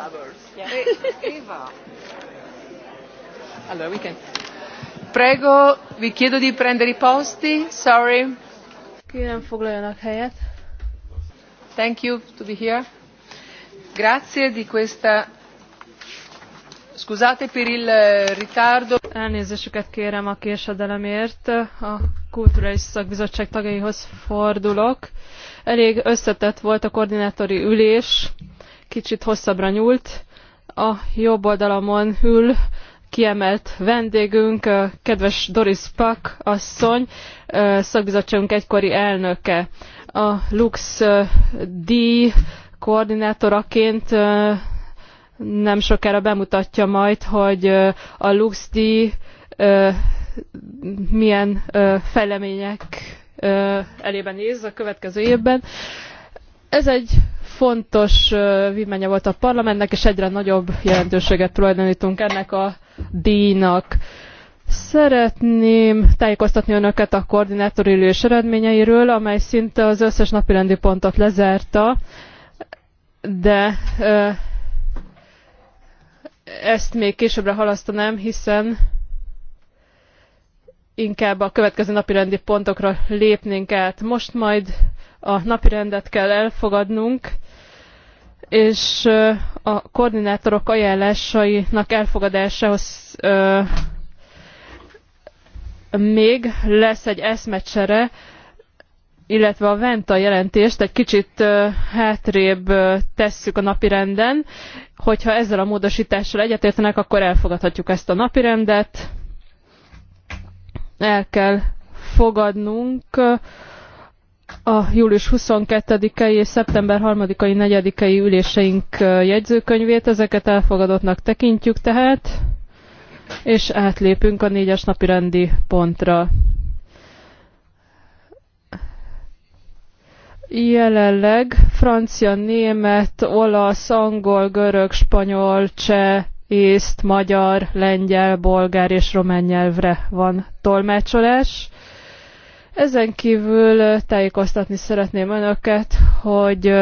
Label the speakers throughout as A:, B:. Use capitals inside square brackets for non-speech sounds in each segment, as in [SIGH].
A: others. Eva. Allora, we can. Prego, vi chiedo di prendere i posti. Sorry. Kérem foglaljanak helyet. Thank you to be here. Grazie di
B: questa Scusate per il eh, ritardo. Elnézésüket kérem a késedelemért. A Kulturális Szakbizottság tagjaihoz fordulok. Elég összetett volt a koordinátori ülés kicsit hosszabbra nyúlt. A jobb oldalamon ül kiemelt vendégünk, kedves Doris Pak asszony, szakbizottságunk egykori elnöke. A Lux D koordinátoraként nem sokára bemutatja majd, hogy a Lux D milyen fejlemények elében néz a következő évben. Ez egy fontos vívmánya volt a parlamentnek, és egyre nagyobb jelentőséget tulajdonítunk ennek a díjnak. Szeretném tájékoztatni önöket a koordinátori ülés eredményeiről, amely szinte az összes napirendi pontot lezárta, de ezt még későbbre halasztanám, hiszen inkább a következő napirendi pontokra lépnénk át. Most majd a napirendet kell elfogadnunk és a koordinátorok ajánlásainak elfogadásához még lesz egy eszmecsere, illetve a Venta jelentést egy kicsit hátrébb tesszük a napirenden. Hogyha ezzel a módosítással egyetértenek, akkor elfogadhatjuk ezt a napirendet. El kell fogadnunk a július 22-i és szeptember 3-ai, 4-ai üléseink jegyzőkönyvét. Ezeket elfogadottnak tekintjük tehát, és átlépünk a négyes napi rendi pontra. Jelenleg francia, német, olasz, angol, görög, spanyol, cseh, észt, magyar, lengyel, bolgár és román nyelvre van tolmácsolás ezen kívül tájékoztatni szeretném önöket, hogy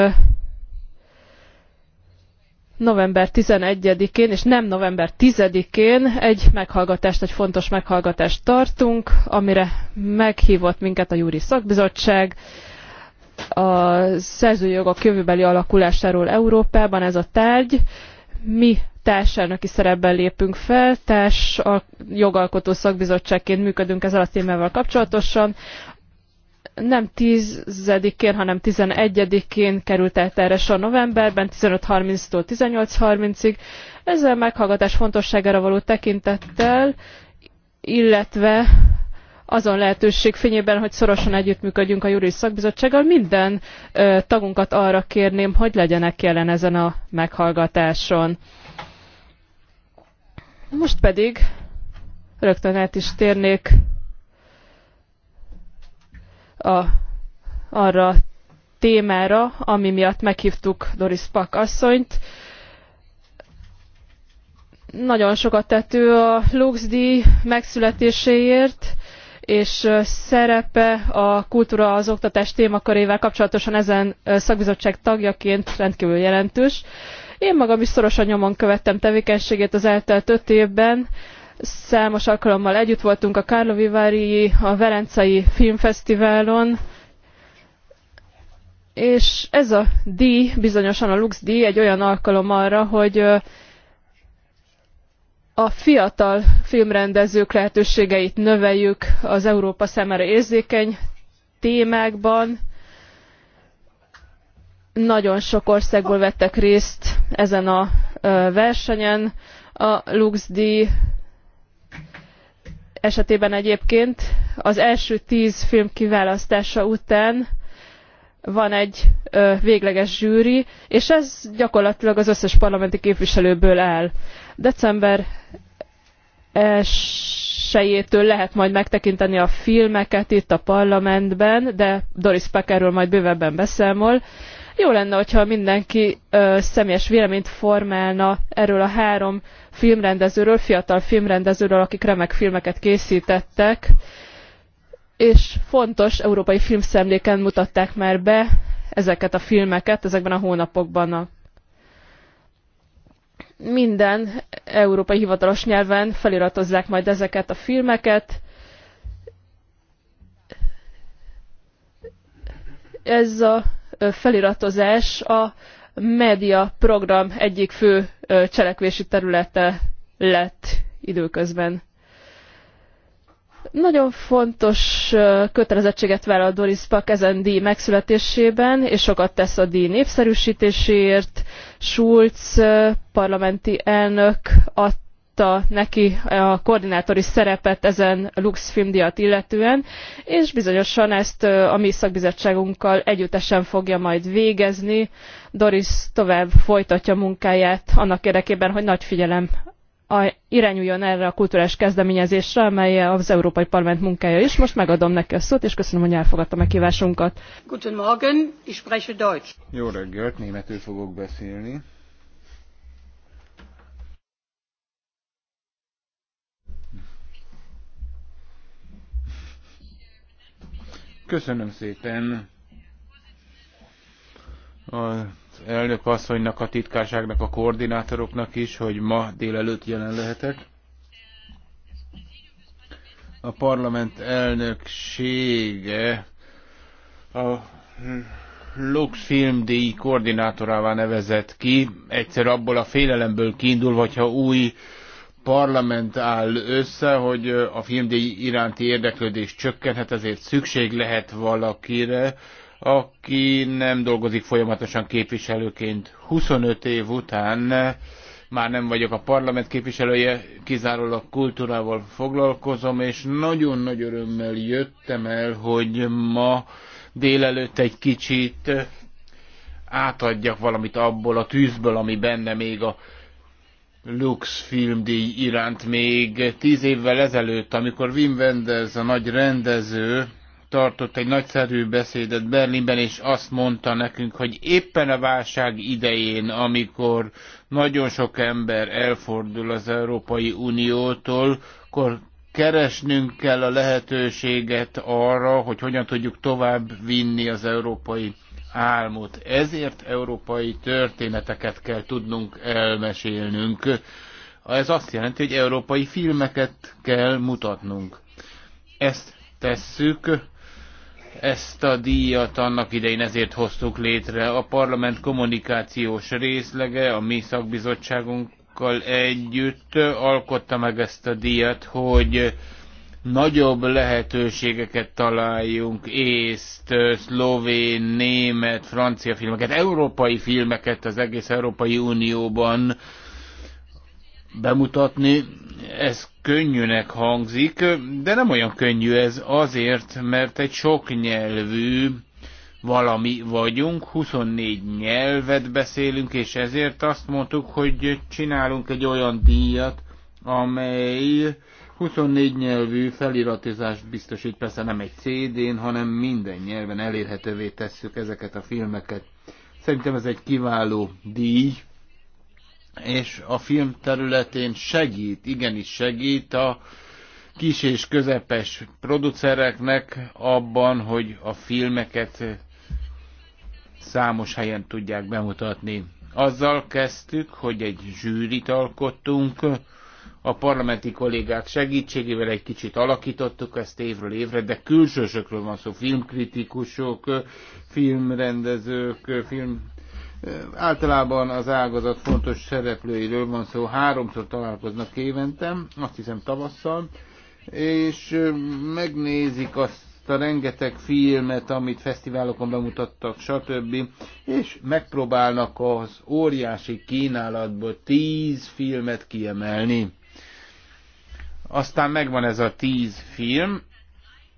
B: november 11-én és nem november 10-én egy meghallgatást, egy fontos meghallgatást tartunk, amire meghívott minket a Júri Szakbizottság a szerzőjogok jövőbeli alakulásáról Európában ez a tárgy mi társelnöki szerepben lépünk fel, társ a jogalkotó szakbizottságként működünk ezzel a témával kapcsolatosan. Nem tízedikén, hanem tizenegyedikén került el erre a novemberben, 15.30-tól 18.30-ig. Ezzel meghallgatás fontosságára való tekintettel, illetve azon lehetőség fényében, hogy szorosan együttműködjünk a Juris Szakbizottsággal, minden tagunkat arra kérném, hogy legyenek jelen ezen a meghallgatáson. Most pedig rögtön át is térnék a, arra témára, ami miatt meghívtuk Doris Pak asszonyt. Nagyon sokat tett ő a Luxdíj megszületéséért, és szerepe a kultúra az oktatás témakörével kapcsolatosan ezen szakbizottság tagjaként rendkívül jelentős. Én magam is szorosan nyomon követtem tevékenységét az eltelt öt évben, számos alkalommal együtt voltunk a Carlo a Velencei Filmfesztiválon, és ez a díj, bizonyosan a Lux díj egy olyan alkalom arra, hogy a fiatal filmrendezők lehetőségeit növeljük az Európa számára érzékeny témákban. Nagyon sok országból vettek részt ezen a versenyen. A LuxD esetében egyébként az első tíz film kiválasztása után van egy végleges zsűri, és ez gyakorlatilag az összes parlamenti képviselőből áll. December sejétől lehet majd megtekinteni a filmeket itt a parlamentben, de Doris Packerről majd bővebben beszámol. Jó lenne, hogyha mindenki ö, személyes véleményt formálna erről a három filmrendezőről, fiatal filmrendezőről, akik remek filmeket készítettek, és fontos európai filmszemléken mutatták már be ezeket a filmeket ezekben a hónapokban a minden európai hivatalos nyelven feliratozzák majd ezeket a filmeket. Ez a feliratozás a média program egyik fő cselekvési területe lett időközben. Nagyon fontos kötelezettséget vállal Doris Pak ezen díj megszületésében, és sokat tesz a díj népszerűsítéséért. Schulz parlamenti elnök adta neki a koordinátori szerepet ezen Lux filmdíjat illetően, és bizonyosan ezt a mi szakbizottságunkkal együttesen fogja majd végezni. Doris tovább folytatja munkáját annak érdekében, hogy nagy figyelem a, irányuljon erre a kulturális kezdeményezésre, amely az Európai Parlament munkája is. Most megadom neki a szót, és köszönöm, hogy elfogadta kívásunkat.
C: Guten Morgen, ich spreche Deutsch. Jó reggelt, németül fogok beszélni. Köszönöm szépen a elnök asszonynak, a titkárságnak, a koordinátoroknak is, hogy ma délelőtt jelen lehetek. A parlament elnöksége a Lux filmdíj koordinátorává nevezett ki, egyszer abból a félelemből kiindul, hogyha új parlament áll össze, hogy a filmdíj iránti érdeklődés csökkenhet, ezért szükség lehet valakire, aki nem dolgozik folyamatosan képviselőként 25 év után, már nem vagyok a parlament képviselője, kizárólag kultúrával foglalkozom, és nagyon nagy örömmel jöttem el, hogy ma délelőtt egy kicsit átadjak valamit abból a tűzből, ami benne még a Lux filmdíj iránt még tíz évvel ezelőtt, amikor Wim Wenders, a nagy rendező, tartott egy nagyszerű beszédet Berlinben, és azt mondta nekünk, hogy éppen a válság idején, amikor nagyon sok ember elfordul az Európai Uniótól, akkor keresnünk kell a lehetőséget arra, hogy hogyan tudjuk tovább vinni az európai álmot. Ezért európai történeteket kell tudnunk elmesélnünk. Ez azt jelenti, hogy európai filmeket kell mutatnunk. Ezt tesszük, ezt a díjat annak idején ezért hoztuk létre. A parlament kommunikációs részlege, a mi szakbizottságunkkal együtt alkotta meg ezt a díjat, hogy nagyobb lehetőségeket találjunk, észt, szlovén, német, francia filmeket, európai filmeket az egész Európai Unióban bemutatni. Ez könnyűnek hangzik, de nem olyan könnyű ez azért, mert egy sok nyelvű valami vagyunk, 24 nyelvet beszélünk, és ezért azt mondtuk, hogy csinálunk egy olyan díjat, amely 24 nyelvű feliratizást biztosít, persze nem egy CD-n, hanem minden nyelven elérhetővé tesszük ezeket a filmeket. Szerintem ez egy kiváló díj, és a film területén segít, igenis segít a kis és közepes producereknek abban, hogy a filmeket számos helyen tudják bemutatni. Azzal kezdtük, hogy egy zsűrit alkottunk, a parlamenti kollégák segítségével egy kicsit alakítottuk ezt évről évre, de külsősökről van szó, filmkritikusok, filmrendezők, film Általában az ágazat fontos szereplőiről van szó, háromszor találkoznak évente, azt hiszem tavasszal, és megnézik azt a rengeteg filmet, amit fesztiválokon bemutattak, stb. És megpróbálnak az óriási kínálatból tíz filmet kiemelni. Aztán megvan ez a tíz film,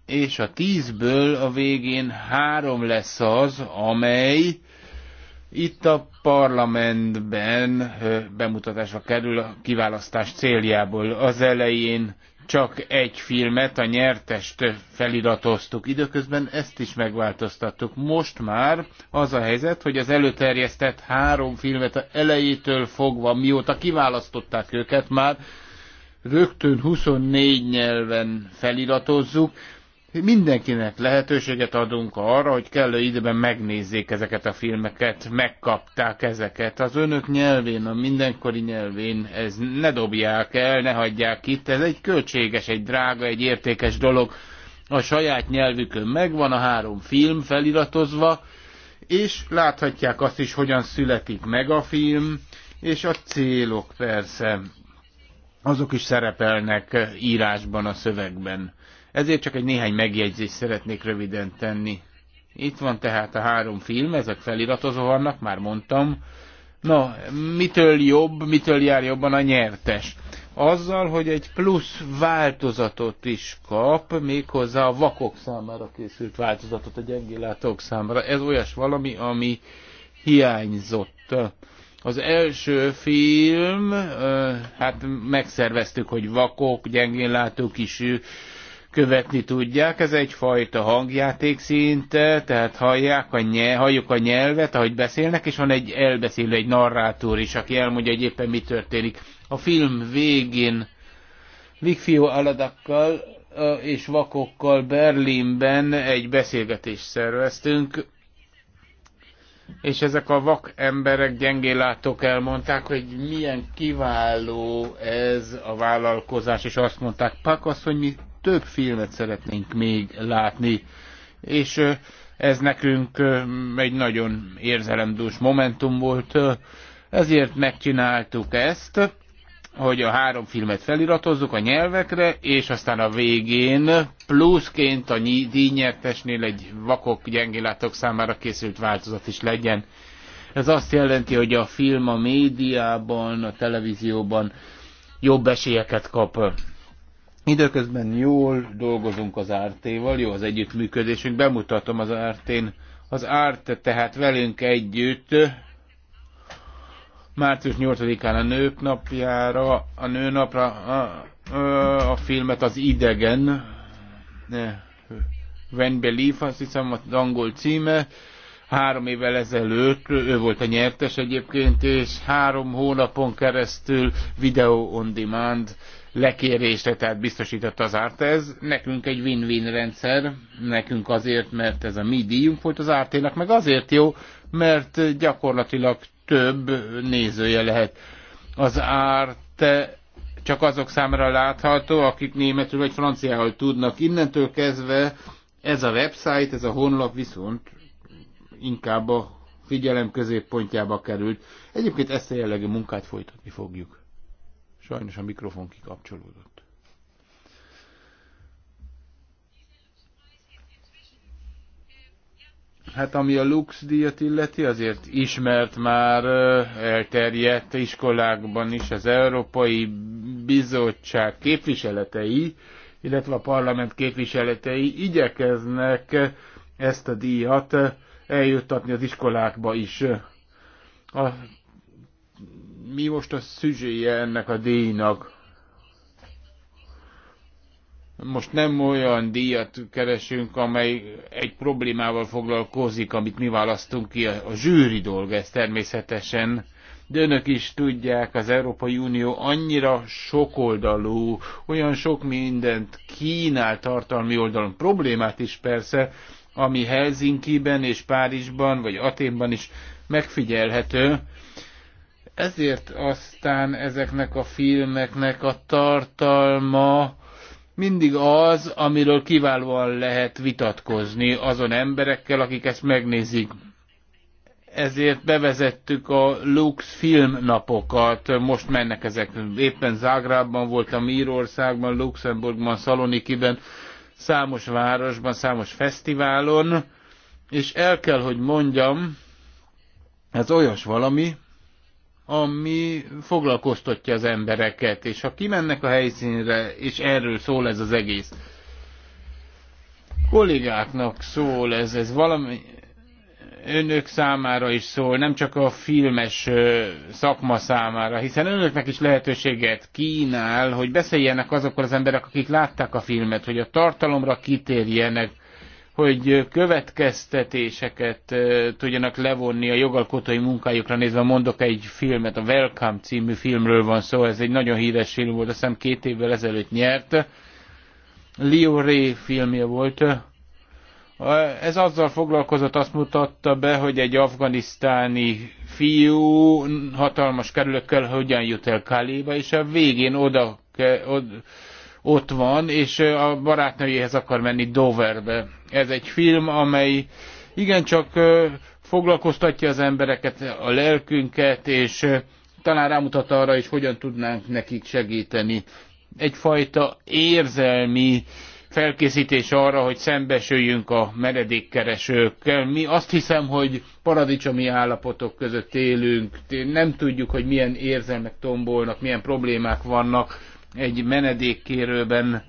C: és a tízből a végén három lesz az, amely itt a parlamentben bemutatásra kerül a kiválasztás céljából. Az elején csak egy filmet, a nyertest feliratoztuk. Időközben ezt is megváltoztattuk. Most már az a helyzet, hogy az előterjesztett három filmet elejétől fogva, mióta kiválasztották őket már, rögtön 24 nyelven feliratozzuk, mindenkinek lehetőséget adunk arra, hogy kellő időben megnézzék ezeket a filmeket, megkapták ezeket. Az önök nyelvén, a mindenkori nyelvén ez ne dobják el, ne hagyják itt. Ez egy költséges, egy drága, egy értékes dolog. A saját nyelvükön megvan a három film feliratozva, és láthatják azt is, hogyan születik meg a film, és a célok persze. Azok is szerepelnek írásban a szövegben ezért csak egy néhány megjegyzést szeretnék röviden tenni. Itt van tehát a három film, ezek feliratozó vannak, már mondtam. Na, mitől jobb, mitől jár jobban a nyertes? Azzal, hogy egy plusz változatot is kap, méghozzá a vakok számára készült változatot, a gyengélátók számára. Ez olyas valami, ami hiányzott. Az első film, hát megszerveztük, hogy vakok, látók is követni tudják. Ez egyfajta hangjáték szinte, tehát hallják a nyelv, halljuk a nyelvet, ahogy beszélnek, és van egy elbeszélő, egy narrátor is, aki elmondja, hogy éppen mi történik. A film végén Vigfio Aladakkal és vakokkal Berlinben egy beszélgetést szerveztünk, és ezek a vak emberek, gyengélátók elmondták, hogy milyen kiváló ez a vállalkozás, és azt mondták, Pak azt, hogy mi több filmet szeretnénk még látni, és ez nekünk egy nagyon érzelemdús momentum volt, ezért megcsináltuk ezt, hogy a három filmet feliratozzuk a nyelvekre, és aztán a végén pluszként a díjnyertesnél egy vakok gyengélátok számára készült változat is legyen. Ez azt jelenti, hogy a film a médiában, a televízióban jobb esélyeket kap. Időközben jól dolgozunk az ártéval, jó az együttműködésünk, bemutatom az ártén. Az árt tehát velünk együtt március 8-án a nők napjára, a nőnapra a, a, a filmet az idegen, When Belief, azt hiszem az angol címe, három évvel ezelőtt, ő volt a nyertes egyébként, és három hónapon keresztül Video on Demand lekérésre, tehát biztosított az árt. Ez nekünk egy win-win rendszer, nekünk azért, mert ez a mi díjunk volt az árténak, meg azért jó, mert gyakorlatilag több nézője lehet. Az árt csak azok számára látható, akik németül vagy franciául tudnak. Innentől kezdve ez a website, ez a honlap viszont inkább a figyelem középpontjába került. Egyébként ezt a jellegű munkát folytatni fogjuk. Sajnos a mikrofon kikapcsolódott. Hát ami a Lux díjat illeti, azért ismert már elterjedt iskolákban is az Európai Bizottság képviseletei, illetve a parlament képviseletei igyekeznek ezt a díjat eljuttatni az iskolákba is. A mi most a szüzséje ennek a díjnak? Most nem olyan díjat keresünk, amely egy problémával foglalkozik, amit mi választunk ki. A zsűri dolga ez természetesen. De önök is tudják, az Európai Unió annyira sokoldalú, olyan sok mindent kínál tartalmi oldalon, problémát is persze, ami Helsinki-ben és Párizsban, vagy Aténban is megfigyelhető, ezért aztán ezeknek a filmeknek a tartalma mindig az, amiről kiválóan lehet vitatkozni azon emberekkel, akik ezt megnézik. Ezért bevezettük a Lux filmnapokat, most mennek ezek, éppen Zágrában voltam, Írországban, Luxemburgban, Szalonikiben, számos városban, számos fesztiválon, és el kell, hogy mondjam, ez olyas valami, ami foglalkoztatja az embereket, és ha kimennek a helyszínre, és erről szól ez az egész. Kollégáknak szól ez, ez valami önök számára is szól, nem csak a filmes szakma számára, hiszen önöknek is lehetőséget kínál, hogy beszéljenek azokkal az emberek, akik látták a filmet, hogy a tartalomra kitérjenek, hogy következtetéseket tudjanak levonni a jogalkotói munkájukra nézve. Mondok egy filmet, a Welcome című filmről van szó, ez egy nagyon híres film volt, azt hiszem két évvel ezelőtt nyert. Leo Ray filmje volt. Ez azzal foglalkozott, azt mutatta be, hogy egy afganisztáni fiú hatalmas kerülökkel hogyan jut el Kaliba, és a végén oda, oda ott van, és a barátnőjéhez akar menni Doverbe. Ez egy film, amely igencsak foglalkoztatja az embereket, a lelkünket, és talán rámutat arra is, hogyan tudnánk nekik segíteni. Egyfajta érzelmi felkészítés arra, hogy szembesüljünk a meredékkeresőkkel. Mi azt hiszem, hogy paradicsomi állapotok között élünk, nem tudjuk, hogy milyen érzelmek tombolnak, milyen problémák vannak, egy menedékkérőben,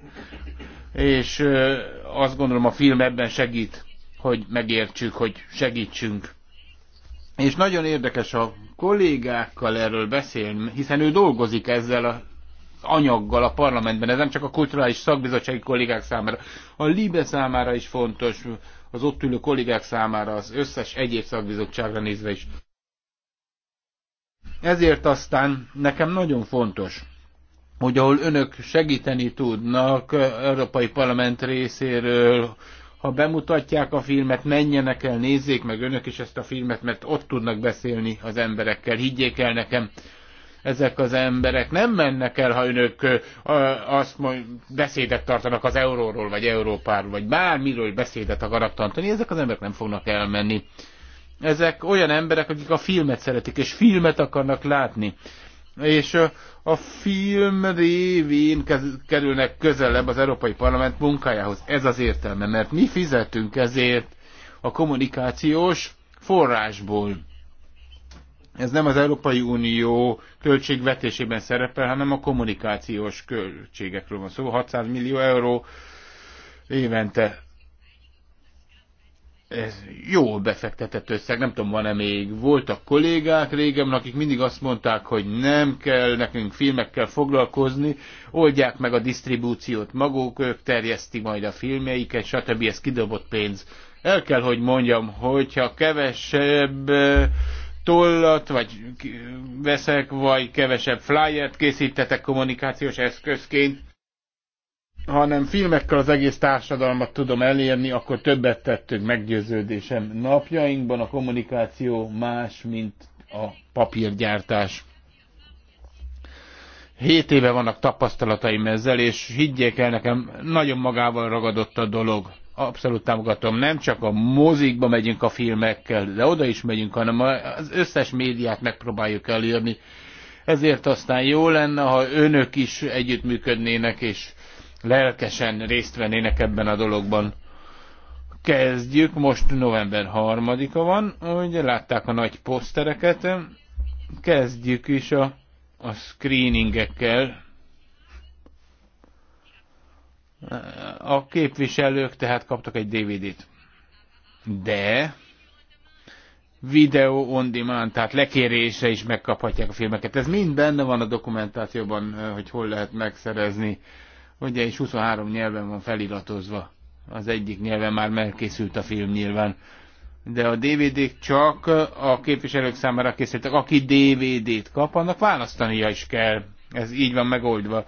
C: és azt gondolom a film ebben segít, hogy megértsük, hogy segítsünk. És nagyon érdekes a kollégákkal erről beszélni, hiszen ő dolgozik ezzel a anyaggal a parlamentben, ez nem csak a kulturális szakbizottsági kollégák számára, a LIBE számára is fontos, az ott ülő kollégák számára, az összes egyéb szakbizottságra nézve is. Ezért aztán nekem nagyon fontos, hogy ahol önök segíteni tudnak eh, Európai Parlament részéről, ha bemutatják a filmet, menjenek el, nézzék meg önök is ezt a filmet, mert ott tudnak beszélni az emberekkel, higgyék el nekem ezek az emberek nem mennek el, ha önök eh, azt majd beszédet tartanak az euróról, vagy Európáról, vagy bármiről beszédet akarnak tartani, ezek az emberek nem fognak elmenni. Ezek olyan emberek, akik a filmet szeretik, és filmet akarnak látni és a film révén kerülnek közelebb az Európai Parlament munkájához. Ez az értelme, mert mi fizetünk ezért a kommunikációs forrásból. Ez nem az Európai Unió költségvetésében szerepel, hanem a kommunikációs költségekről van szó. Szóval 600 millió euró évente ez jól befektetett összeg, nem tudom, van-e még. Voltak kollégák régen, akik mindig azt mondták, hogy nem kell nekünk filmekkel foglalkozni, oldják meg a disztribúciót maguk, ők terjesztik majd a filmjeiket, stb. ez kidobott pénz. El kell, hogy mondjam, hogyha kevesebb tollat, vagy veszek, vagy kevesebb flyert készítetek kommunikációs eszközként, hanem filmekkel az egész társadalmat tudom elérni, akkor többet tettünk meggyőződésem. Napjainkban a kommunikáció más, mint a papírgyártás. Hét éve vannak tapasztalataim ezzel, és higgyék el nekem, nagyon magával ragadott a dolog. Abszolút támogatom, nem csak a mozikba megyünk a filmekkel, de oda is megyünk, hanem az összes médiát megpróbáljuk elérni. Ezért aztán jó lenne, ha önök is együttműködnének, és lelkesen részt vennének ebben a dologban. Kezdjük, most november 3-a van, ugye látták a nagy posztereket, kezdjük is a, a screeningekkel. A képviselők tehát kaptak egy DVD-t. De video on demand, tehát lekérésre is megkaphatják a filmeket. Ez mind benne van a dokumentációban, hogy hol lehet megszerezni ugye is 23 nyelven van feliratozva. Az egyik nyelven már megkészült a film nyilván. De a dvd csak a képviselők számára készültek. Aki DVD-t kap, annak választania is kell. Ez így van megoldva.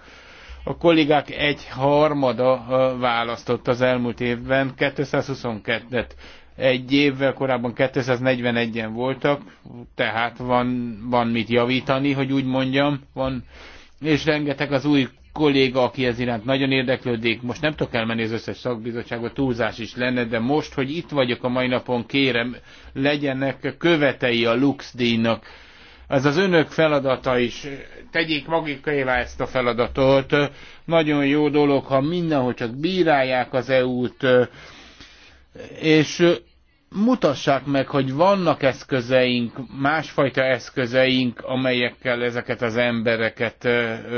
C: A kollégák egy harmada választott az elmúlt évben 222-et. Egy évvel korábban 241-en voltak, tehát van, van mit javítani, hogy úgy mondjam, van, és rengeteg az új kolléga, aki ez iránt nagyon érdeklődik, most nem tudok elmenni az összes szakbizottságba, túlzás is lenne, de most, hogy itt vagyok a mai napon, kérem, legyenek követei a Lux díjnak. Ez az önök feladata is. Tegyék magikével ezt a feladatot. Nagyon jó dolog, ha mindenhol csak bírálják az EU-t, és mutassák meg, hogy vannak eszközeink, másfajta eszközeink, amelyekkel ezeket az embereket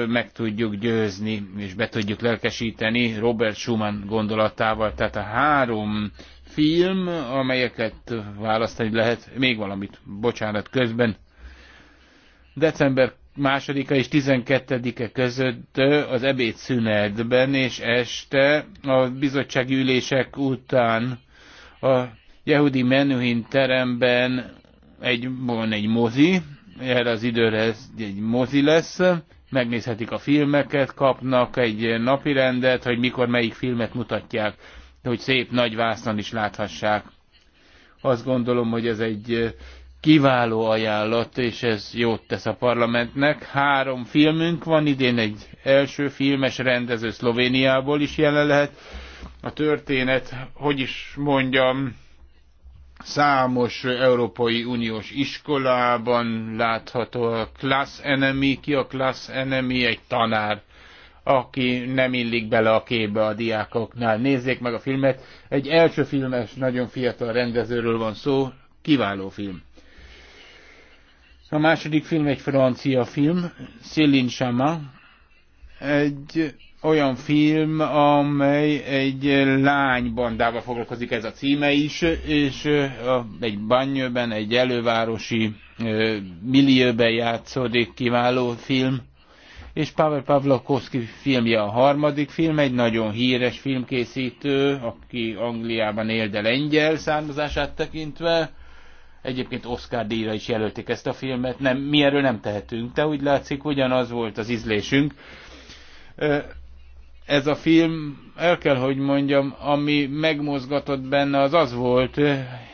C: meg tudjuk győzni, és be tudjuk lelkesíteni Robert Schumann gondolatával. Tehát a három film, amelyeket választani lehet, még valamit, bocsánat, közben. December másodika és 12-e között az ebédszünetben és este a bizottsági ülések után a Yehudi Menuhin teremben egy, van egy mozi, erre az időre egy mozi lesz, megnézhetik a filmeket, kapnak egy napi rendet, hogy mikor melyik filmet mutatják, hogy szép nagy vásznon is láthassák. Azt gondolom, hogy ez egy kiváló ajánlat, és ez jót tesz a parlamentnek. Három filmünk van, idén egy első filmes rendező Szlovéniából is jelen lehet. A történet, hogy is mondjam, Számos Európai Uniós iskolában látható a class enemy, ki a class enemy, egy tanár, aki nem illik bele a képbe a diákoknál. Nézzék meg a filmet, egy első filmes, nagyon fiatal rendezőről van szó, kiváló film. A második film egy francia film, Céline Chama, egy olyan film, amely egy bandával foglalkozik, ez a címe is, és egy banyőben, egy elővárosi millióben játszódik, kiváló film. És Pavel Pavlakovsky filmje a harmadik film, egy nagyon híres filmkészítő, aki Angliában él, de lengyel származását tekintve. Egyébként Oscar díjra is jelölték ezt a filmet, nem, mi erről nem tehetünk, de úgy látszik, ugyanaz volt az ízlésünk ez a film, el kell, hogy mondjam, ami megmozgatott benne, az az volt,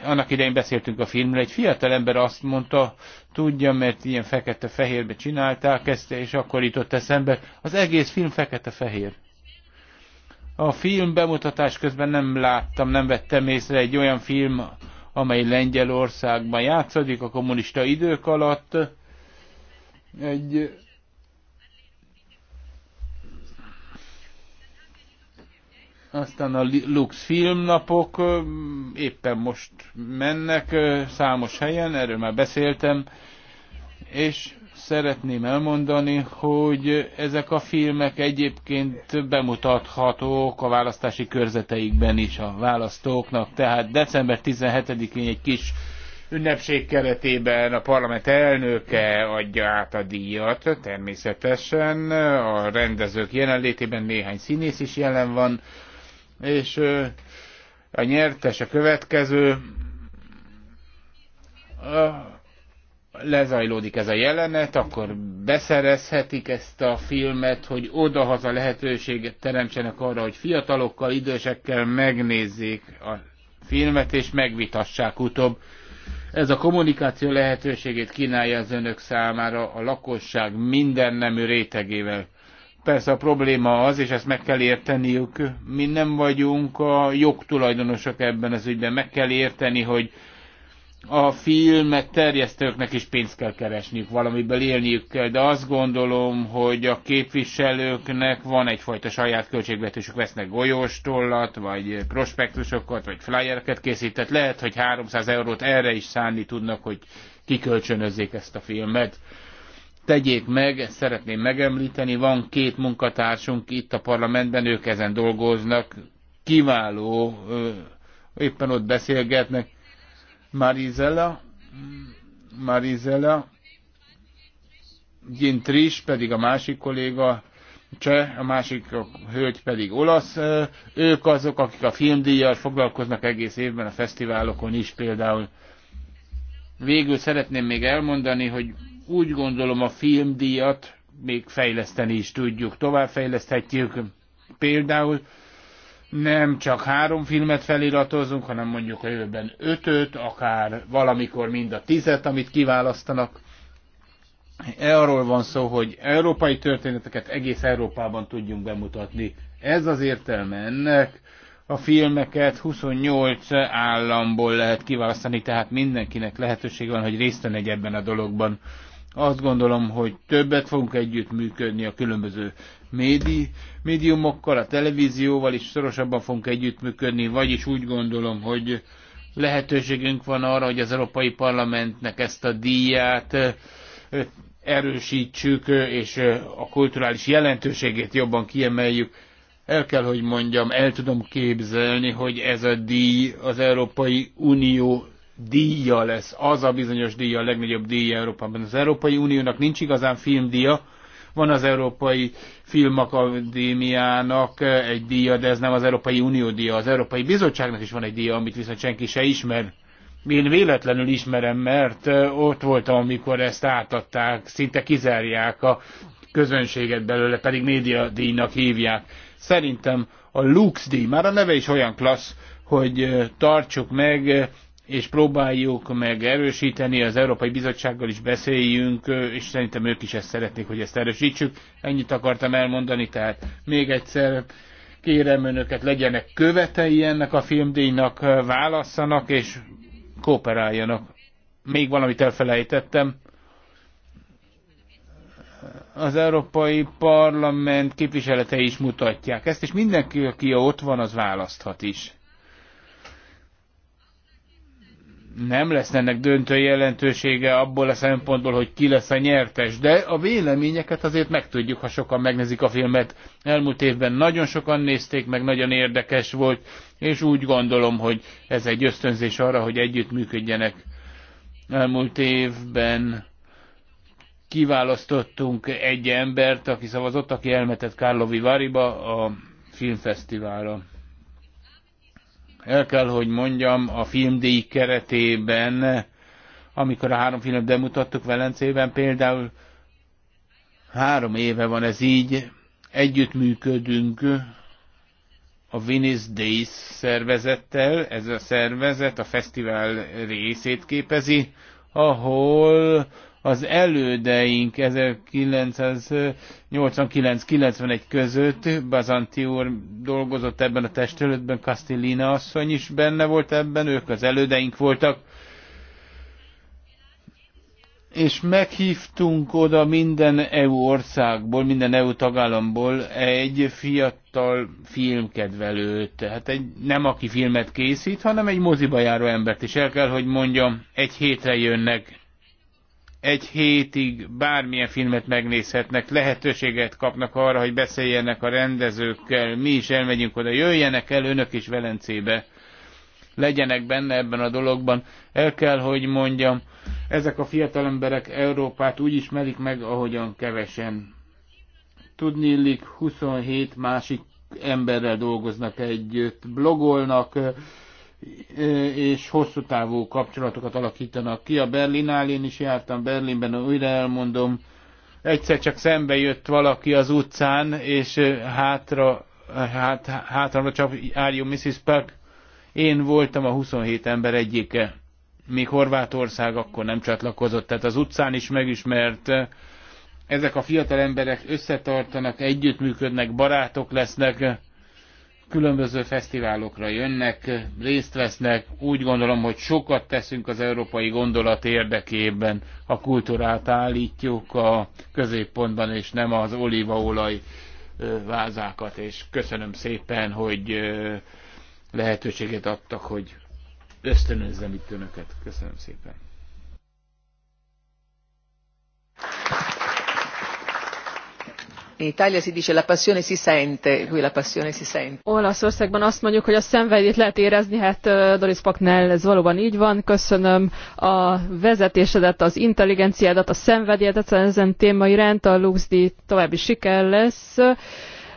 C: annak idején beszéltünk a filmről, egy fiatal ember azt mondta, tudja, mert ilyen fekete-fehérbe csinálták ezt, és akkor jutott eszembe, az egész film fekete-fehér. A film bemutatás közben nem láttam, nem vettem észre egy olyan film, amely Lengyelországban játszódik a kommunista idők alatt. Egy Aztán a Lux filmnapok éppen most mennek számos helyen, erről már beszéltem, és szeretném elmondani, hogy ezek a filmek egyébként bemutathatók a választási körzeteikben is a választóknak. Tehát december 17-én egy kis ünnepség keretében a parlament elnöke adja át a díjat, természetesen a rendezők jelenlétében néhány színész is jelen van, és a nyertes a következő. Lezajlódik ez a jelenet, akkor beszerezhetik ezt a filmet, hogy odahaza lehetőséget teremtsenek arra, hogy fiatalokkal, idősekkel megnézzék a filmet, és megvitassák utóbb. Ez a kommunikáció lehetőségét kínálja az önök számára a lakosság minden nemű rétegével. Persze a probléma az, és ezt meg kell érteniük, mi nem vagyunk a jogtulajdonosok ebben az ügyben, meg kell érteni, hogy a filmet terjesztőknek is pénzt kell keresniük, valamiből élniük kell, de azt gondolom, hogy a képviselőknek van egyfajta saját költségvetésük, vesznek golyóstollat, vagy prospektusokat, vagy flyereket készített. Lehet, hogy 300 eurót erre is szánni tudnak, hogy kikölcsönözzék ezt a filmet tegyék meg, ezt szeretném megemlíteni, van két munkatársunk itt a parlamentben, ők ezen dolgoznak, kiváló, éppen ott beszélgetnek. Marizella, Marizella, Gintris pedig a másik kolléga, cseh, a másik a hölgy pedig olasz. Ők azok, akik a filmdíjjal foglalkoznak egész évben a fesztiválokon is például. Végül szeretném még elmondani, hogy úgy gondolom a filmdíjat még fejleszteni is tudjuk, továbbfejleszthetjük. Például nem csak három filmet feliratozunk, hanem mondjuk a jövőben ötöt, akár valamikor mind a tizet, amit kiválasztanak. Arról van szó, hogy európai történeteket egész Európában tudjunk bemutatni. Ez az értelme ennek. A filmeket 28 államból lehet kiválasztani, tehát mindenkinek lehetőség van, hogy részt vegyen ebben a dologban. Azt gondolom, hogy többet fogunk együttműködni a különböző médi, médiumokkal, a televízióval is szorosabban fogunk együttműködni, vagyis úgy gondolom, hogy lehetőségünk van arra, hogy az Európai Parlamentnek ezt a díját erősítsük, és a kulturális jelentőségét jobban kiemeljük. El kell, hogy mondjam, el tudom képzelni, hogy ez a díj az Európai Unió díja lesz. Az a bizonyos díja, a legnagyobb díja Európában. Az Európai Uniónak nincs igazán filmdíja, van az Európai Filmakadémiának egy díja, de ez nem az Európai Unió díja. Az Európai Bizottságnak is van egy díja, amit viszont senki se ismer. Én véletlenül ismerem, mert ott voltam, amikor ezt átadták, szinte kizárják a közönséget belőle, pedig médiadíjnak hívják. Szerintem a Lux díj, már a neve is olyan klassz, hogy tartsuk meg és próbáljuk meg erősíteni, az Európai Bizottsággal is beszéljünk, és szerintem ők is ezt szeretnék, hogy ezt erősítsük. Ennyit akartam elmondani, tehát még egyszer kérem önöket, legyenek követei ennek a filmdíjnak, válasszanak és kooperáljanak. Még valamit elfelejtettem. Az Európai Parlament képviseletei is mutatják ezt, és mindenki, aki ott van, az választhat is. nem lesz ennek döntő jelentősége abból a szempontból, hogy ki lesz a nyertes, de a véleményeket azért megtudjuk, ha sokan megnézik a filmet. Elmúlt évben nagyon sokan nézték, meg nagyon érdekes volt, és úgy gondolom, hogy ez egy ösztönzés arra, hogy együttműködjenek. Elmúlt évben kiválasztottunk egy embert, aki szavazott, aki elmetett Carlo Vivariba a filmfesztiválra. El kell, hogy mondjam, a filmdíj keretében, amikor a három filmet bemutattuk Velencében, például három éve van ez így, együttműködünk a Venice Days szervezettel, ez a szervezet a fesztivál részét képezi, ahol az elődeink 1989-91 között, Bazanti úr dolgozott ebben a testületben, Castellina asszony is benne volt ebben, ők az elődeink voltak, és meghívtunk oda minden EU országból, minden EU tagállamból egy fiatal filmkedvelőt. Tehát egy, nem aki filmet készít, hanem egy moziba járó embert. És el kell, hogy mondjam, egy hétre jönnek egy hétig bármilyen filmet megnézhetnek, lehetőséget kapnak arra, hogy beszéljenek a rendezőkkel, mi is elmegyünk oda, jöjjenek el önök is Velencébe, legyenek benne ebben a dologban. El kell, hogy mondjam, ezek a fiatal emberek Európát úgy ismerik meg, ahogyan kevesen. Tudni illik, 27 másik emberrel dolgoznak együtt, blogolnak, és hosszú távú kapcsolatokat alakítanak ki. A Berlinál én is jártam Berlinben, újra elmondom, egyszer csak szembe jött valaki az utcán, és hátra, hát, hátra csak Are Mrs. Park, Én voltam a 27 ember egyike. Még Horvátország akkor nem csatlakozott, tehát az utcán is megismert. Ezek a fiatal emberek összetartanak, együttműködnek, barátok lesznek különböző fesztiválokra jönnek, részt vesznek. Úgy gondolom, hogy sokat teszünk az európai gondolat érdekében. A kultúrát állítjuk a középpontban, és nem az olívaolaj vázákat, és köszönöm szépen, hogy lehetőséget adtak, hogy ösztönözzem itt önöket. Köszönöm szépen
A: si
B: Olaszországban azt mondjuk, hogy a szenvedélyt lehet érezni, hát Doris Paknell ez valóban így van. Köszönöm a vezetésedet, az intelligenciádat, a szenvedélyedet ezen téma iránt, a LuxDi további siker lesz.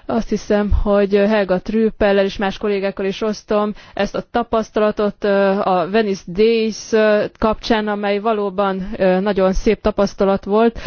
B: Azt hiszem, hogy Helga Trüppellel és más kollégákkal is osztom ezt a tapasztalatot a Venice Days kapcsán, amely valóban nagyon szép tapasztalat volt.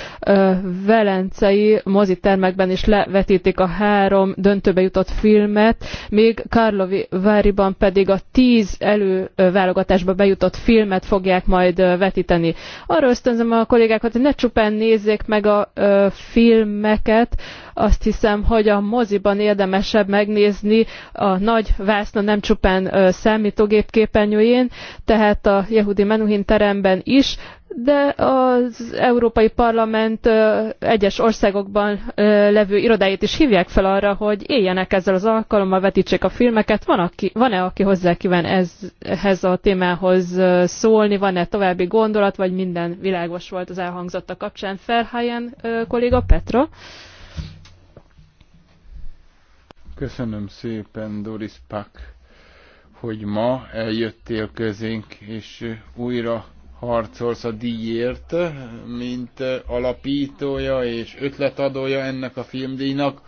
B: Velencei mozitermekben is levetítik a három döntőbe jutott filmet, még Karlovi Váriban pedig a tíz előválogatásba bejutott filmet fogják majd vetíteni. Arra ösztönzöm a kollégákat, hogy ne csupán nézzék meg a filmeket, azt hiszem, hogy a moziban érdemesebb megnézni a nagy vászna nem csupán számítógép képernyőjén, tehát a Yehudi Menuhin teremben is, de az Európai Parlament egyes országokban levő irodáit is hívják fel arra, hogy éljenek ezzel az alkalommal, vetítsék a filmeket. Van-e, aki, van -e, aki hozzá kíván ez, ehhez a témához szólni? Van-e további gondolat, vagy minden világos volt az elhangzott a kapcsán? Ferhelyen kolléga Petra.
C: Köszönöm szépen, Doris Pak, hogy ma eljöttél közénk, és újra harcolsz a díjért, mint alapítója és ötletadója ennek a filmdíjnak.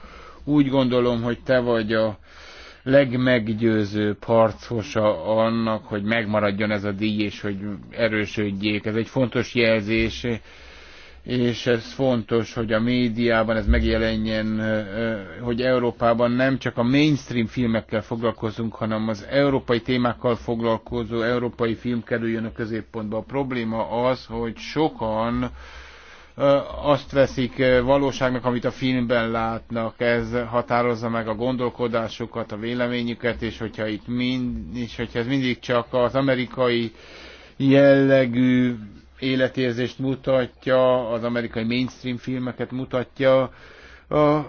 C: Úgy gondolom, hogy te vagy a legmeggyőzőbb harcosa annak, hogy megmaradjon ez a díj, és hogy erősödjék. Ez egy fontos jelzés, és ez fontos, hogy a médiában ez megjelenjen, hogy Európában nem csak a mainstream filmekkel foglalkozunk, hanem az európai témákkal foglalkozó európai film kerüljön a középpontba. A probléma az, hogy sokan azt veszik valóságnak, amit a filmben látnak, ez határozza meg a gondolkodásukat, a véleményüket, és hogyha itt mind, és hogyha ez mindig csak az amerikai jellegű életérzést mutatja, az amerikai mainstream filmeket mutatja, a,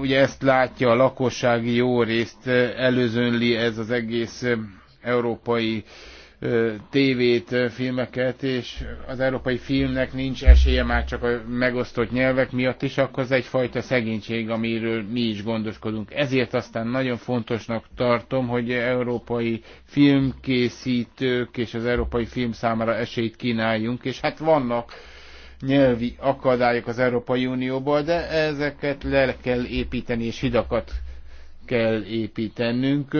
C: ugye ezt látja a lakossági jó részt, előzönli ez az egész európai tévét, filmeket, és az európai filmnek nincs esélye már csak a megosztott nyelvek miatt is, akkor ez egyfajta szegénység, amiről mi is gondoskodunk. Ezért aztán nagyon fontosnak tartom, hogy európai filmkészítők és az európai film számára esélyt kínáljunk, és hát vannak nyelvi akadályok az Európai unióban, de ezeket le kell építeni, és hidakat kell építenünk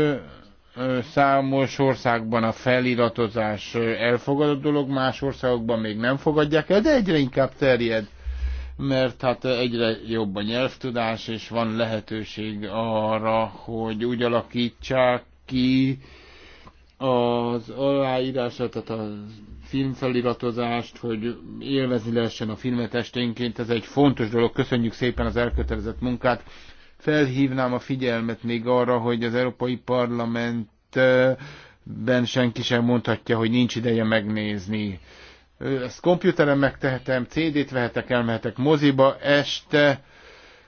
C: Számos országban a feliratozás elfogadott dolog, más országokban még nem fogadják el, de egyre inkább terjed, mert hát egyre jobb a nyelvtudás, és van lehetőség arra, hogy úgy alakítsák ki az aláírását, tehát a filmfeliratozást, hogy élvezni lehessen a filmet esténként, ez egy fontos dolog. Köszönjük szépen az elkötelezett munkát. Felhívnám a figyelmet még arra, hogy az Európai Parlamentben senki sem mondhatja, hogy nincs ideje megnézni. Ezt komputeren megtehetem, CD-t vehetek, elmehetek moziba, este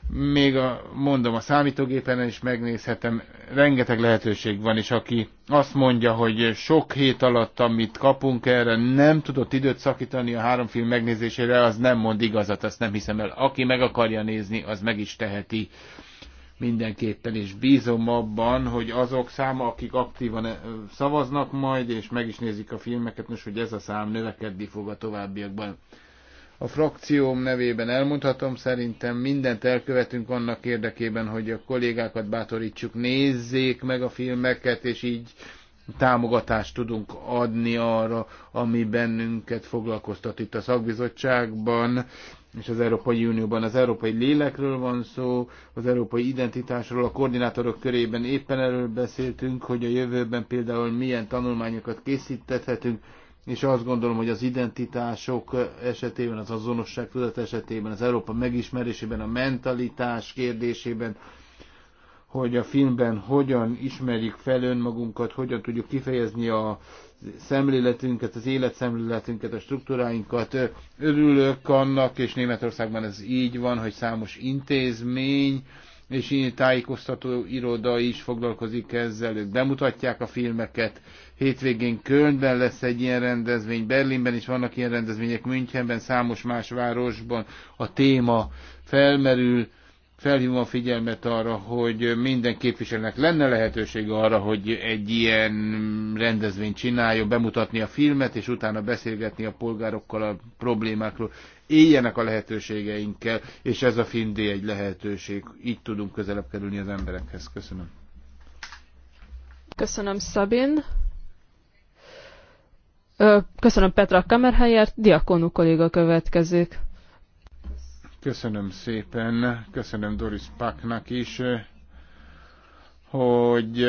C: még a, mondom, a számítógépen is megnézhetem, rengeteg lehetőség van, és aki azt mondja, hogy sok hét alatt, amit kapunk erre, nem tudott időt szakítani a három film megnézésére, az nem mond igazat, azt nem hiszem el. Aki meg akarja nézni, az meg is teheti mindenképpen, és bízom abban, hogy azok száma, akik aktívan szavaznak majd, és meg is nézik a filmeket, most, hogy ez a szám növekedni fog a továbbiakban. A frakcióm nevében elmondhatom, szerintem mindent elkövetünk annak érdekében, hogy a kollégákat bátorítsuk, nézzék meg a filmeket, és így támogatást tudunk adni arra, ami bennünket foglalkoztat itt a szakbizottságban és az Európai Unióban az európai lélekről van szó, az európai identitásról, a koordinátorok körében éppen erről beszéltünk, hogy a jövőben például milyen tanulmányokat készíthetünk, és azt gondolom, hogy az identitások esetében, az azonosság tudat esetében, az Európa megismerésében, a mentalitás kérdésében, hogy a filmben hogyan ismerjük fel önmagunkat, hogyan tudjuk kifejezni a szemléletünket, az életszemléletünket, a struktúráinkat. Örülök annak, és Németországban ez így van, hogy számos intézmény és így tájékoztató iroda is foglalkozik ezzel, ők bemutatják a filmeket. Hétvégén Kölnben lesz egy ilyen rendezvény, Berlinben is vannak ilyen rendezvények, Münchenben, számos más városban a téma felmerül felhívom a figyelmet arra, hogy minden képviselőnek lenne lehetőség arra, hogy egy ilyen rendezvényt csináljon, bemutatni a filmet, és utána beszélgetni a polgárokkal a problémákról. Éljenek a lehetőségeinkkel, és ez a film egy lehetőség. Így tudunk közelebb kerülni az emberekhez. Köszönöm.
B: Köszönöm, Szabin. Köszönöm Petra Kamerhelyért, Diakonú kolléga következik.
C: Köszönöm szépen, köszönöm Doris Paknak is, hogy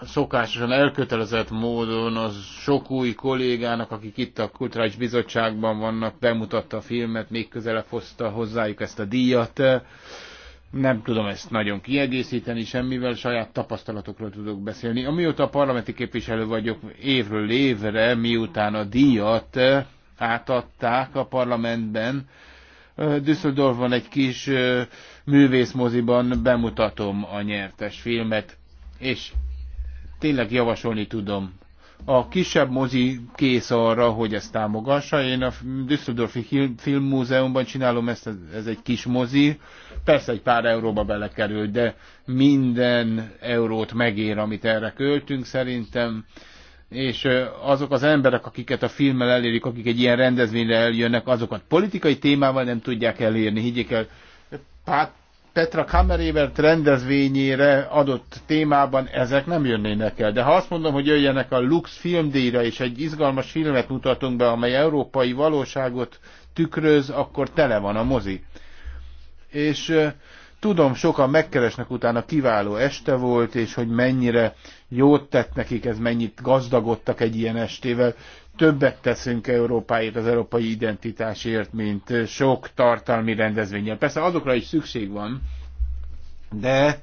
C: szokásosan elkötelezett módon az sok új kollégának, akik itt a Kulturális Bizottságban vannak, bemutatta a filmet, még közelebb hozta hozzájuk ezt a díjat. Nem tudom ezt nagyon kiegészíteni semmivel, saját tapasztalatokról tudok beszélni. Amióta a parlamenti képviselő vagyok évről évre, miután a díjat átadták a parlamentben, Düsseldorfban egy kis művészmoziban bemutatom a nyertes filmet, és tényleg javasolni tudom. A kisebb mozi kész arra, hogy ezt támogassa. Én a Düsseldorfi Filmmúzeumban csinálom ezt, ez egy kis mozi. Persze egy pár euróba belekerül, de minden eurót megér, amit erre költünk szerintem és azok az emberek, akiket a filmmel elérik, akik egy ilyen rendezvényre eljönnek, azokat politikai témával nem tudják elérni, higgyék el. Pát Petra Kamerébert rendezvényére adott témában ezek nem jönnének el. De ha azt mondom, hogy jöjjenek a Lux filmdíjra, és egy izgalmas filmet mutatunk be, amely európai valóságot tükröz, akkor tele van a mozi. És Tudom, sokan megkeresnek utána, kiváló este volt, és hogy mennyire jót tett nekik, ez mennyit gazdagodtak egy ilyen estével. Többet teszünk Európáért, az európai identitásért, mint sok tartalmi rendezvényel. Persze azokra is szükség van, de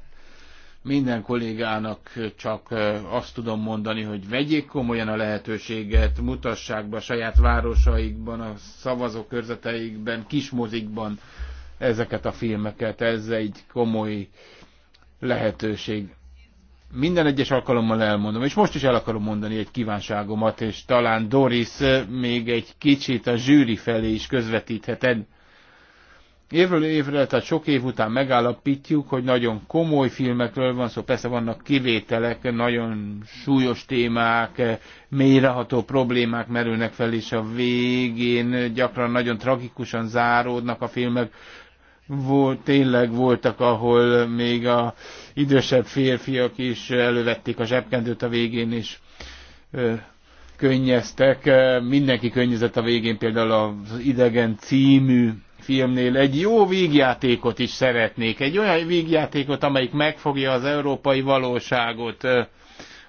C: minden kollégának csak azt tudom mondani, hogy vegyék komolyan a lehetőséget, mutassák be a saját városaikban, a szavazókörzeteikben, kismozikban ezeket a filmeket. Ez egy komoly lehetőség. Minden egyes alkalommal elmondom, és most is el akarom mondani egy kívánságomat, és talán Doris még egy kicsit a zsűri felé is közvetítheted. Évről évre, tehát sok év után megállapítjuk, hogy nagyon komoly filmekről van szó, persze vannak kivételek, nagyon súlyos témák, mélyreható problémák merülnek fel, és a végén gyakran nagyon tragikusan záródnak a filmek, volt, tényleg voltak, ahol még a idősebb férfiak is elővették a zsebkendőt a végén, és könnyeztek. Mindenki könnyezett a végén, például az Idegen című filmnél. Egy jó vígjátékot is szeretnék. Egy olyan vígjátékot, amelyik megfogja az európai valóságot,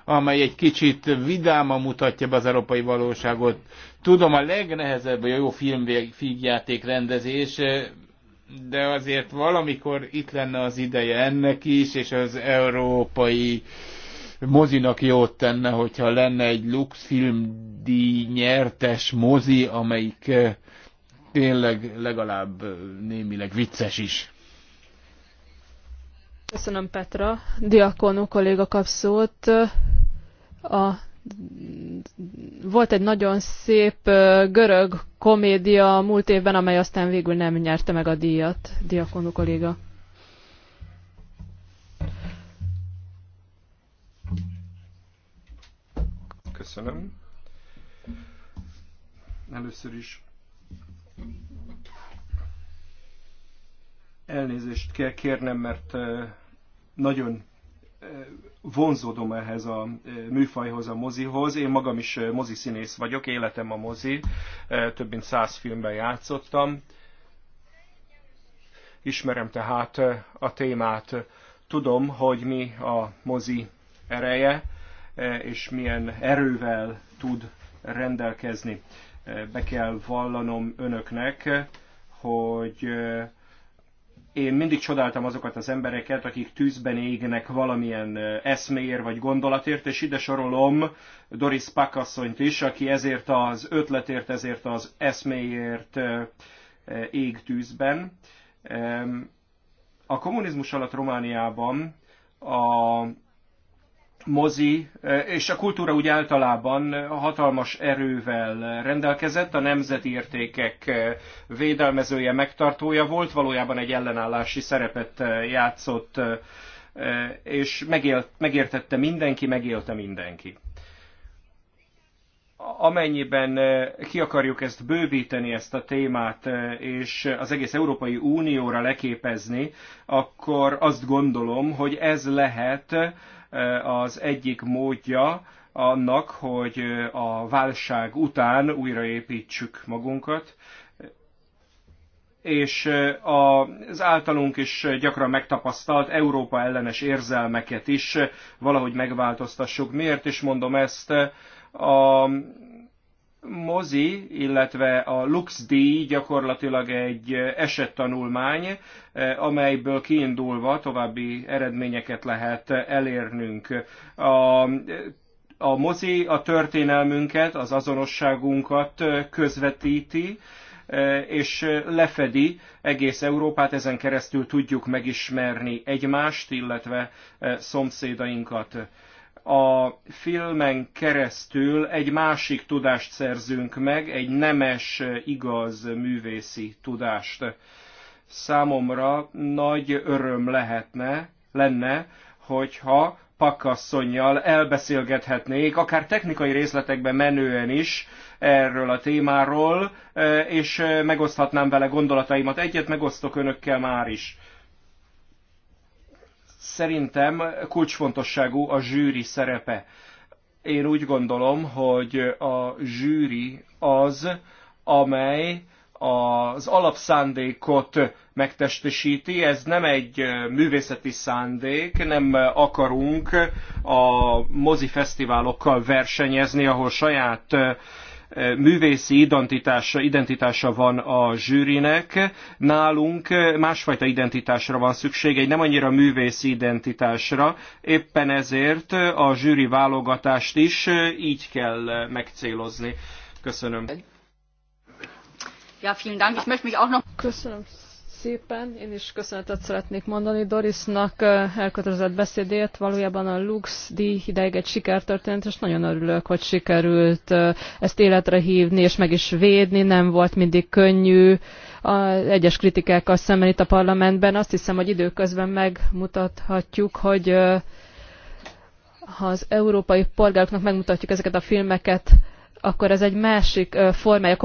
C: amely egy kicsit vidáman mutatja be az európai valóságot. Tudom, a legnehezebb a jó film vígjáték rendezés, de azért valamikor itt lenne az ideje ennek is, és az európai mozinak jót tenne, hogyha lenne egy luxfilm nyertes mozi, amelyik eh, tényleg legalább eh, némileg vicces is.
B: Köszönöm Petra. Diakonú kolléga kap szót eh, a volt egy nagyon szép görög komédia múlt évben, amely aztán végül nem nyerte meg a díjat, diakonú kolléga.
D: Köszönöm. Először is elnézést kell kérnem, mert nagyon vonzódom ehhez a e, műfajhoz, a mozihoz. Én magam is e, moziszínész vagyok, életem a mozi, e, több mint száz filmben játszottam. Ismerem tehát a témát, tudom, hogy mi a mozi ereje, és milyen erővel tud rendelkezni. Be kell vallanom önöknek, hogy én mindig csodáltam azokat az embereket, akik tűzben égnek valamilyen eszméért vagy gondolatért, és ide sorolom Doris Pakasszonyt is, aki ezért az ötletért, ezért az eszméért ég tűzben. A kommunizmus alatt Romániában a mozi e, és a kultúra úgy általában hatalmas erővel rendelkezett, a nemzeti értékek e, védelmezője, megtartója volt, valójában egy ellenállási szerepet e, játszott, és megélt, megértette mindenki, megélte mindenki. Amennyiben ki akarjuk ezt bővíteni, ezt a témát, és az egész Európai Unióra leképezni, akkor azt gondolom, hogy ez lehet Eh, az egyik módja annak, hogy eh, a válság után újraépítsük magunkat, és eh, az általunk is gyakran megtapasztalt Európa ellenes érzelmeket is valahogy megváltoztassuk. Miért is mondom ezt? A mozi, illetve a LuxDíj gyakorlatilag egy esettanulmány, eh, amelyből kiindulva további eredményeket lehet elérnünk. A a mozi a történelmünket, az azonosságunkat eh, közvetíti, eh, és lefedi egész Európát, ezen keresztül tudjuk megismerni egymást, illetve szomszédainkat a filmen keresztül egy másik tudást szerzünk meg, egy nemes, igaz művészi tudást. Számomra nagy öröm lehetne, lenne, hogyha pakasszonyjal elbeszélgethetnék, akár technikai részletekben menően is erről a témáról, és megoszthatnám vele gondolataimat. Egyet megosztok önökkel már is. Szerintem kulcsfontosságú a zsűri szerepe. Én úgy gondolom, hogy a zsűri az, amely az alapszándékot megtestesíti, ez nem egy művészeti szándék, nem akarunk a mozifesztiválokkal versenyezni, ahol saját művészi identitása, identitása van a zsűrinek, nálunk másfajta identitásra van szükség, egy nem annyira művészi identitásra, éppen ezért a zsűri válogatást is így kell megcélozni. Köszönöm.
B: Ja, vielen Dank. Ich möchte mich auch noch... Köszönöm szépen. Én is köszönetet szeretnék mondani Dorisnak elkötelezett beszédét. Valójában a Lux díj ideig egy sikertörténet, és nagyon örülök, hogy sikerült ezt életre hívni, és meg is védni. Nem volt mindig könnyű az egyes kritikákkal szemben itt a parlamentben. Azt hiszem, hogy időközben megmutathatjuk, hogy ha az európai polgároknak megmutatjuk ezeket a filmeket, akkor ez egy másik formája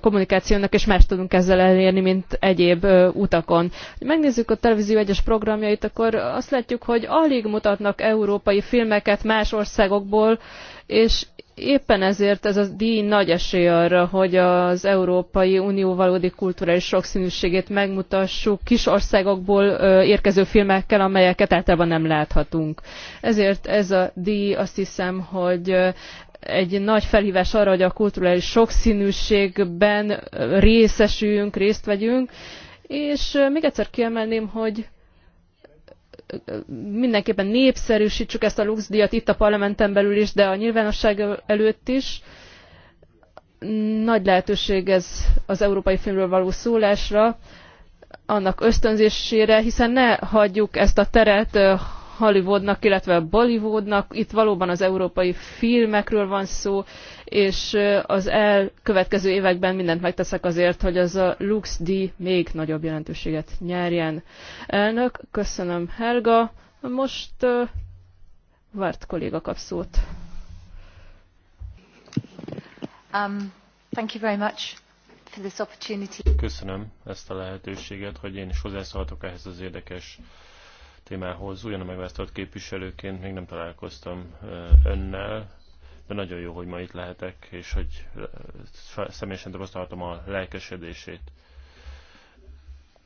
B: kommunikációnak, és más tudunk ezzel elérni, mint egyéb utakon. Megnézzük a televízió egyes programjait, akkor azt látjuk, hogy alig mutatnak európai filmeket más országokból, és éppen ezért ez a díj nagy esély arra, hogy az Európai Unió valódi kulturális sokszínűségét megmutassuk kis országokból érkező filmekkel, amelyeket általában nem láthatunk. Ezért ez a díj azt hiszem, hogy egy nagy felhívás arra, hogy a kulturális sokszínűségben részesüljünk, részt vegyünk. És még egyszer kiemelném, hogy mindenképpen népszerűsítsük ezt a luxdíjat itt a parlamenten belül is, de a nyilvánosság előtt is. Nagy lehetőség ez az európai filmről való szólásra, annak ösztönzésére, hiszen ne hagyjuk ezt a teret Hollywoodnak, illetve Bollywoodnak. Itt valóban az európai filmekről van szó, és az elkövetkező években mindent megteszek azért, hogy az a Lux D még nagyobb jelentőséget nyerjen. Elnök, köszönöm Helga. Most uh, Várt kolléga
E: kap szót. Um, thank you very much for this opportunity.
F: Köszönöm ezt a lehetőséget, hogy én is hozzászólhatok ehhez az érdekes uh, témához. Ugyan a megválasztott képviselőként még nem találkoztam önnel, de nagyon jó, hogy ma itt lehetek, és hogy személyesen tapasztalhatom a lelkesedését.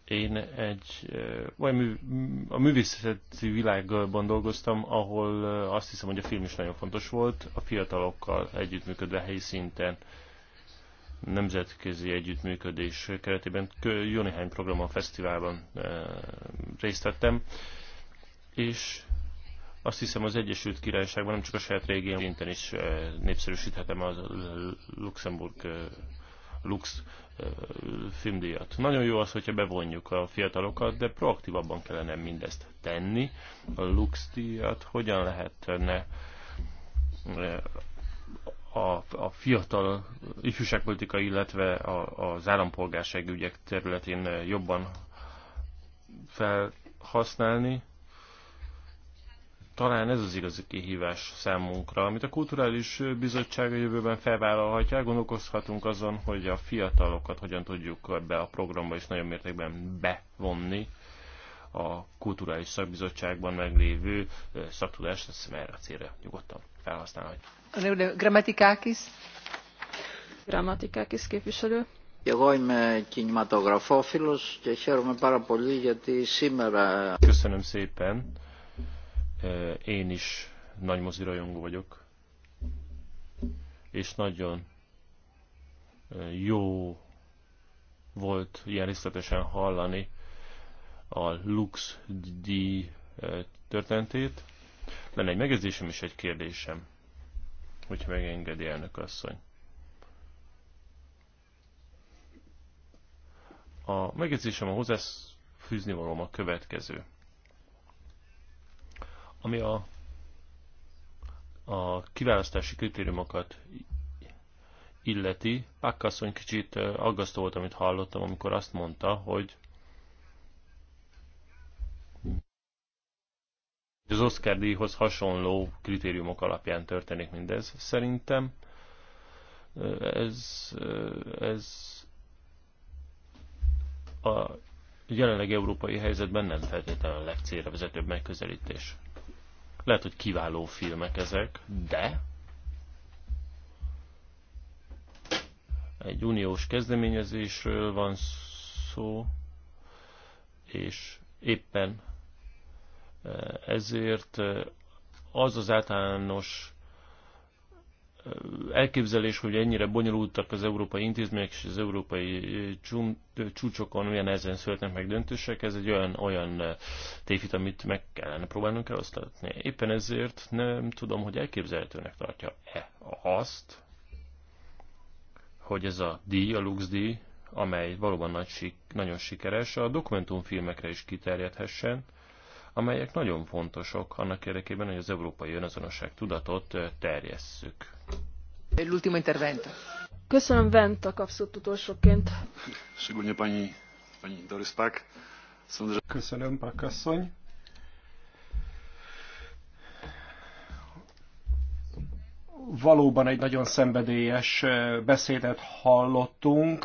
F: Én egy, vagy mű, a művészeti világban dolgoztam, ahol azt hiszem, hogy a film is nagyon fontos volt, a fiatalokkal együttműködve helyi szinten nemzetközi együttműködés keretében jó néhány programon, fesztiválban részt vettem és azt hiszem az Egyesült Királyságban, nem csak a saját régén szinten is eh, népszerűsíthetem a eh, Luxemburg eh, Lux filmdíjat. Nagyon jó az, hogyha bevonjuk a fiatalokat, de proaktívabban kellene mindezt tenni. A Lux díjat hogyan lehetne a, a fiatal ifjúságpolitika, illetve a, az állampolgárság ügyek területén jobban felhasználni. Talán ez az igazi kihívás számunkra, amit a Kulturális Bizottság a jövőben felvállalhatja. Gondolkozhatunk azon, hogy a fiatalokat hogyan tudjuk ebbe a programba is nagyon mértékben bevonni a Kulturális Szakbizottságban meglévő eh, szaktudást, ezt hiszem erre a célra
A: nyugodtan felhasználhatjuk. Grammatikákis? Grammatikákis
B: képviselő.
A: Εγώ είμαι κινηματογραφόφιλος και χαίρομαι πάρα πολύ γιατί
F: σήμερα... Köszönöm szépen. Én is nagy rajongó vagyok, és nagyon jó volt ilyen részletesen hallani a Lux D történetét. Lenne egy megjegyzésem és egy kérdésem, hogyha megengedi elnök asszony. A megjegyzésem a hozzáfűzni valóm a következő. Ami a, a kiválasztási kritériumokat illeti, Pakkasszony kicsit aggasztó volt, amit hallottam, amikor azt mondta, hogy az Oscar díjhoz hasonló kritériumok alapján történik mindez. Szerintem ez, ez a jelenleg európai helyzetben nem feltétlenül a legcélra vezetőbb megközelítés. Lehet, hogy kiváló filmek ezek, de egy uniós kezdeményezésről van szó, és éppen eh, ezért eh, az az általános elképzelés, hogy ennyire bonyolultak az európai intézmények és az európai eh, eh, csúcsokon milyen ezen születnek meg döntések, ez egy olyan, olyan eh, tévhit, amit meg kellene próbálnunk elosztatni. Éppen ezért nem tudom, hogy elképzelhetőnek tartja-e azt, hogy ez a díj, a Lux díj, amely valóban nagy, nagyon sikeres, a dokumentumfilmekre is kiterjedhessen, amelyek nagyon fontosak annak érdekében, hogy az európai önazonosság tudatot terjesszük.
A: L'ultimo intervento. Köszönöm, Venta
B: kapszott utolsóként.
F: Köszönöm, Pak
D: Valóban egy nagyon szenvedélyes beszédet hallottunk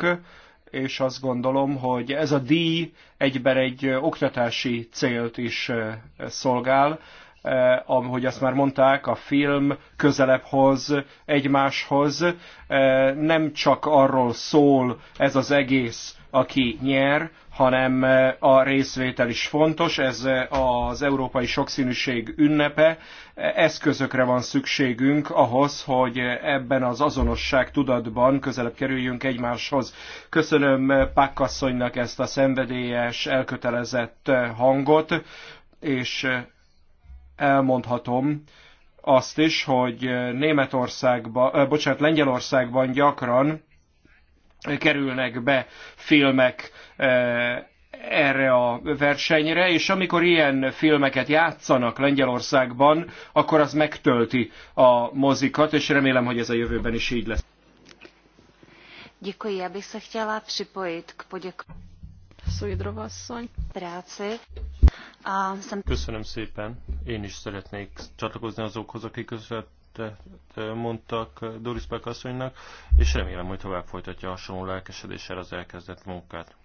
D: és azt gondolom, hogy ez a díj egyben egy oktatási célt is szolgál. Eh, ahogy azt már mondták, a film közelebb hoz egymáshoz. Eh, nem csak arról szól ez az egész, aki nyer, hanem eh, a részvétel is fontos, ez az európai sokszínűség ünnepe. Eszközökre van szükségünk ahhoz, hogy ebben az azonosság tudatban közelebb kerüljünk egymáshoz. Köszönöm Pákasszonynak ezt a szenvedélyes, elkötelezett hangot, és elmondhatom azt is, hogy Németországban, bocsánat, Lengyelországban gyakran kerülnek be filmek erre a versenyre, és amikor ilyen filmeket játszanak Lengyelországban, akkor az megtölti a mozikat, és remélem, hogy ez a jövőben is így lesz.
E: Děkuji, já bych se chtěla připojit k poděkování.
F: Köszönöm szépen. Én is szeretnék csatlakozni azokhoz, akik köszönetet mondtak Doris Beck asszonynak, és remélem, hogy tovább folytatja hasonló lelkesedéssel az elkezdett munkát.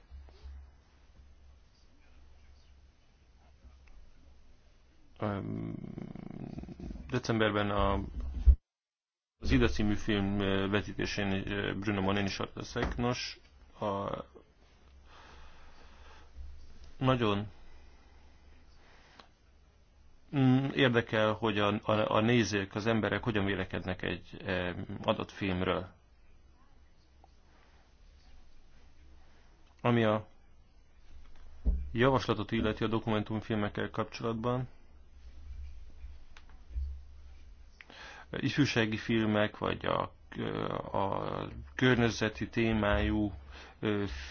F: Decemberben a az Ida című film vetítésén Bruno Monén is adta szeknos, a, nagyon mm, érdekel, hogy a, a, a nézők, az emberek hogyan vélekednek egy e, adott filmről. Ami a javaslatot illeti a dokumentumfilmekkel kapcsolatban, ifjúsági filmek, vagy a, a környezeti témájú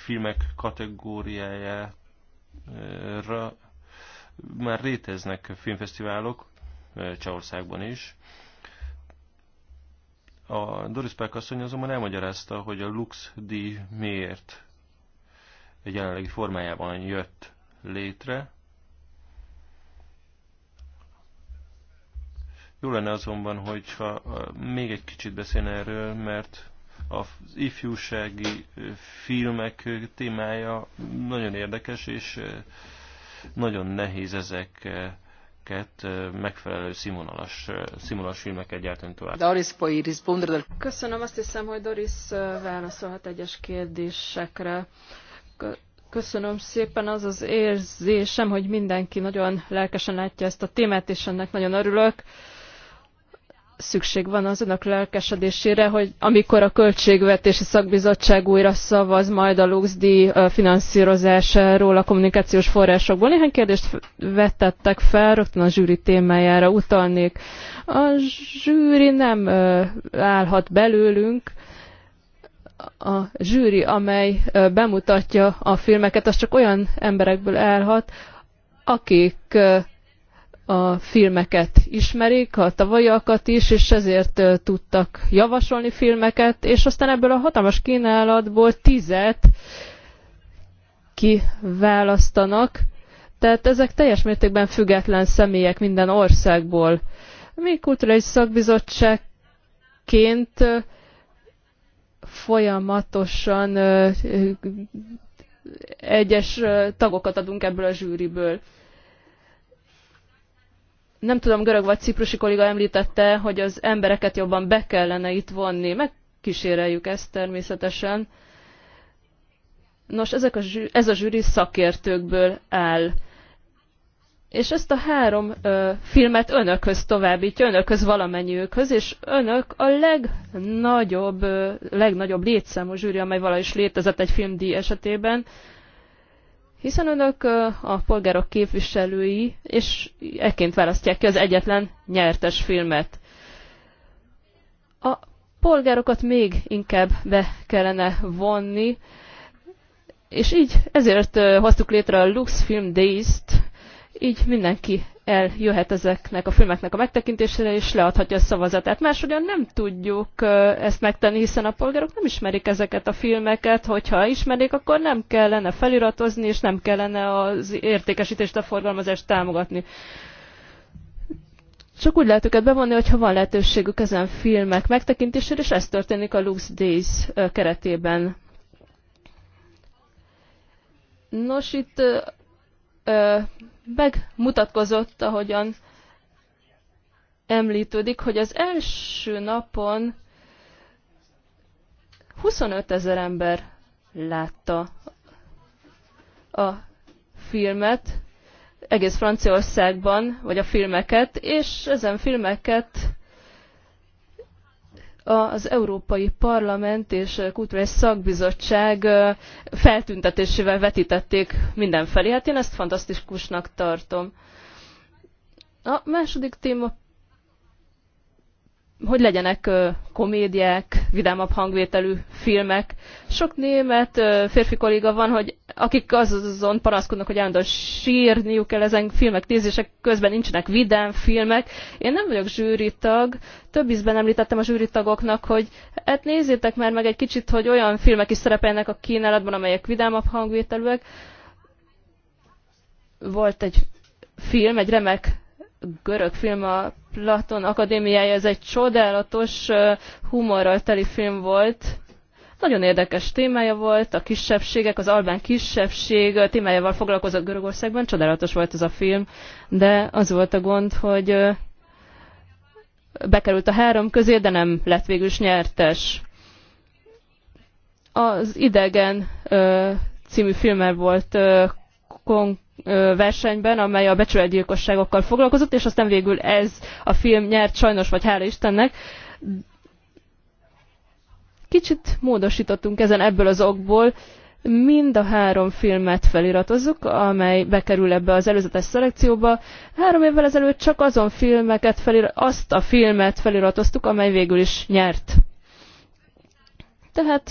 F: filmek kategóriáját már léteznek filmfesztiválok, eh, Csehországban is. A Doris Pák asszony azonban elmagyarázta, hogy a Lux díj miért egy jelenlegi formájában jött létre. Jó lenne azonban, hogyha eh, még egy kicsit beszélne erről, mert az ifjúsági filmek témája nagyon érdekes, és nagyon nehéz ezeket megfelelő színvonalas, színvonalas
A: filmek egyáltalán tovább. Doris, puoi rispondere?
B: Köszönöm, azt hiszem, hogy Doris válaszolhat egyes kérdésekre. Köszönöm szépen, az az érzésem, hogy mindenki nagyon lelkesen látja ezt a témát, és ennek nagyon örülök szükség van az önök lelkesedésére, hogy amikor a Költségvetési Szakbizottság újra szavaz majd a LuxDi finanszírozásáról a kommunikációs forrásokból. Néhány kérdést vetettek fel, rögtön a zsűri témájára utalnék. A zsűri nem állhat belőlünk, a zsűri, amely bemutatja a filmeket, az csak olyan emberekből állhat, akik a filmeket ismerik, a tavalyakat is, és ezért tudtak javasolni filmeket, és aztán ebből a hatalmas kínálatból tizet kiválasztanak. Tehát ezek teljes mértékben független személyek minden országból. Mi kulturális szakbizottságként folyamatosan egyes tagokat adunk ebből a zsűriből nem tudom, görög vagy ciprusi kolléga említette, hogy az embereket jobban be kellene itt vonni. Megkíséreljük ezt természetesen. Nos, ezek a zsűri, ez a zsűri szakértőkből áll. És ezt a három ö, filmet önökhöz továbbítja, önökhöz valamennyiükhöz, és önök a legnagyobb, ö, legnagyobb létszámú zsűri, amely vala is létezett egy filmdíj esetében. Ö, hiszen önök a polgárok képviselői, és ekként választják ki az egyetlen nyertes filmet. A polgárokat még inkább be kellene vonni, és így ezért hoztuk létre a Lux Film Days-t, így mindenki eljöhet ezeknek a filmeknek a megtekintésére, és leadhatja a szavazatát. Máshogyan nem tudjuk ezt megtenni, hiszen a polgárok nem ismerik ezeket a filmeket, hogyha ismerik, akkor nem kellene feliratozni, és nem kellene az értékesítést, a forgalmazást támogatni. Csak úgy lehet őket bevonni, hogyha van lehetőségük ezen filmek megtekintésére, és ez történik a Lux Days keretében. Nos, itt ö, megmutatkozott, ahogyan említődik, hogy az első napon 25 ezer ember látta a filmet egész Franciaországban, vagy a filmeket, és ezen filmeket az Európai Parlament és Kulturális Szakbizottság feltüntetésével vetítették mindenfelé. Hát én ezt fantasztikusnak tartom. A második téma hogy legyenek komédiák, vidámabb hangvételű filmek. Sok német férfi kolléga van, hogy akik azon panaszkodnak, hogy állandóan sírniuk kell ezen filmek nézések közben nincsenek vidám filmek. Én nem vagyok zsűritag, több ízben említettem a zsűritagoknak, hogy hát nézzétek már meg egy kicsit, hogy olyan filmek is szerepelnek a kínálatban, amelyek vidámabb hangvételűek. Volt egy film, egy remek görög film a Platon Akadémiája, ez egy csodálatos, humorral teli film volt. Nagyon érdekes témája volt, a kisebbségek, az albán kisebbség témájával foglalkozott Görögországban, csodálatos volt ez a film, de az volt a gond, hogy bekerült a három közé, de nem lett végül is nyertes. Az idegen című filmmel volt konk versenyben, amely a becsületgyilkosságokkal foglalkozott, és aztán végül ez a film nyert, sajnos vagy hála Istennek. Kicsit módosítottunk ezen ebből az okból, mind a három filmet feliratozzuk, amely bekerül ebbe az előzetes szelekcióba. Három évvel ezelőtt csak azon filmeket felir- azt a filmet feliratoztuk, amely végül is nyert. Tehát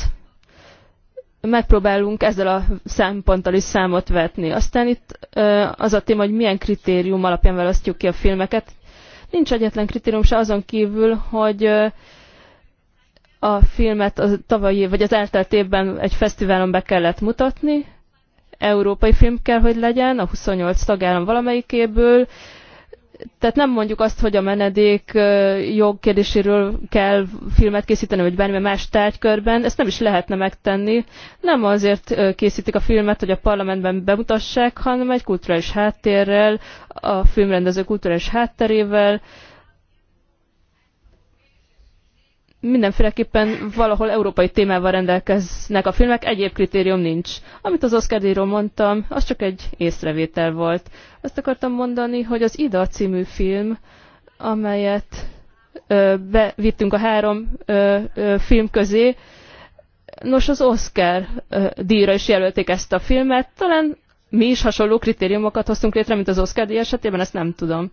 B: megpróbálunk ezzel a szemponttal is számot vetni. Aztán itt az a téma, hogy milyen kritérium alapján választjuk ki a filmeket. Nincs egyetlen kritérium se azon kívül, hogy a filmet a tavalyi, vagy az eltelt évben egy fesztiválon be kellett mutatni. Európai film kell, hogy legyen, a 28 tagállam valamelyikéből, tehát nem mondjuk azt, hogy a menedék jog kérdéséről kell filmet készíteni, vagy bármilyen más tárgykörben, ezt nem is lehetne megtenni. Nem azért készítik a filmet, hogy a parlamentben bemutassák, hanem egy kulturális háttérrel, a filmrendező kulturális hátterével, mindenféleképpen valahol európai témával rendelkeznek a filmek, egyéb kritérium nincs. Amit az Oscar díjról mondtam, az csak egy észrevétel volt. Azt akartam mondani, hogy az Ida című film, amelyet ö, bevittünk a három ö, ö, film közé, nos az Oscar ö, díjra is jelölték ezt a filmet, talán mi is hasonló kritériumokat hoztunk létre, mint az Oscar díj esetében, ezt nem tudom.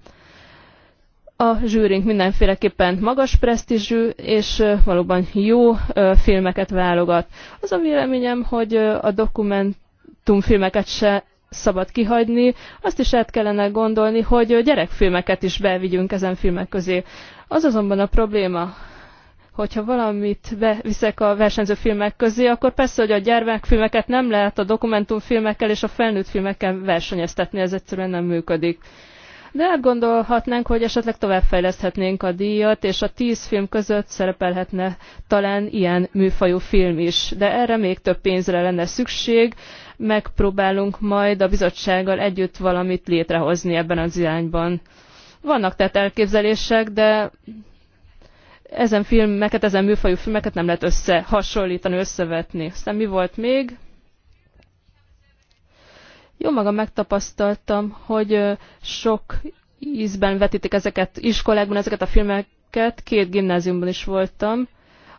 B: A zsűrink mindenféleképpen magas presztízsű, és valóban jó filmeket válogat. Az a véleményem, hogy a dokumentumfilmeket se szabad kihagyni. Azt is át kellene gondolni, hogy gyerekfilmeket is bevigyünk ezen filmek közé. Az azonban a probléma, hogyha valamit beviszek a versenyző filmek közé, akkor persze, hogy a gyermekfilmeket nem lehet a dokumentumfilmekkel és a felnőtt filmekkel versenyeztetni, ez egyszerűen nem működik de hát gondolhatnánk, hogy esetleg továbbfejleszthetnénk a díjat, és a tíz film között szerepelhetne talán ilyen műfajú film is. De erre még több pénzre lenne szükség, megpróbálunk majd a bizottsággal együtt valamit létrehozni ebben az irányban. Vannak tehát elképzelések, de ezen filmeket, hát ezen műfajú filmeket nem lehet összehasonlítani, összevetni. Aztán mi volt még? Jó magam megtapasztaltam, hogy sok ízben vetítik ezeket iskolákban, ezeket a filmeket. Két gimnáziumban is voltam,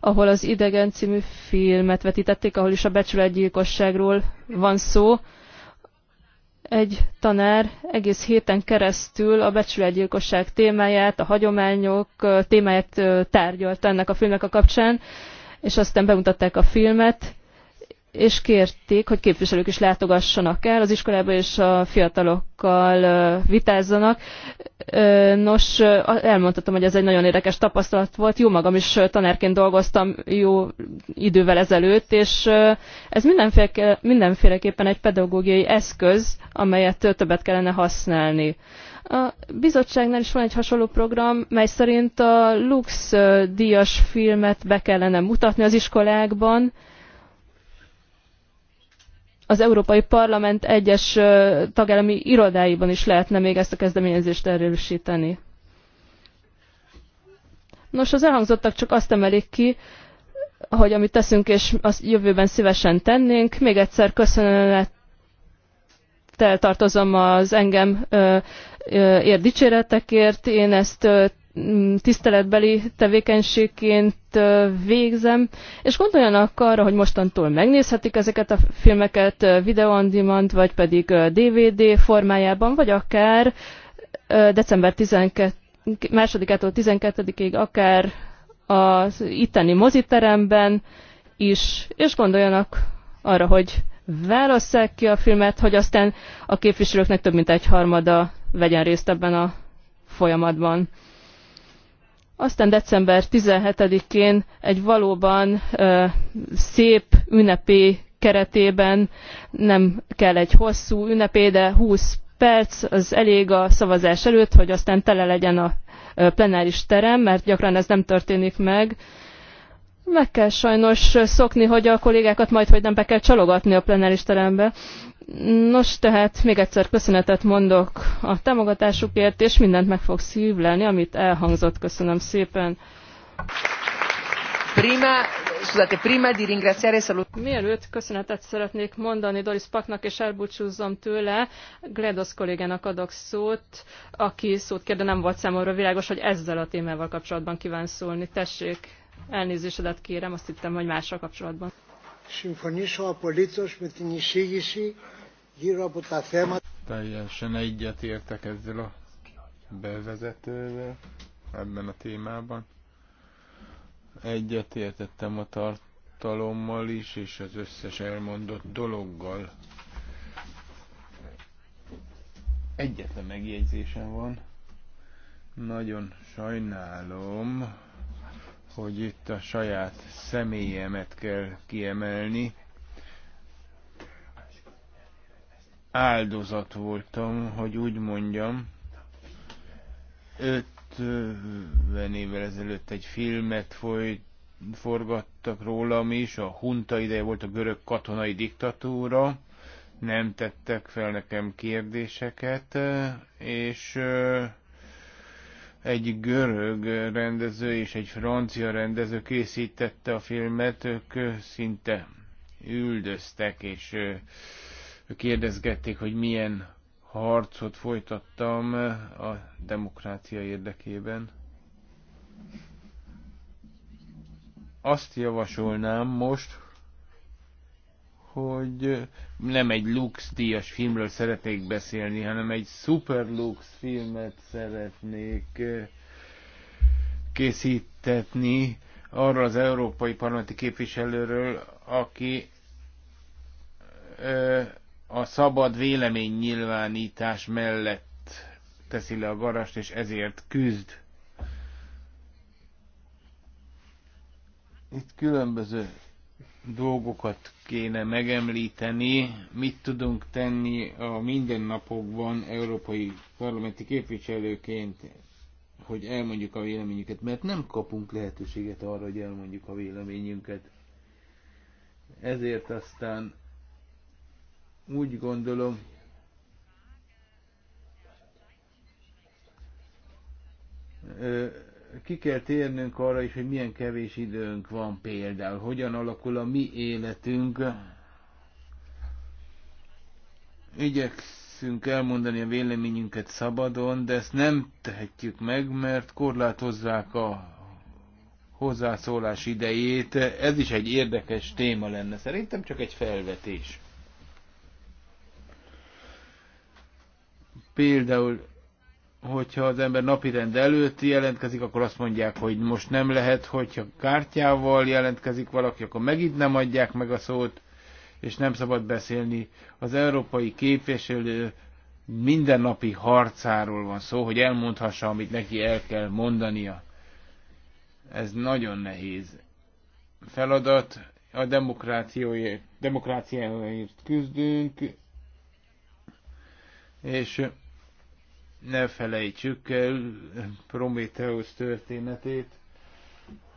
B: ahol az Idegen című filmet vetítették, ahol is a becsületgyilkosságról van szó. Egy tanár egész héten keresztül a becsületgyilkosság témáját, a hagyományok témáját tárgyalt ennek a filmnek a kapcsán, és aztán bemutatták a filmet, és kérték, hogy képviselők is látogassanak el az iskolába, és a fiatalokkal vitázzanak. Nos, elmondhatom, hogy ez egy nagyon érdekes tapasztalat volt. Jó magam is tanárként dolgoztam jó idővel ezelőtt, és ez mindenféleképpen egy pedagógiai eszköz, amelyet többet kellene használni. A bizottságnál is van egy hasonló program, mely szerint a Lux díjas filmet be kellene mutatni az iskolákban, az Európai Parlament egyes tagállami irodáiban is lehetne még ezt a kezdeményezést erősíteni. Nos, az elhangzottak csak azt emelik ki, hogy amit teszünk, és azt jövőben szívesen tennénk. Még egyszer köszönettel tartozom az engem ér dicséretekért. Én ezt Mm, tiszteletbeli tevékenységként végzem, és gondoljanak arra, hogy mostantól megnézhetik ezeket a filmeket video on demand, vagy pedig DVD formájában, vagy akár december 12 től 12-ig akár az itteni moziteremben is, és gondoljanak arra, hogy válasszák ki a filmet, hogy aztán a képviselőknek több mint egy harmada vegyen részt ebben a folyamatban. Aztán december 17-én egy valóban szép ünnepé keretében nem kell egy hosszú ünnepé, de 20 perc az elég a szavazás előtt, hogy aztán tele legyen a plenáris terem, mert gyakran ez nem történik meg. Meg kell sajnos szokni, hogy a kollégákat majd hogy nem be kell csalogatni a plenáris terembe. Nos, tehát még egyszer köszönetet mondok a támogatásukért, és mindent meg fog szívlelni, amit elhangzott. Köszönöm szépen. Prima, szóval prima di ringraziare salut. Mielőtt köszönetet szeretnék mondani Doris Paknak, és elbúcsúzzom tőle, Gledos kollégának adok szót, aki szót kérde nem volt számomra világos, hogy ezzel a témával kapcsolatban kíván szólni. Tessék, elnézésedet kérem, azt hittem, hogy mással kapcsolatban.
C: Συμφωνήσω απολύτως με την εισήγηση Teljesen értek ezzel a bevezetővel ebben a témában. Egyet értettem a tartalommal is, és az összes elmondott dologgal. Egyetlen megjegyzésem van. Nagyon sajnálom, hogy itt a saját személyemet kell kiemelni, áldozat voltam, hogy úgy mondjam. 50 évvel ezelőtt egy filmet folyt, forgattak rólam is, a hunta ideje volt a görög katonai diktatúra, nem tettek fel nekem kérdéseket, és egy görög rendező és egy francia rendező készítette a filmet, ők szinte üldöztek, és kérdezgették, hogy milyen harcot folytattam a demokrácia érdekében. Azt javasolnám most, hogy nem egy Lux díjas filmről szeretnék beszélni, hanem egy Super Lux filmet szeretnék eh, készítetni arról az európai parlamenti képviselőről, aki eh, a szabad vélemény nyilvánítás mellett teszi le a garast, és ezért küzd. Itt különböző dolgokat kéne megemlíteni, mit tudunk tenni a mindennapokban európai parlamenti képviselőként, hogy elmondjuk a véleményünket, mert nem kapunk lehetőséget arra, hogy elmondjuk a véleményünket. Ezért aztán úgy gondolom, ki kell térnünk arra is, hogy milyen kevés időnk van például, hogyan alakul a mi életünk. Igyekszünk elmondani a véleményünket szabadon, de ezt nem tehetjük meg, mert korlátozzák a hozzászólás idejét. Ez is egy érdekes téma lenne. Szerintem csak egy felvetés. Például, hogyha az ember napirend előtt jelentkezik, akkor azt mondják, hogy most nem lehet, hogyha kártyával jelentkezik valaki, akkor megint nem adják meg a szót, és nem szabad beszélni. Az európai képviselő mindennapi harcáról van szó, hogy elmondhassa, amit neki el kell mondania. Ez nagyon nehéz feladat. A demokráciáért küzdünk, és ne felejtsük el Prometheus történetét,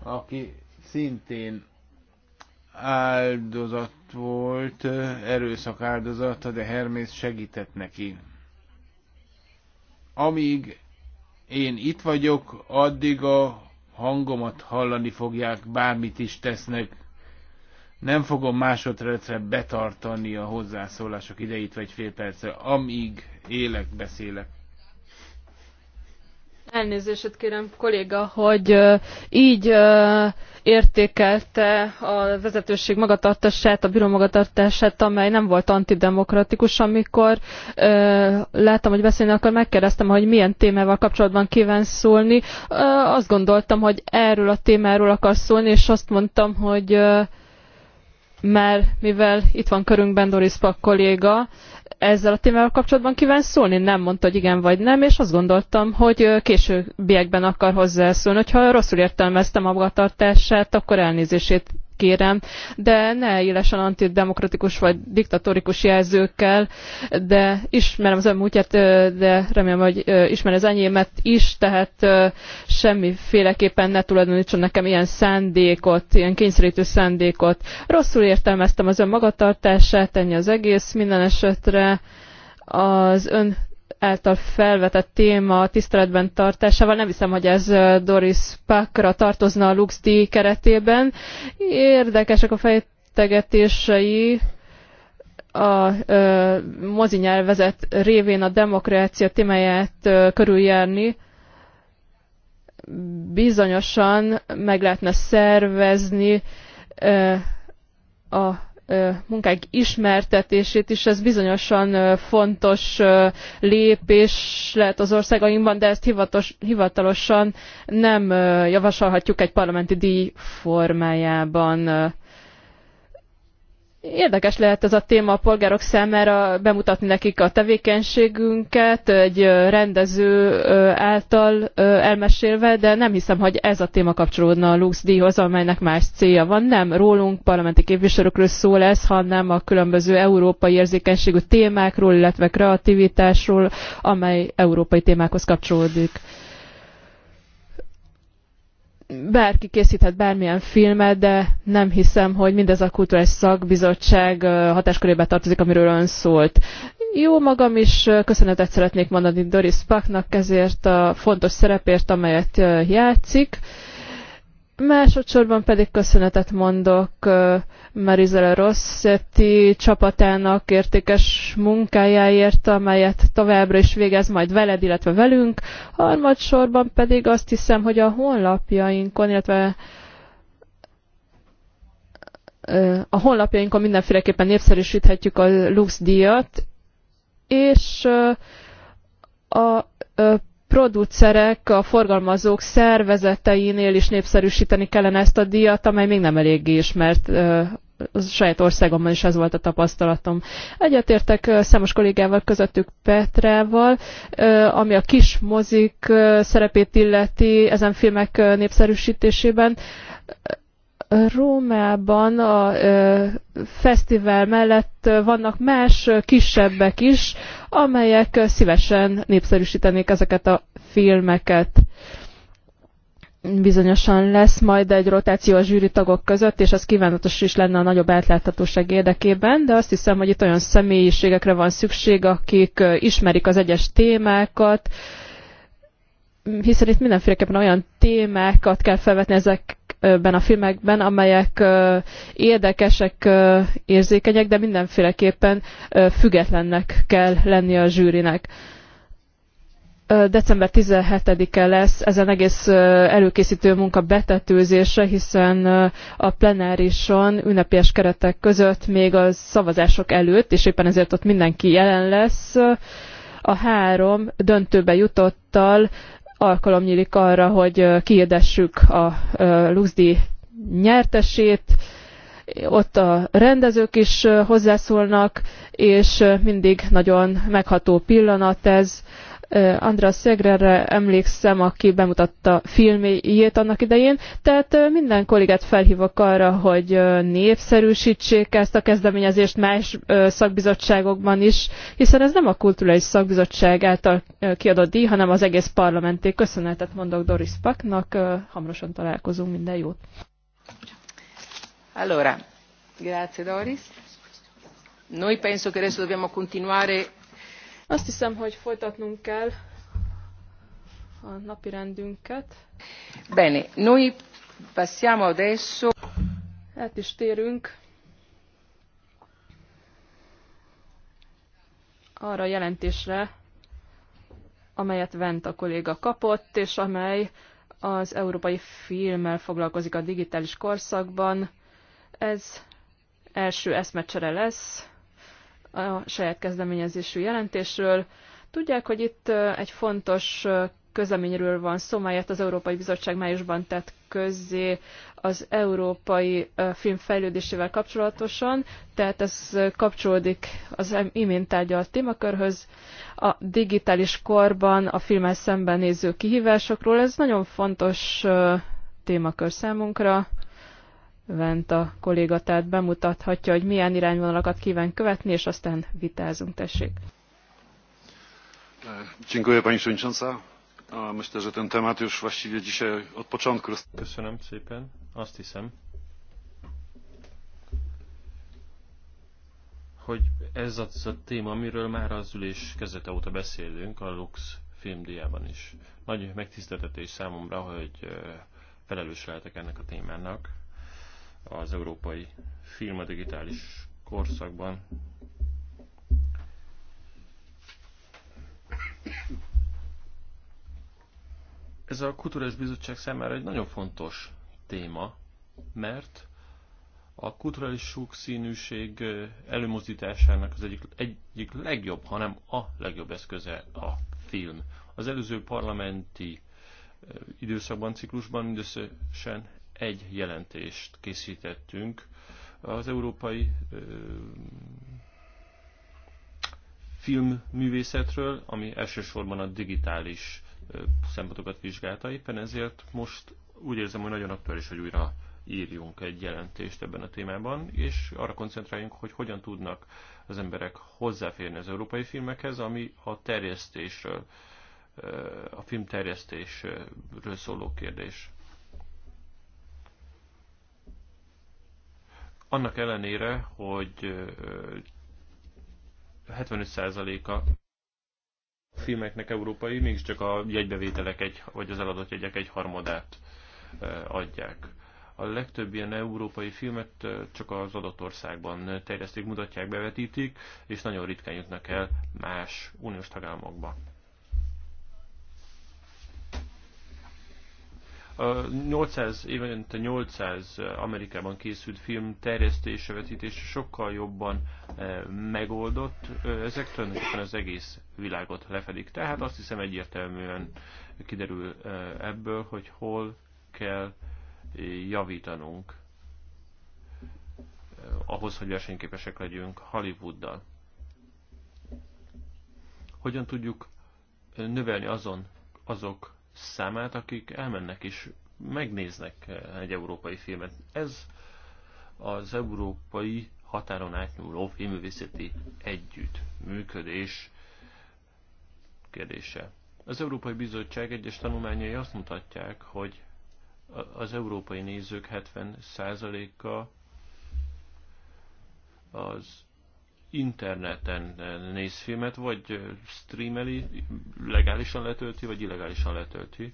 C: aki szintén áldozat volt, erőszak áldozata, de Hermész segített neki. Amíg én itt vagyok, addig a hangomat hallani fogják, bármit is tesznek. Nem fogom másodpercre betartani a hozzászólások idejét, vagy fél percre, amíg élek, beszélek.
B: Elnézést kérem, kolléga, hogy így értékelte a vezetőség magatartását, a bíró magatartását, amely nem volt antidemokratikus. Amikor ö, láttam, hogy beszélni, akkor megkérdeztem, hogy milyen témával kapcsolatban kíván szólni. Ö, azt gondoltam, hogy erről a témáról akar szólni, és azt mondtam, hogy ö, már mivel itt van körünkben Doris Pak kolléga, ezzel a témával kapcsolatban kíván szólni? Nem mondta, hogy igen vagy nem, és azt gondoltam, hogy későbbiekben akar hozzászólni. ha rosszul értelmeztem a magatartását, akkor elnézését kérem, de ne élesen antidemokratikus vagy diktatórikus jelzőkkel, de ismerem az ön múltját, de remélem, hogy ismer az enyémet is, tehát semmiféleképpen ne tulajdonítson nekem ilyen szándékot, ilyen kényszerítő szándékot. Rosszul értelmeztem az ön magatartását, ennyi az egész, minden esetre az ön által felvetett téma tiszteletben tartásával. Nem hiszem, hogy ez Doris Pakra tartozna a LuxDi keretében. Érdekesek a fejtegetései a ö, mozi nyelvezet révén a demokrácia témáját ö, körüljárni bizonyosan meg lehetne szervezni ö, a munkák ismertetését is, ez bizonyosan fontos lépés lehet az országainkban, de ezt hivatos, hivatalosan nem javasolhatjuk egy parlamenti díj formájában. Érdekes lehet ez a téma a polgárok számára, bemutatni nekik a tevékenységünket egy rendező által elmesélve, de nem hiszem, hogy ez a téma kapcsolódna a Lux díjhoz, amelynek más célja van. Nem rólunk, parlamenti képviselőkről szól ez, hanem a különböző európai érzékenységű témákról, illetve kreativitásról, amely európai témákhoz kapcsolódik bárki készíthet bármilyen filmet, de nem hiszem, hogy mindez a kulturális szakbizottság hatáskörébe tartozik, amiről ön szólt. Jó magam is köszönetet szeretnék mondani Doris Paknak ezért a fontos szerepért, amelyet játszik. Másodszorban pedig köszönetet mondok Marizela Rossetti csapatának értékes munkájáért, amelyet továbbra is végez majd veled, illetve velünk. Harmadsorban pedig azt hiszem, hogy a honlapjainkon, illetve a honlapjainkon mindenféleképpen népszerűsíthetjük a Lux díjat, és a producerek, a forgalmazók szervezeteinél is népszerűsíteni kellene ezt a díjat, amely még nem eléggé ismert a saját országomban is ez volt a tapasztalatom. Egyetértek számos kollégával, közöttük Petrával, ami a kis mozik szerepét illeti ezen filmek népszerűsítésében Rómában a fesztivál mellett vannak más kisebbek is, amelyek szívesen népszerűsítenék ezeket a filmeket. Bizonyosan lesz majd egy rotáció a zsűri tagok között, és ez kívánatos is lenne a nagyobb átláthatóság érdekében, de azt hiszem, hogy itt olyan személyiségekre van szükség, akik ismerik az egyes témákat, hiszen itt mindenféleképpen olyan témákat kell felvetni ezek ezekben a filmekben, amelyek érdekesek, érzékenyek, de mindenféleképpen függetlennek kell lennie a zsűrinek december 17-e lesz ezen egész előkészítő munka betetőzése, hiszen a plenárison ünnepélyes keretek között még a szavazások előtt, és éppen ezért ott mindenki jelen lesz, a három döntőbe jutottal alkalom nyílik arra, hogy kihirdessük a Luzdi nyertesét, ott a rendezők is hozzászólnak, és mindig nagyon megható pillanat ez, András Szegrerre emlékszem, aki bemutatta filmjét annak idején. Tehát minden kollégát felhívok arra, hogy népszerűsítsék ezt a kezdeményezést más szakbizottságokban is, hiszen ez nem a kulturális szakbizottság által kiadott díj, hanem az egész parlamenté. Köszönetet mondok Doris Paknak, hamarosan találkozunk, minden jót.
A: Allora, grazie Doris. Noi penso che adesso dobbiamo continuare
B: azt hiszem, hogy folytatnunk kell a napi rendünket.
A: Bene, noi
B: passiamo adesso. Hát is térünk arra a jelentésre, amelyet Vent a kolléga kapott, és amely az európai filmmel foglalkozik a digitális korszakban. Ez első eszmecsere lesz a saját kezdeményezésű jelentésről. Tudják, hogy itt egy fontos közleményről van szó, melyet az Európai Bizottság májusban tett közzé az európai film fejlődésével kapcsolatosan, tehát ez kapcsolódik az imént tárgyalt témakörhöz. A digitális korban a filmmel szemben néző kihívásokról, ez nagyon fontos témakör számunkra. Venta kolléga tehát bemutathatja, hogy milyen irányvonalakat kíván követni, és aztán vitázunk, tessék.
F: Dziękuję Pani Przewodnicząca. Myślę, że ten temat już właściwie dzisiaj od początku. Köszönöm szépen. Azt hiszem, hogy ez az a téma, amiről már az ülés kezdete óta beszélünk, a Lux filmdiában is. Nagy megtiszteltetés számomra, hogy felelős lehetek ennek a témának az európai film a digitális korszakban. Ez a Kulturális Bizottság számára egy nagyon fontos téma, mert a kulturális sokszínűség előmozdításának az egyik, egyik legjobb, hanem a legjobb eszköze a film. Az előző parlamenti időszakban, ciklusban mindösszesen egy jelentést készítettünk az európai filmművészetről, ami elsősorban a digitális szempontokat vizsgálta. Éppen ezért most úgy érzem, hogy nagyon aktuális, hogy újra írjunk egy jelentést ebben a témában, és arra koncentráljunk, hogy hogyan tudnak az emberek hozzáférni az európai filmekhez, ami a terjesztésről, a filmterjesztésről szóló kérdés. Annak ellenére, hogy 75%-a a filmeknek európai, mégiscsak a jegybevételek egy, vagy az eladott jegyek egy harmadát adják. A legtöbb ilyen európai filmet csak az adott országban terjesztik, mutatják, bevetítik, és nagyon ritkán jutnak el más uniós tagállamokba. A 800 évente 800 Amerikában készült film terjesztése, vetítése sokkal jobban eh, megoldott. Ezek tulajdonképpen az egész világot lefedik. Tehát azt hiszem egyértelműen kiderül eh, ebből, hogy hol kell eh, javítanunk ahhoz, hogy versenyképesek legyünk Hollywooddal. Hogyan tudjuk növelni azon azok számát, akik elmennek és megnéznek egy európai filmet. Ez az európai határon átnyúló filmművészeti együttműködés kérdése. Az Európai Bizottság egyes tanulmányai azt mutatják, hogy az európai nézők 70%-a az interneten eh, néz filmet, vagy eh, streameli, legálisan letölti, vagy illegálisan letölti.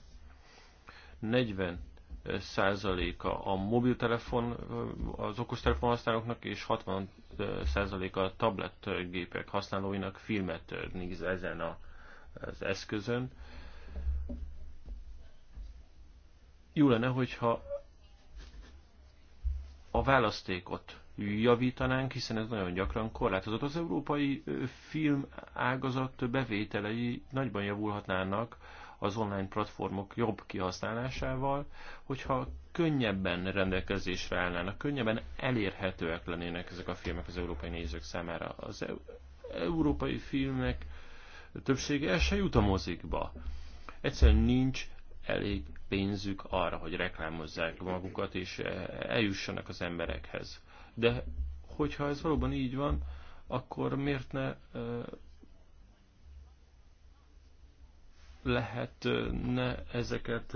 F: 40 eh, százaléka a mobiltelefon, az okostelefon használóknak, és 60 százaléka a tabletgépek használóinak filmet néz ezen a, az eszközön. Jó lenne, hogyha a választékot javítanánk, hiszen ez nagyon gyakran korlátozott. Az európai film ágazat bevételei nagyban javulhatnának az online platformok jobb kihasználásával, hogyha könnyebben rendelkezésre állnának, könnyebben elérhetőek lennének ezek a filmek az európai nézők számára. Az európai filmek többsége el se jut a mozikba. Egyszerűen nincs elég pénzük arra, hogy reklámozzák magukat és e, eljussanak az emberekhez de hogyha ez valóban így van, akkor miért ne lehet ne ezeket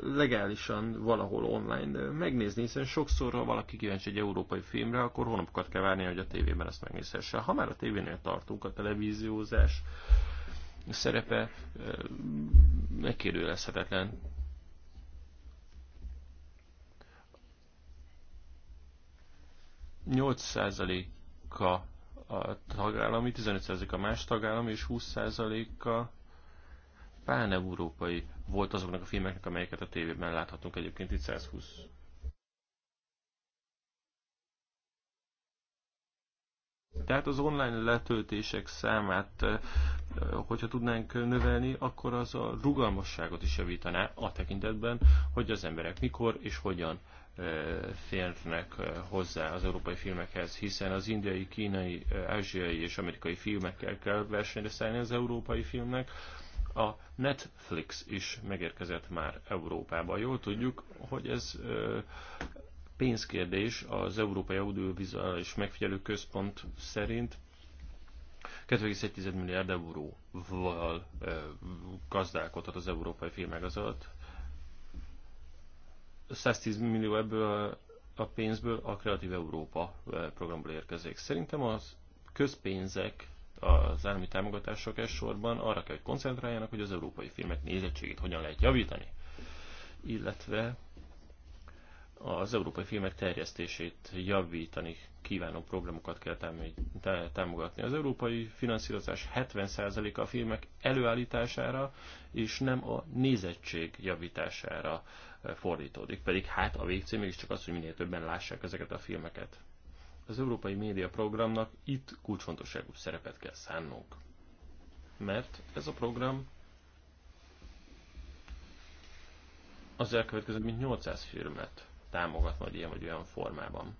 F: legálisan valahol online megnézni, hiszen sokszor, ha valaki kíváncsi egy európai filmre, akkor hónapokat kell várni, hogy a tévében ezt megnézhesse. Ha már a tévénél tartunk, a televíziózás szerepe megkérdőjelezhetetlen. 8%-a a tagállami, 15%-a más tagállam és 20%-a pán-európai volt azoknak a filmeknek, amelyeket a tévében láthatunk egyébként itt 120 Tehát az online letöltések számát, eh, hogyha tudnánk növelni, akkor az a rugalmasságot is javítaná a tekintetben, hogy az emberek mikor és hogyan férnek hozzá az európai filmekhez, hiszen az indiai, kínai, ázsiai és amerikai filmekkel kell versenyre szállni az európai filmnek. A Netflix is megérkezett már Európába. Jól tudjuk, hogy ez pénzkérdés az Európai Audiovizuális Megfigyelő Központ szerint 2,1 milliárd euróval gazdálkodhat az európai filmek alatt. 110 millió ebből a pénzből a Kreatív Európa eh, programból érkezik. Szerintem az közpénzek, az állami támogatások elsősorban arra kell, hogy koncentráljanak, hogy az európai filmek nézettségét hogyan lehet javítani, illetve az európai filmek terjesztését javítani kívánó programokat kell támogatni. Az európai finanszírozás 70%-a a filmek előállítására és nem a nézettség javítására fordítódik. Pedig hát a végcél mégiscsak az, hogy minél többen lássák ezeket a filmeket. Az Európai Média Programnak itt kulcsfontosságú szerepet kell szánnunk. Mert ez a program az elkövetkező mint 800 filmet támogat majd ilyen vagy olyan formában.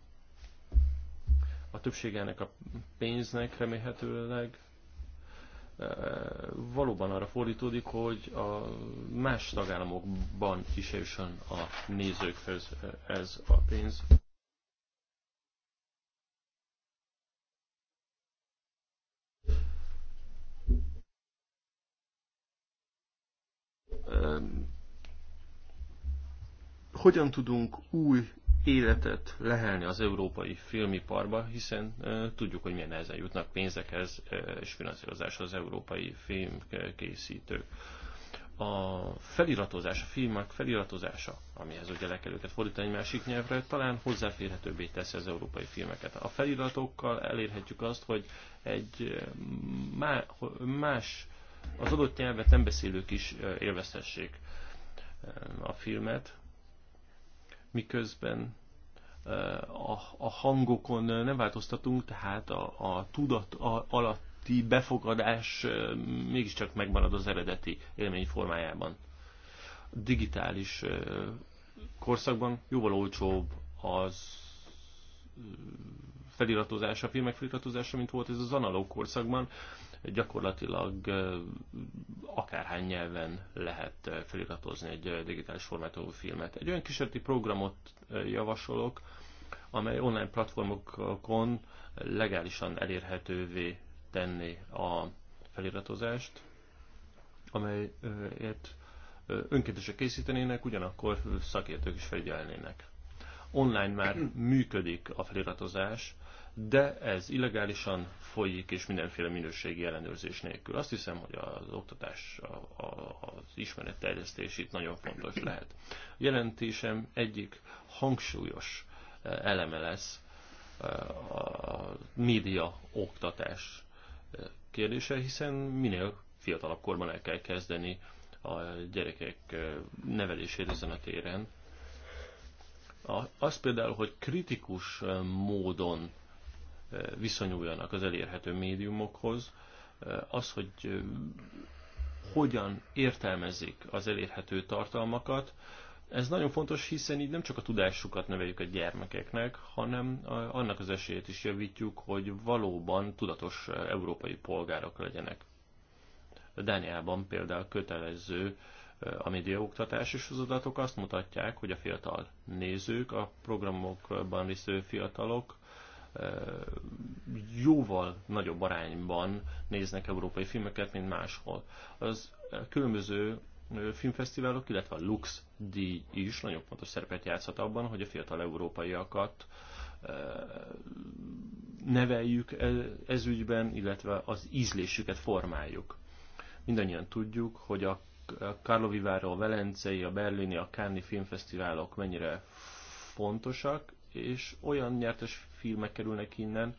F: A többségének a pénznek remélhetőleg valóban arra fordítódik, hogy a más tagállamokban is jusson a nézőkhöz ez a pénz. Hogyan tudunk új életet lehelni az európai filmiparba, hiszen e, tudjuk, hogy milyen nehezen jutnak pénzekhez e, és finanszírozáshoz az európai filmkészítők. A feliratozás, a filmek feliratozása, amihez ugye le kell őket fordítani egy másik nyelvre, talán hozzáférhetőbbé teszi az európai filmeket. A feliratokkal elérhetjük azt, hogy egy más, az adott nyelvet nem beszélők is élvezhessék a filmet, miközben a, a hangokon nem változtatunk, tehát a, a tudat alatti befogadás mégiscsak megmarad az eredeti élmény formájában. Digitális korszakban jóval olcsóbb az feliratozása, a filmek feliratozása, mint volt ez az analóg korszakban gyakorlatilag akárhány nyelven lehet feliratozni egy digitális formátumú filmet. Egy olyan kísérleti programot javasolok, amely online platformokon legálisan elérhetővé tenni a feliratozást, amelyet önkéntesek készítenének, ugyanakkor szakértők is felügyelnének. Online már működik a feliratozás, de ez illegálisan folyik, és mindenféle minőségi ellenőrzés nélkül. Azt hiszem, hogy az oktatás, az ismeretterjesztés itt nagyon fontos lehet. A jelentésem egyik hangsúlyos eh, eleme lesz eh, a média oktatás eh, kérdése, hiszen minél fiatalabb korban el kell kezdeni a gyerekek nevelését ezen a téren. Az például, hogy kritikus módon viszonyuljanak az elérhető médiumokhoz. Az, hogy hogyan értelmezik az elérhető tartalmakat, ez nagyon fontos, hiszen így nem csak a tudásukat növeljük a gyermekeknek, hanem annak az esélyét is javítjuk, hogy valóban tudatos európai polgárok legyenek. Dániában például kötelező a médiaoktatás és az adatok azt mutatják, hogy a fiatal nézők, a programokban résztvevő fiatalok jóval nagyobb arányban néznek európai filmeket, mint máshol. Az különböző filmfesztiválok, illetve a Lux díj is nagyon fontos szerepet játszhat abban, hogy a fiatal európaiakat neveljük e, ez ügyben, illetve az ízlésüket formáljuk. Mindannyian tudjuk, hogy a Karloviváró, a Velencei, a Berlini, a Cannes filmfesztiválok mennyire fontosak, és olyan nyertes filmek kerülnek innen,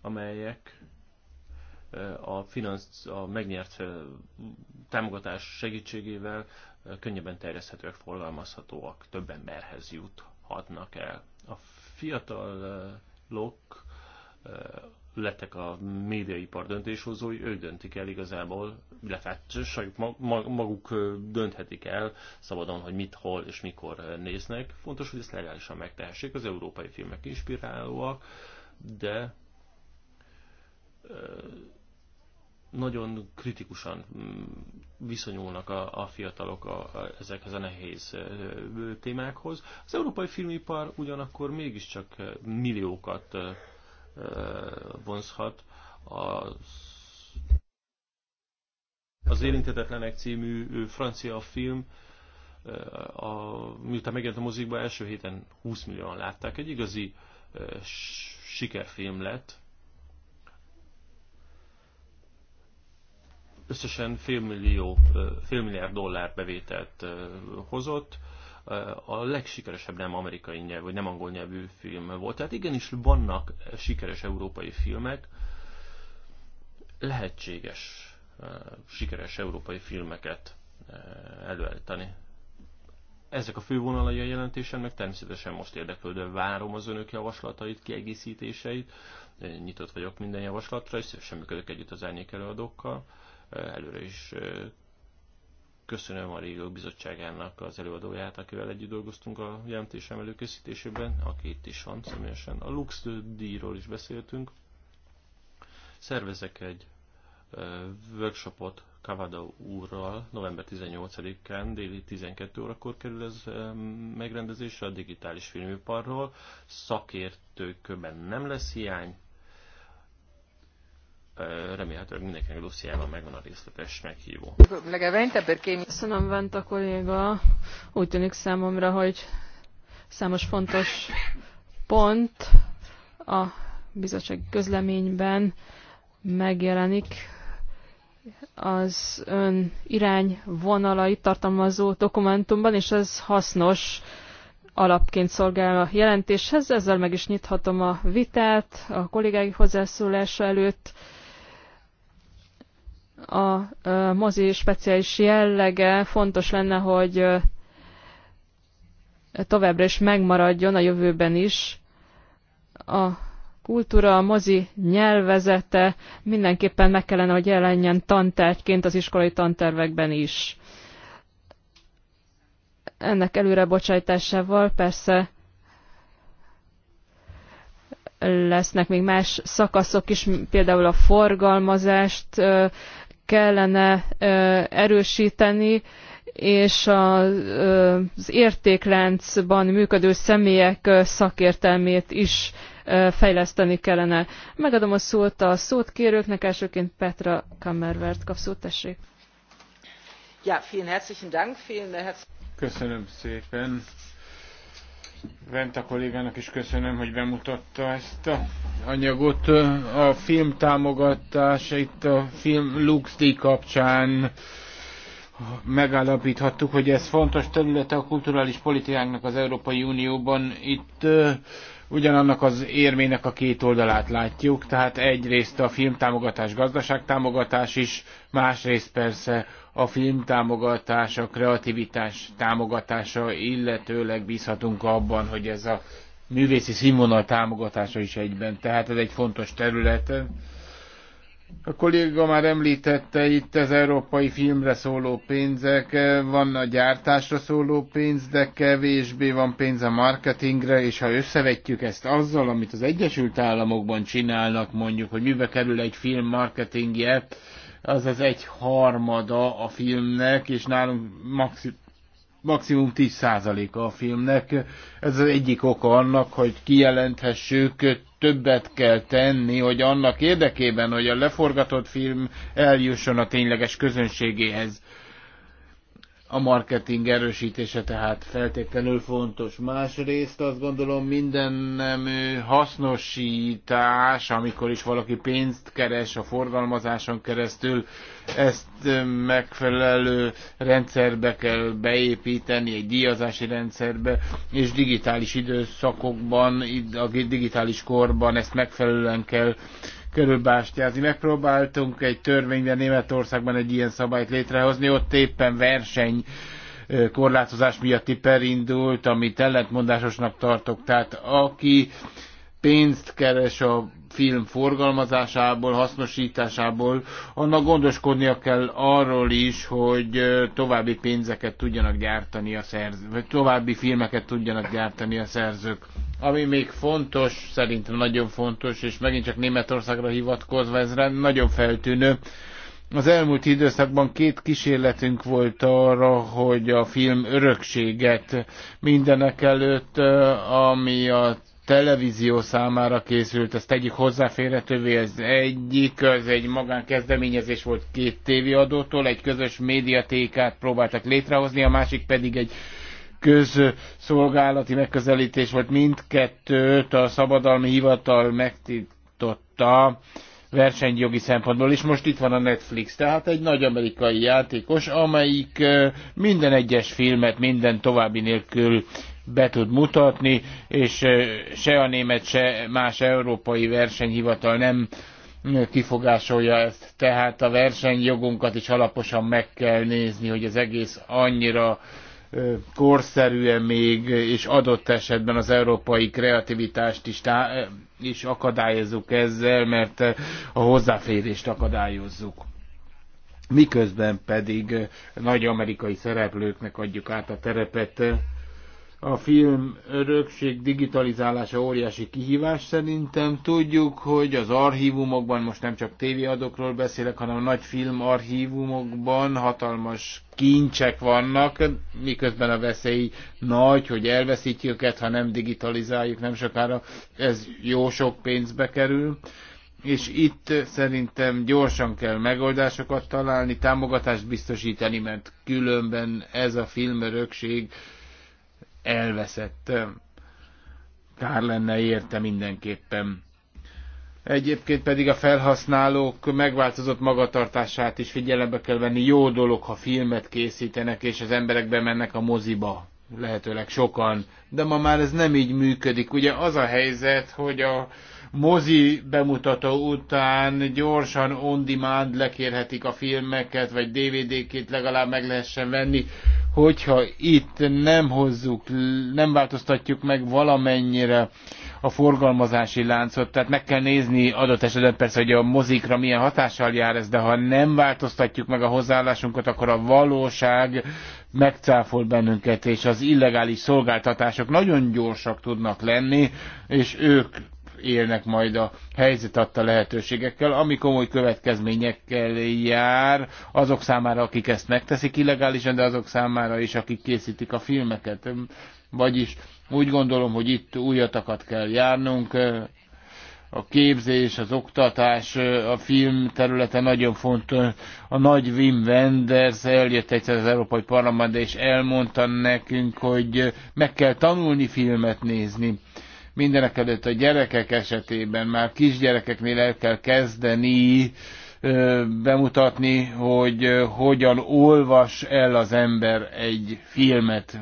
F: amelyek a, finansz, a megnyert támogatás segítségével könnyebben terjeszthetőek, forgalmazhatóak, több emberhez juthatnak el. A fiatalok lettek a médiaipar döntéshozói, ők döntik el igazából, illetve hát saját maguk dönthetik el szabadon, hogy mit, hol és mikor néznek. Fontos, hogy ezt legálisan megtehessék, az európai filmek inspirálóak, de nagyon kritikusan mm, viszonyulnak a, a fiatalok a, a, ezekhez a nehéz témákhoz. Az európai filmipar ugyanakkor mégiscsak milliókat vonzhat. Az, az Érintetetlenek című francia film, a, miután megjelent a mozikba, első héten 20 millióan látták. Egy igazi sikerfilm lett. Összesen félmillió, félmilliárd dollár bevételt hozott a legsikeresebb nem amerikai nyelv, vagy nem angol nyelvű film volt. Tehát igenis vannak sikeres európai filmek, lehetséges eh, sikeres európai filmeket eh, előállítani. Ezek a fővonalai a meg természetesen most érdeklődve várom az önök javaslatait, kiegészítéseit, nyitott vagyok minden javaslatra, és szívesen működök együtt az árnyék előadókkal. Eh, előre is Köszönöm a Régiók Bizottságának az előadóját, akivel együtt dolgoztunk a jelentésem előkészítésében, aki itt is van személyesen. A Lux díjról is beszéltünk. Szervezek egy workshopot Kavada úrral november 18-án déli 12 órakor kerül ez megrendezésre a digitális filmiparról. Szakértőkben nem lesz hiány, remélhetőleg mindenkinek dossziában megvan a részletes
B: meghívó. Köszönöm, Venta kolléga. Úgy tűnik számomra, hogy számos fontos pont a bizottság közleményben megjelenik az ön irányvonalait tartalmazó dokumentumban, és ez hasznos alapként szolgál a jelentéshez. Ezzel meg is nyithatom a vitát a kollégái hozzászólása előtt a mozi speciális jellege fontos lenne, hogy továbbra is megmaradjon a jövőben is. A kultúra, a mozi nyelvezete mindenképpen meg kellene, hogy jelenjen tantárgyként az iskolai tantervekben is. Ennek előre bocsájtásával persze lesznek még más szakaszok is, például a forgalmazást kellene erősíteni, és az értékláncban működő személyek szakértelmét is fejleszteni kellene. Megadom a szót a szót kérőknek, elsőként Petra Kammervert kap szót, tessék.
A: Ja, vielen herzlichen Dank, vielen
C: Köszönöm szépen. Venta kollégának is köszönöm, hogy bemutatta ezt a anyagot. A film támogatása itt a film Lux kapcsán megállapíthattuk, hogy ez fontos területe a kulturális politikának az Európai Unióban. Itt ugyanannak az érmének a két oldalát látjuk, tehát egyrészt a filmtámogatás gazdaságtámogatás is, másrészt persze a filmtámogatás, a kreativitás támogatása, illetőleg bízhatunk abban, hogy ez a művészi színvonal támogatása is egyben. Tehát ez egy fontos terület. A kolléga már említette itt az európai filmre szóló pénzek, van a gyártásra szóló pénz, de kevésbé van pénz a marketingre, és ha összevetjük ezt azzal, amit az Egyesült Államokban csinálnak, mondjuk, hogy mibe kerül egy film marketingje, az az egy harmada a filmnek, és nálunk maxi, maximum 10%-a a filmnek. Ez az egyik oka annak, hogy kijelenthessük, többet kell tenni, hogy annak érdekében, hogy a leforgatott film eljusson a tényleges közönségéhez a marketing erősítése tehát feltétlenül fontos. Másrészt azt gondolom minden nem hasznosítás, amikor is valaki pénzt keres a forgalmazáson keresztül, ezt megfelelő rendszerbe kell beépíteni, egy díjazási rendszerbe, és digitális időszakokban, a digitális korban ezt megfelelően kell körülbástyázni. Megpróbáltunk egy törvényben Németországban egy ilyen szabályt létrehozni, ott éppen verseny korlátozás miatti per indult, amit ellentmondásosnak tartok. Tehát aki pénzt keres a film forgalmazásából, hasznosításából, annak gondoskodnia kell arról is, hogy további pénzeket tudjanak gyártani a szerzők, vagy további filmeket tudjanak gyártani a szerzők. Ami még fontos, szerintem nagyon fontos, és megint csak Németországra hivatkozva ez nagyon feltűnő, az elmúlt időszakban két kísérletünk volt arra, hogy a film örökséget mindenek előtt, ami a televízió számára készült, ezt egyik hozzáférhetővé, ez egyik, az egy magánkezdeményezés volt két tévéadótól, egy közös médiatékát próbáltak létrehozni, a másik pedig egy közszolgálati megközelítés volt, mindkettőt a szabadalmi hivatal megtiltotta versenyjogi szempontból, és most itt van a Netflix, tehát egy nagy amerikai játékos, amelyik minden egyes filmet minden további nélkül be tud mutatni, és se a német, se más európai versenyhivatal nem kifogásolja ezt. Tehát a versenyjogunkat is alaposan meg kell nézni, hogy az egész annyira korszerűen még, és adott esetben az európai kreativitást is, tá- is akadályozzuk ezzel, mert a hozzáférést akadályozzuk.
G: Miközben
C: pedig nagy amerikai szereplőknek adjuk át a terepet, a film örökség digitalizálása óriási kihívás szerintem. Tudjuk, hogy az archívumokban, most nem csak tévéadokról beszélek, hanem a nagy filmarchívumokban hatalmas kincsek vannak, miközben a veszély nagy, hogy elveszítjük őket, ha nem digitalizáljuk nem sokára. Ez jó sok pénzbe kerül és itt szerintem gyorsan kell megoldásokat találni, támogatást biztosítani, mert különben ez a filmörökség elveszett. Kár lenne érte mindenképpen. Egyébként pedig a felhasználók megváltozott magatartását is figyelembe kell venni. Jó dolog, ha filmet készítenek, és az emberek bemennek a moziba, lehetőleg sokan. De ma már ez nem így működik. Ugye az a helyzet, hogy a mozi bemutató után gyorsan on demand lekérhetik a filmeket, vagy dvd két legalább meg lehessen venni hogyha itt nem hozzuk, nem változtatjuk meg valamennyire a forgalmazási láncot, tehát meg kell nézni adott esetben persze, hogy a mozikra milyen hatással jár ez, de ha nem változtatjuk meg a hozzáállásunkat, akkor a valóság megcáfol bennünket, és az illegális szolgáltatások nagyon gyorsak tudnak lenni, és ők élnek majd a helyzet adta lehetőségekkel, ami komoly következményekkel jár azok számára, akik ezt megteszik illegálisan, de azok számára is, akik készítik a filmeket. Vagyis úgy gondolom, hogy itt újatakat kell járnunk, a képzés, az oktatás, a film területe nagyon fontos. A nagy Wim Wenders eljött egyszer az Európai Parlamentbe, és elmondta nekünk, hogy meg kell tanulni filmet nézni. Mindenek előtt a gyerekek esetében már kisgyerekeknél el kell kezdeni bemutatni, hogy hogyan olvas el az ember egy filmet,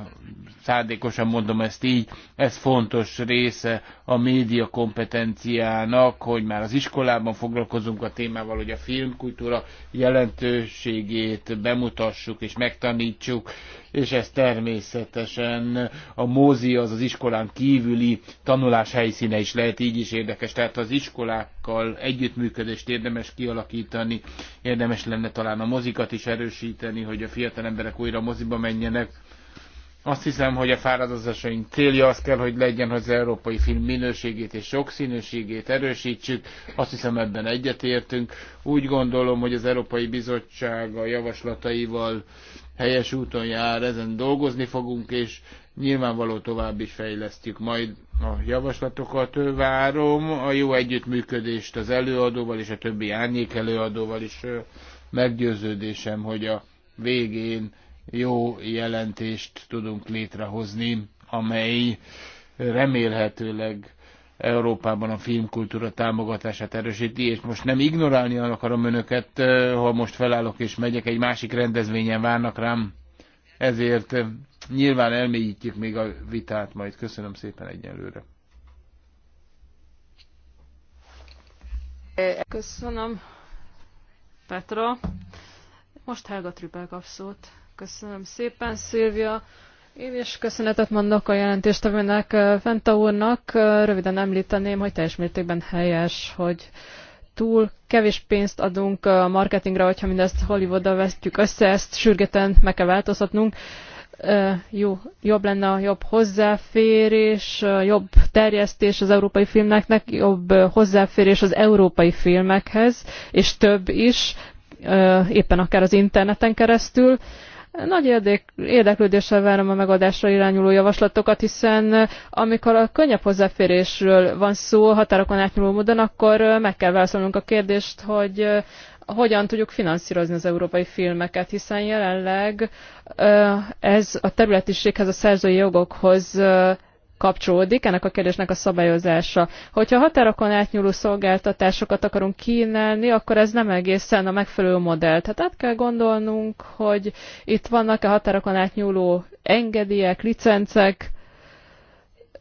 C: szándékosan mondom ezt így, ez fontos része a média kompetenciának, hogy már az iskolában foglalkozunk a témával, hogy a filmkultúra jelentőségét bemutassuk és megtanítsuk, és ez természetesen a mózi az az iskolán kívüli tanulás helyszíne is lehet így is érdekes, tehát az iskolákkal együttműködést érdemes kialakítani, érdemes lenne talán a mozikat is erősíteni, hogy a fiatal emberek újra moziba menjenek, azt hiszem, hogy a fáradozásaink célja az kell, hogy legyen, hogy az európai film minőségét és sokszínűségét erősítsük. Azt hiszem, ebben egyetértünk. Úgy gondolom, hogy az Európai Bizottság a javaslataival helyes úton jár, ezen dolgozni fogunk, és nyilvánvaló tovább is fejlesztjük majd a javaslatokat. Várom a jó együttműködést az előadóval és a többi árnyék előadóval is. Meggyőződésem, hogy a végén jó jelentést tudunk létrehozni, amely remélhetőleg Európában a filmkultúra támogatását erősíti, és most nem ignorálni akarom önöket, eh, ha most felállok és megyek, egy másik rendezvényen várnak rám, ezért eh, nyilván elmélyítjük még a vitát majd. Köszönöm szépen egyelőre.
B: Köszönöm, Petra. Most Helga Trüppel kap szót. Köszönöm szépen, Szilvia. Én is köszönetet mondok a jelentéstevőnek, eh, Fenta úrnak. Eh, röviden említeném, hogy teljes mértékben helyes, hogy túl kevés pénzt adunk eh, a marketingre, hogyha mindezt Hollywooddal vesztjük össze, ezt sürgeten meg kell változtatnunk. Jó, jobb lenne a jobb hozzáférés, jobb terjesztés az európai filmeknek, jobb hozzáférés az európai filmekhez, és több is, éppen akár az interneten keresztül nagy érdek, érdeklődéssel várom a megadásra irányuló javaslatokat, hiszen amikor a könnyebb hozzáférésről van szó határokon átnyúló módon, akkor meg kell válaszolnunk a kérdést, hogy hogyan tudjuk finanszírozni az európai filmeket, hiszen jelenleg ez a területiséghez, a szerzői jogokhoz kapcsolódik ennek a kérdésnek a szabályozása. Hogyha határokon átnyúló szolgáltatásokat akarunk kínálni, akkor ez nem egészen a megfelelő modell. Tehát át kell gondolnunk, hogy itt vannak a határokon átnyúló engedélyek, licencek,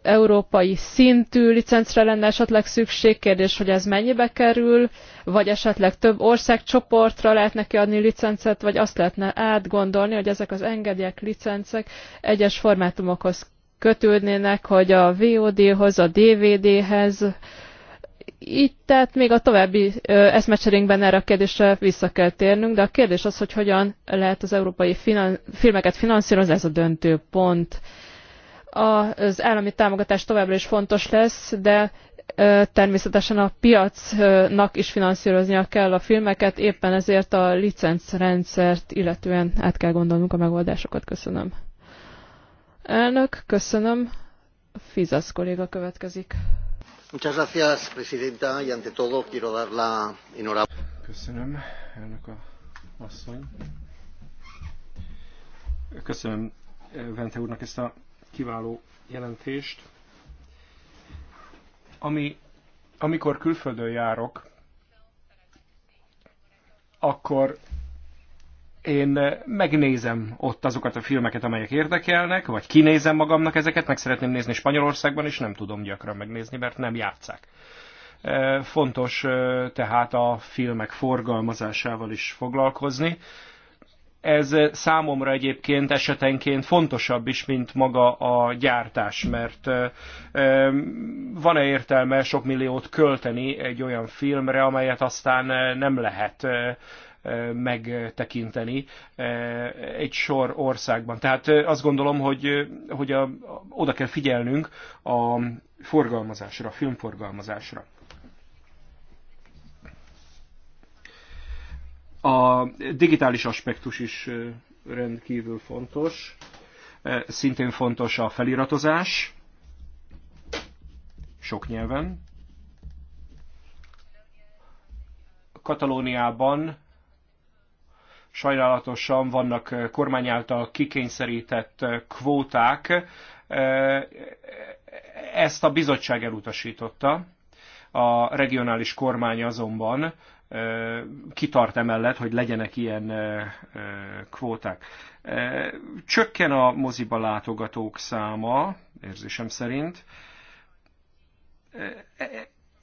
B: európai szintű licencre lenne esetleg szükség, kérdés, hogy ez mennyibe kerül, vagy esetleg több országcsoportra neki adni licencet, vagy azt lehetne átgondolni, hogy ezek az engedélyek, licencek egyes formátumokhoz kötődnének, hogy a VOD-hoz, a DVD-hez. Így tehát még a további eszmecserénkben erre a kérdésre vissza kell térnünk, de a kérdés az, hogy hogyan lehet az európai finan filmeket finanszírozni, ez a döntő pont. Az állami támogatás továbbra is fontos lesz, de természetesen a piacnak is finanszíroznia kell a filmeket, éppen ezért a licencrendszert illetően át kell gondolnunk a megoldásokat. Köszönöm. Elnök, köszönöm. Fizasz kolléga következik.
G: Muchas gracias, presidenta, y ante
H: todo quiero dar la enhorabuena.
B: Köszönöm,
D: elnök a asszony. Köszönöm Vente úrnak ezt a kiváló jelentést. Ami, amikor külföldön járok, akkor én eh, megnézem ott azokat a filmeket, amelyek érdekelnek, vagy kinézem magamnak ezeket, meg szeretném nézni Spanyolországban, és nem tudom gyakran megnézni, mert nem játszák. Eh, fontos eh, tehát a filmek forgalmazásával is foglalkozni. Ez számomra egyébként esetenként fontosabb is, mint maga a gyártás, mert van-e értelme sok milliót költeni egy olyan filmre, amelyet aztán nem lehet megtekinteni egy sor országban. Tehát azt gondolom, hogy, hogy a, oda kell figyelnünk a forgalmazásra, a filmforgalmazásra. A digitális aspektus is rendkívül fontos. Szintén fontos a feliratozás, sok nyelven. Katalóniában sajnálatosan vannak eh, kormány által kikényszerített eh, kvóták. Eh, ezt a bizottság elutasította. A regionális kormány azonban kitart emellett, hogy legyenek ilyen kvóták. Csökken a moziba látogatók száma, érzésem szerint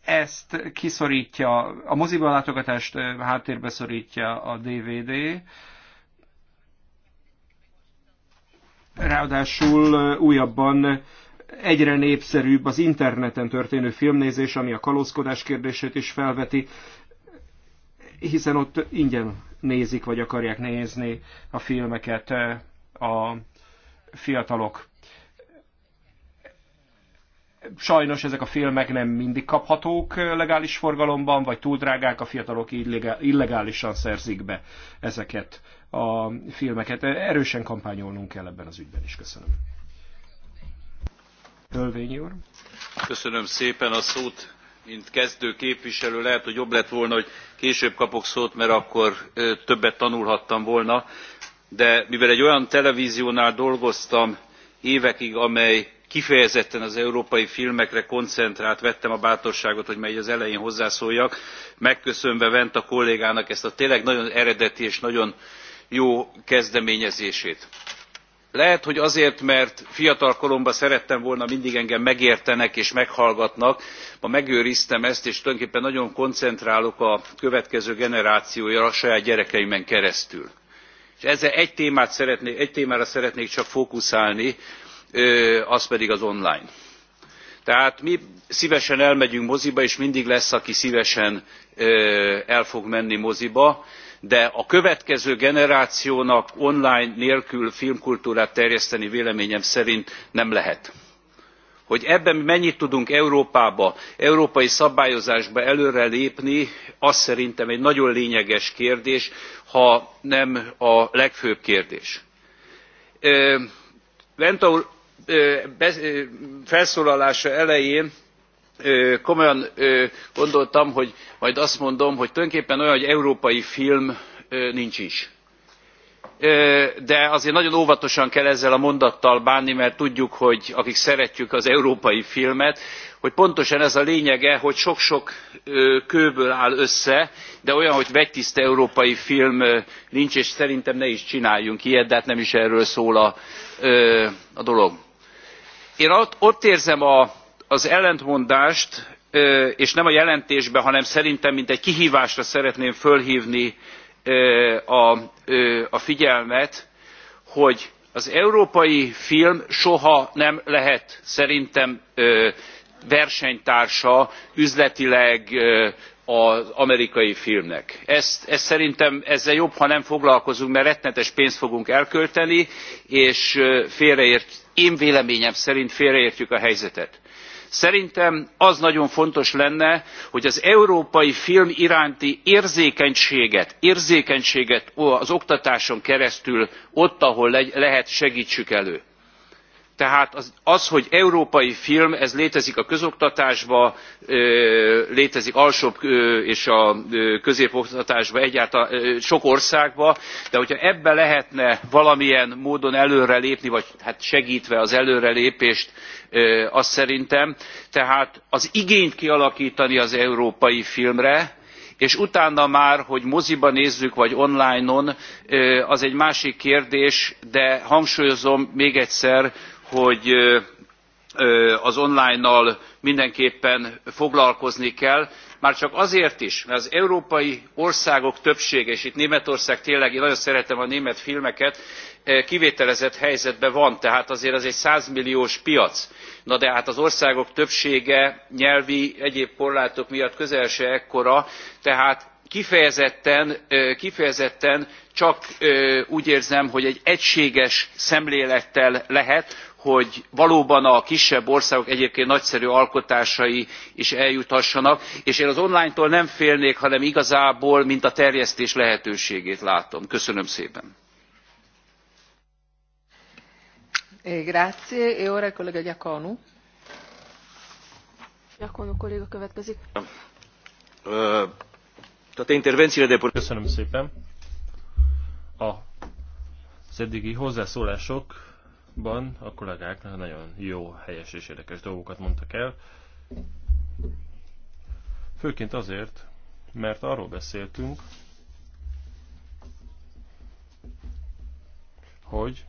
D: ezt kiszorítja, a moziban látogatást háttérbe szorítja a DVD, ráadásul újabban egyre népszerűbb az interneten történő filmnézés, ami a kalózkodás kérdését is felveti, hiszen ott ingyen nézik, vagy akarják nézni a filmeket a fiatalok. Sajnos ezek a filmek nem mindig kaphatók legális forgalomban, vagy túl drágák, a fiatalok illegálisan szerzik be ezeket a filmeket. Erősen kampányolnunk kell ebben az ügyben is. Köszönöm. Hölvényi úr.
I: Köszönöm szépen a szót mint kezdő képviselő lehet hogy jobb lett volna hogy később kapok szót mert akkor többet tanulhattam volna de mivel egy olyan televíziónál dolgoztam évekig amely kifejezetten az európai filmekre koncentrált vettem a bátorságot hogy már gy az elején hozzászóljak megköszönve wenta kollégának ezt a tényleg nagyon eredeti és nagyon jó kezdeményezését. lehet hogy azért mert fiatal koromban szerettem volna mindig engem megértenek és meghallgatnak ma megőriztem ezt és tulajdonképpen nagyon koncentrálok a következő generációra a saját gyerekeimen keresztül. és ezzel egy, témát szeretnék, egy témára szeretnék csak fókuszálni az pedig az online. Tehát mi szívesen elmegyünk moziba, és mindig lesz, aki szívesen el fog menni moziba, de a következő generációnak online nélkül filmkultúrát terjeszteni véleményem szerint nem lehet hogy ebben mennyit tudunk európába európai szabályozásba előrelépni az szerintem egy nagyon lényeges kérdés ha nem a legfőbb kérdés. Venta felszólalása elején komolyan gondoltam hogy majd azt mondom hogy tulajdonképpen olyan hogy európai film nincs is de azért nagyon óvatosan kell ezzel a mondattal bánni mert tudjuk hogy akik szeretjük az európai filmet hogy pontosan ez a lényege hogy sok sok kőből áll össze de olyan hogy vegytiszta európai film nincs és szerintem ne is csináljunk ilyet de hát nem is erről szól a, a dolog. én ott érzem a, az ellentmondást és nem a jelentésben hanem szerintem mint egy kihvásra szeretném fölhvni a, a figyelmet hogy az európai film soha nem lehet szerintem versenytársa üzletileg az amerikai filmnek. Ezt, szerintem ezzel jobb, ha nem foglalkozunk, mert rettenetes pénzt fogunk elkölteni, és félreért, én véleményem szerint félreértjük a helyzetet szerintem az nagyon fontos lenne hogy az európai film iránti érzékenységet érzékenységet az oktatáson keresztül ott ahol lehet segtsük elő tehát az, hogy európai film ez létezik a közoktatásban létezik alsóbb és a középoktatásban egyáltalán sok országban de hogyha ebben lehetne valamilyen módon előrelépni vagy hát segtve az előrelépést azt szerintem tehát az igényt kialaktani az európai filmre és utána már hogy moziban nézzük vagy online on az egy másik kérdés de hangsúlyozom még egyszer hogy az online-nal mindenképpen foglalkozni kell, már csak azért is, mert az európai országok többsége, és itt Németország tényleg, én nagyon szeretem a német filmeket, kivételezett helyzetben van, tehát azért az egy százmilliós piac. Na de hát az országok többsége nyelvi, egyéb korlátok miatt közel se ekkora, tehát kifejezetten, kifejezetten csak úgy érzem, hogy egy egységes szemlélettel lehet, hogy valóban a kisebb országok egyébként nagyszerű alkotásai is eljuthassanak és én az online tól nem félnék hanem igazából mint a terjesztés lehetőségét látom. köszönöm szépen!
A: Eh, grazie. E ora collega
B: Giaconu. Giaconu kolléga következik. Eh,
F: tehát intervențiile de... Köszönöm szépen. A, az eddigi hozzászólások Ban a kollégák nagyon jó, helyes és érdekes dolgokat mondtak el. Főként azért, mert arról beszéltünk, hogy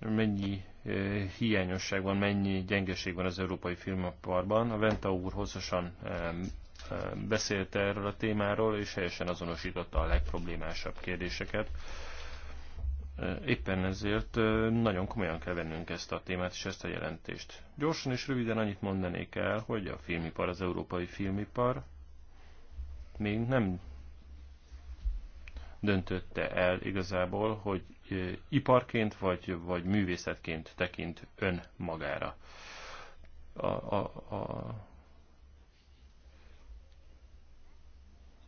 F: mennyi eh, hiányosság van, mennyi gyengeség van az európai filmaparban. A Venta úr hosszasan eh, eh, beszélt erről a témáról, és helyesen azonosította a legproblémásabb kérdéseket. Eh, éppen ezért eh, nagyon komolyan kell vennünk ezt a témát és ezt a jelentést. Gyorsan és röviden annyit mondanék el, hogy a filmipar, az európai filmipar még nem döntötte el igazából, hogy eh, iparként vagy, vagy művészetként tekint önmagára. A, a, a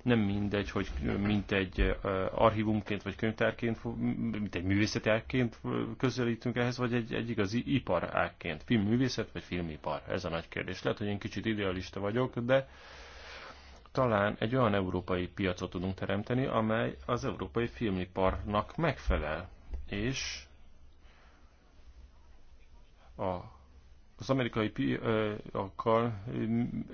F: nem mindegy, hogy mint egy archívumként vagy könyvtárként, mint egy művészetárként közelítünk ehhez, vagy egy, egy igazi iparágként. Filmművészet vagy filmipar? Ez a nagy kérdés. Lehet, hogy én kicsit idealista vagyok, de talán egy olyan európai piacot tudunk teremteni, amely az európai filmiparnak megfelel, és a az amerikai piakkal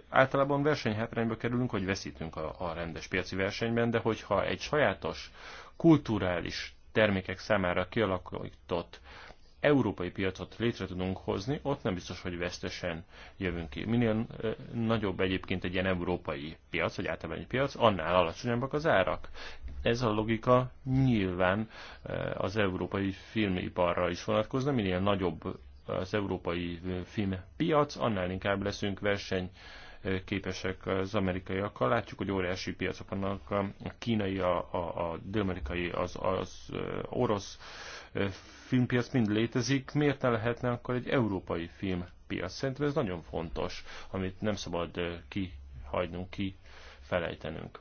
F: általában versenyhátrányba kerülünk, hogy veszítünk a, a rendes piaci versenyben, de hogyha egy sajátos kulturális termékek számára kialakított európai piacot létre tudunk hozni, ott nem biztos, hogy vesztesen jövünk ki. Minél nagyobb egyébként egy ilyen európai piac, vagy általában egy piac, annál alacsonyabbak az árak. Ez a logika nyilván az európai filmiparra is vonatkozna, minél nagyobb az európai filmpiac, annál inkább leszünk verseny képesek az amerikaiakkal. Látjuk, hogy óriási piacok vannak a kínai, a, a, a dél-amerikai, az, az orosz filmpiac mind létezik. Miért ne lehetne akkor egy európai filmpiac? Szerintem ez nagyon fontos, amit nem szabad kihagynunk, kifelejtenünk.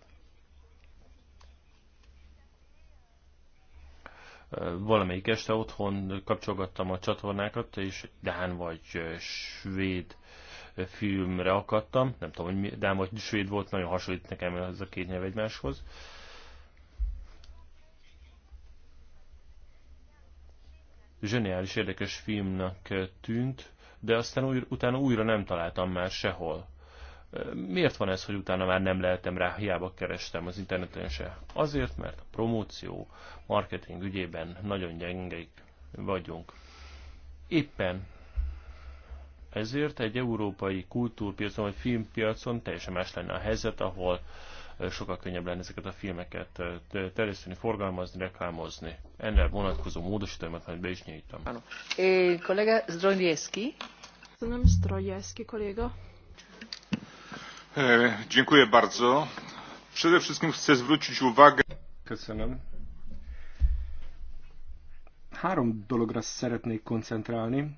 F: valamelyik este otthon kapcsolgattam a csatornákat, és Dán vagy svéd filmre akadtam, nem tudom, hogy mi, Dán vagy svéd volt, nagyon hasonlít nekem ez a két nyelv egymáshoz. Zseniális, érdekes filmnek tűnt, de aztán új, utána újra nem találtam már sehol. Miért van ez, hogy utána már nem lehetem rá, hiába kerestem az interneten se? Azért, mert a promóció, marketing ügyében nagyon gyengék vagyunk. Éppen ezért egy európai kultúrpiacon vagy filmpiacon teljesen más lenne a helyzet, ahol sokkal könnyebb lenne ezeket a filmeket terjeszteni, forgalmazni, reklámozni. Ennél vonatkozó módosítóimat majd be is nyitom.
A: Kollega Zdrojewski.
B: Köszönöm, Zdrojewski kolléga.
F: E, Przede wszystkim chcę zwrócić uwagę... Köszönöm.
D: Három dologra szeretnék koncentrálni.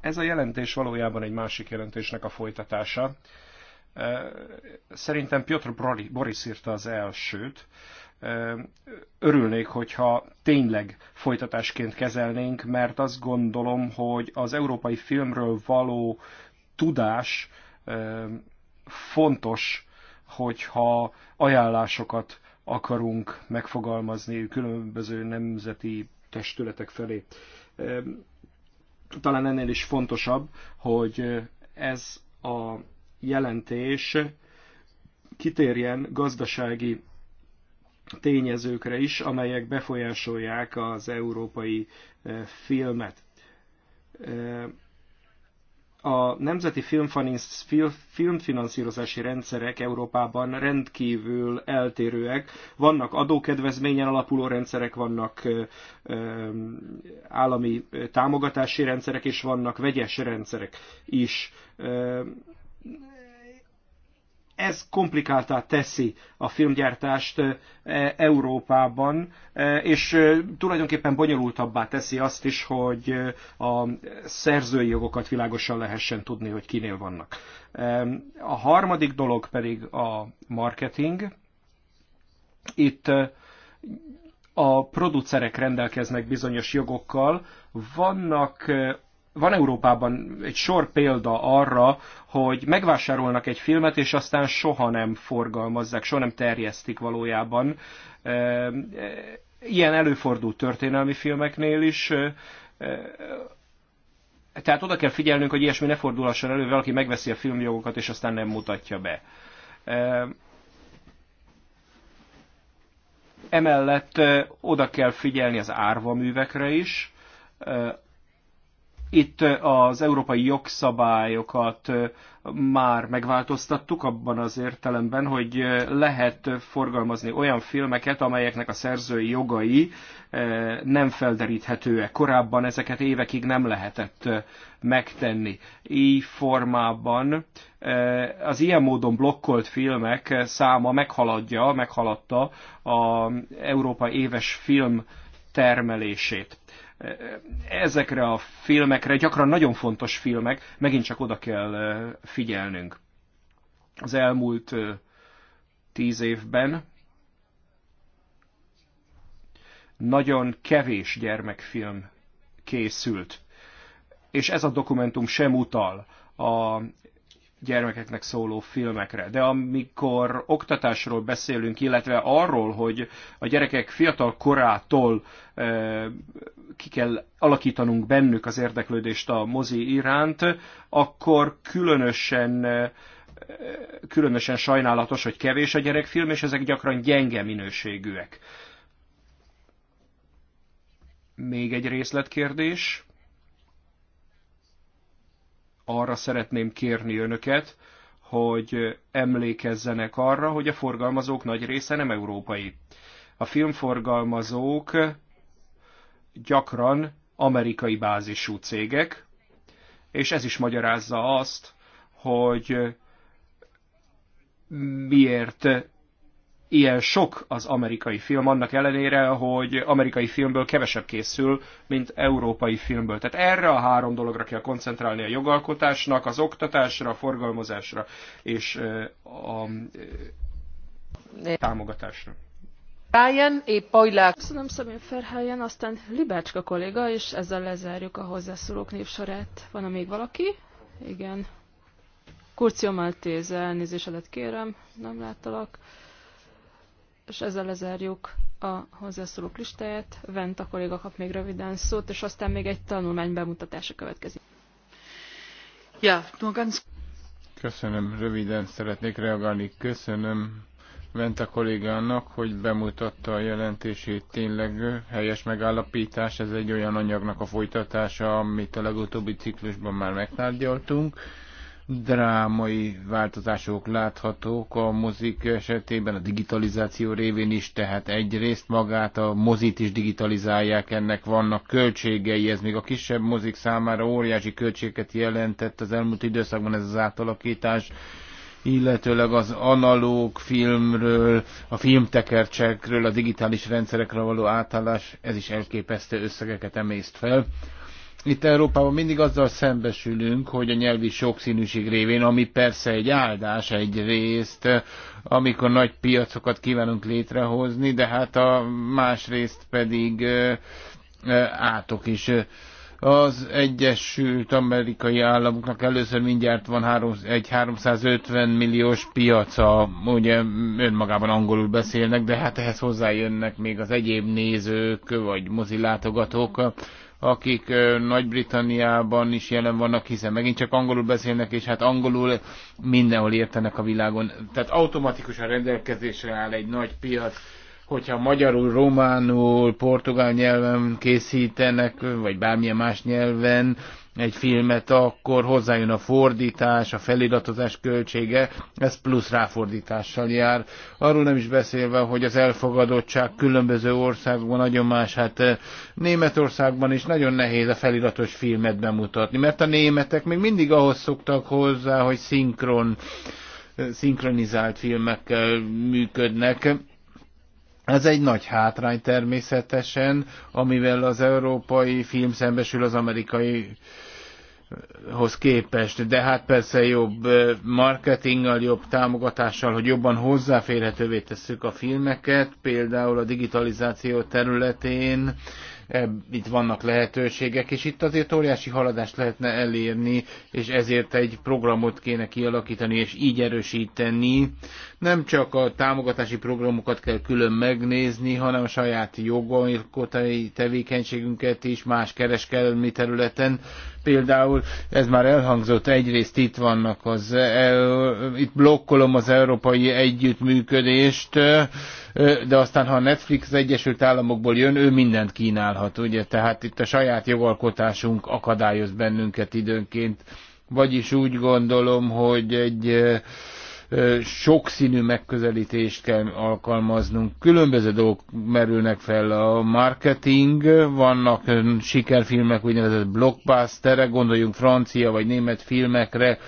D: Ez a jelentés valójában egy másik jelentésnek a folytatása. E, szerintem Piotr Boris írta az elsőt. E, örülnék, hogyha tényleg folytatásként kezelnénk, mert azt gondolom, hogy az európai filmről való tudás fontos, hogyha ajánlásokat akarunk megfogalmazni különböző nemzeti testületek felé. Talán ennél is fontosabb, hogy ez a jelentés kitérjen gazdasági tényezőkre is, amelyek befolyásolják az európai filmet a nemzeti filmfinanszírozási rendszerek Európában rendkívül eltérőek. Vannak adókedvezményen alapuló rendszerek, vannak állami támogatási rendszerek, és vannak vegyes rendszerek is ez komplikáltá teszi a filmgyártást e, Európában, e, és e, tulajdonképpen bonyolultabbá teszi azt is, hogy a szerzői jogokat világosan lehessen tudni, hogy kinél vannak. A harmadik dolog pedig a marketing. Itt a producerek rendelkeznek bizonyos jogokkal, vannak van Európában egy sor példa arra, hogy megvásárolnak egy filmet, és aztán soha nem forgalmazzák, soha nem terjesztik valójában. Ilyen előfordult történelmi filmeknél is. Tehát oda kell figyelnünk, hogy ilyesmi ne fordulhasson elő, valaki megveszi a filmjogokat, és aztán nem mutatja be. Emellett oda kell figyelni az árvaművekre is, itt az európai jogszabályokat már megváltoztattuk abban az értelemben, hogy lehet forgalmazni olyan filmeket, amelyeknek a szerzői jogai nem felderíthetőek. Korábban ezeket évekig nem lehetett megtenni. Így formában az ilyen módon blokkolt filmek száma meghaladja, meghaladta az Európa éves film termelését ezekre a filmekre, gyakran nagyon fontos filmek, megint csak oda kell figyelnünk. Az elmúlt tíz évben nagyon kevés gyermekfilm készült, és ez a dokumentum sem utal a gyermekeknek szóló filmekre. De amikor oktatásról beszélünk, illetve arról, hogy a gyerekek fiatal korától ki kell alakítanunk bennük az érdeklődést a mozi iránt, akkor különösen eh, különösen sajnálatos, hogy kevés a gyerekfilm, és ezek gyakran gyenge minőségűek. Még egy részletkérdés. Arra szeretném kérni önöket, hogy emlékezzenek arra, hogy a forgalmazók nagy része nem európai. A filmforgalmazók gyakran amerikai bázisú cégek, és ez is magyarázza azt, hogy miért ilyen sok az amerikai film, annak ellenére, hogy amerikai filmből kevesebb készül, mint európai filmből. Tehát erre a három dologra kell koncentrálni a jogalkotásnak, az oktatásra, a forgalmazásra és a támogatásra.
B: Ryan és Pojlák. Köszönöm Szabin Ferhelyen, aztán Libácska kolléga, és ezzel lezárjuk a hozzászólók névsorát. Van -e még valaki? Igen. Kurcio Maltéze, elnézésedet kérem, nem láttalak. És ezzel lezárjuk a hozzászólók listáját. Vent a kolléga kap még röviden szót, és aztán még egy tanulmány bemutatása következik. Ja,
C: Köszönöm, röviden szeretnék reagálni. Köszönöm Vent a kollégának, hogy bemutatta a jelentését. Tényleg helyes megállapítás, ez egy olyan anyagnak a folytatása, amit a legutóbbi ciklusban már megtárgyaltunk. Drámai változások láthatók a mozik esetében, a digitalizáció révén is, tehát egyrészt magát a mozit is digitalizálják, ennek vannak költségei, ez még a kisebb mozik számára óriási költséget jelentett az elmúlt időszakban ez az átalakítás illetőleg az analóg filmről, a filmtekercsekről, a digitális rendszerekre való átállás, ez is elképesztő összegeket emészt fel. Itt Európában mindig azzal szembesülünk, hogy a nyelvi sokszínűség révén, ami persze egy áldás egy részt, amikor nagy piacokat kívánunk létrehozni, de hát a másrészt pedig átok is az Egyesült Amerikai Államoknak először mindjárt van három, egy 350 milliós piaca, ugye önmagában angolul beszélnek, de hát ehhez hozzájönnek még az egyéb nézők, vagy mozilátogatók, akik Nagy-Britanniában is jelen vannak, hiszen megint csak angolul beszélnek, és hát angolul mindenhol értenek a világon. Tehát automatikusan rendelkezésre áll egy nagy piac hogyha magyarul, románul, portugál nyelven készítenek, vagy bármilyen más nyelven egy filmet, akkor hozzájön a fordítás, a feliratozás költsége, ez plusz ráfordítással jár. Arról nem is beszélve, hogy az elfogadottság különböző országban nagyon más, hát eh, Németországban is nagyon nehéz a feliratos filmet bemutatni, mert a németek még mindig ahhoz szoktak hozzá, hogy szinkron eh, szinkronizált filmekkel működnek ez egy nagy hátrány természetesen, amivel az európai film szembesül az amerikai hoz képest, de hát persze jobb marketinggal, jobb támogatással, hogy jobban hozzáférhetővé tesszük a filmeket, például a digitalizáció területén itt vannak lehetőségek, és itt azért óriási haladást lehetne elérni, és ezért egy programot kéne kialakítani, és így erősíteni. Nem csak a támogatási programokat kell külön megnézni, hanem a saját jogalkotai tevékenységünket is más kereskedelmi területen Például ez már elhangzott, egyrészt itt vannak az, itt blokkolom az európai együttműködést, de aztán ha a Netflix az Egyesült Államokból jön, ő mindent kínálhat, ugye? Tehát itt a saját jogalkotásunk akadályoz bennünket időnként. Vagyis úgy gondolom, hogy egy sokszínű megközelítést kell alkalmaznunk. Különböző dolgok merülnek fel a marketing, vannak sikerfilmek, úgynevezett blockbusterek, gondoljunk francia vagy német filmekre,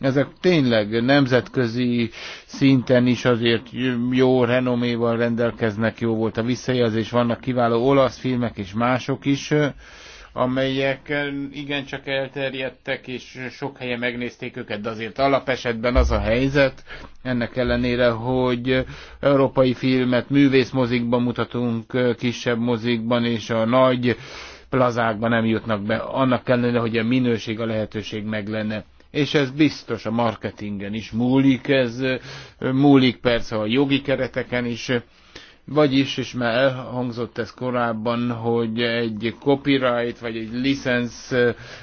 C: ezek tényleg nemzetközi szinten is azért jó renoméval rendelkeznek, jó volt a visszajelzés, vannak kiváló olasz filmek és mások is, amelyek eh, igencsak elterjedtek, és sok helyen megnézték őket, de azért alapesetben az a helyzet, ennek ellenére, hogy európai filmet művészmozikban mutatunk, eh, kisebb mozikban, és a nagy plazákban nem jutnak be, annak ellenére, hogy a minőség, a lehetőség meg lenne. És ez biztos a marketingen is múlik, ez eh, múlik persze a jogi kereteken is, vagyis, és már elhangzott ez korábban, hogy egy copyright vagy egy licensz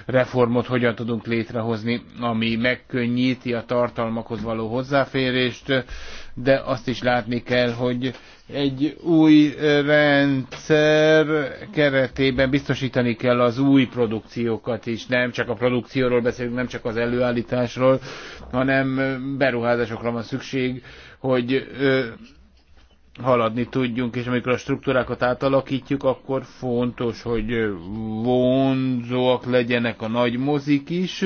C: reformot hogyan tudunk létrehozni, ami megkönnyíti a tartalmakhoz való hozzáférést, de azt is látni kell, hogy egy új rendszer keretében biztosítani kell az új produkciókat is. Nem csak a produkcióról beszélünk, nem csak az előállításról, hanem beruházásokra van szükség, hogy haladni tudjunk, és amikor a struktúrákat átalakítjuk, akkor fontos, hogy vonzóak legyenek a nagy mozik is,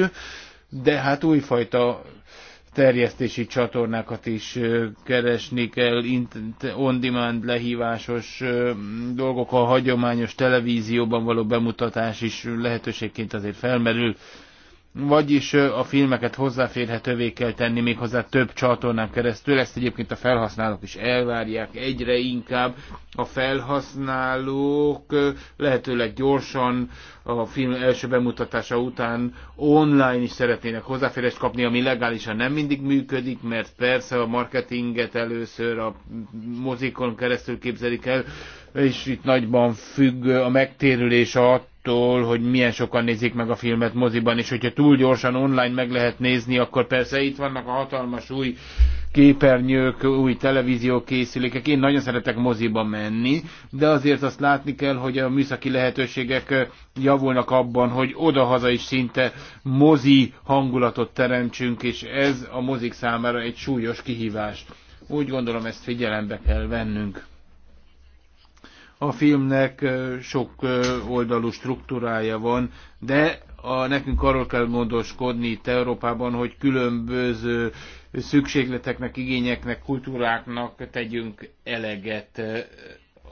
C: de hát újfajta terjesztési csatornákat is keresni kell, on-demand lehívásos dolgok, a hagyományos televízióban való bemutatás is lehetőségként azért felmerül. Vagyis a filmeket hozzáférhetővé kell tenni méghozzá több csatornán keresztül, ezt egyébként a felhasználók is elvárják egyre inkább. A felhasználók lehetőleg gyorsan a film első bemutatása után online is szeretnének hozzáférést kapni, ami legálisan nem mindig működik, mert persze a marketinget először a mozikon keresztül képzelik el, és itt nagyban függ a megtérülés attól, attól, hogy milyen sokan nézik meg a filmet moziban, és hogyha túl gyorsan online meg lehet nézni, akkor persze itt vannak a hatalmas új képernyők, új televíziókészülékek. Én nagyon szeretek moziba menni, de azért azt látni kell, hogy a műszaki lehetőségek javulnak abban, hogy oda-haza is szinte mozi hangulatot teremtsünk, és ez a mozik számára egy súlyos kihívás. Úgy gondolom, ezt figyelembe kell vennünk. A filmnek sok oldalú struktúrája van, de a, nekünk arról kell gondoskodni itt Európában, hogy különböző szükségleteknek, igényeknek, kultúráknak tegyünk eleget,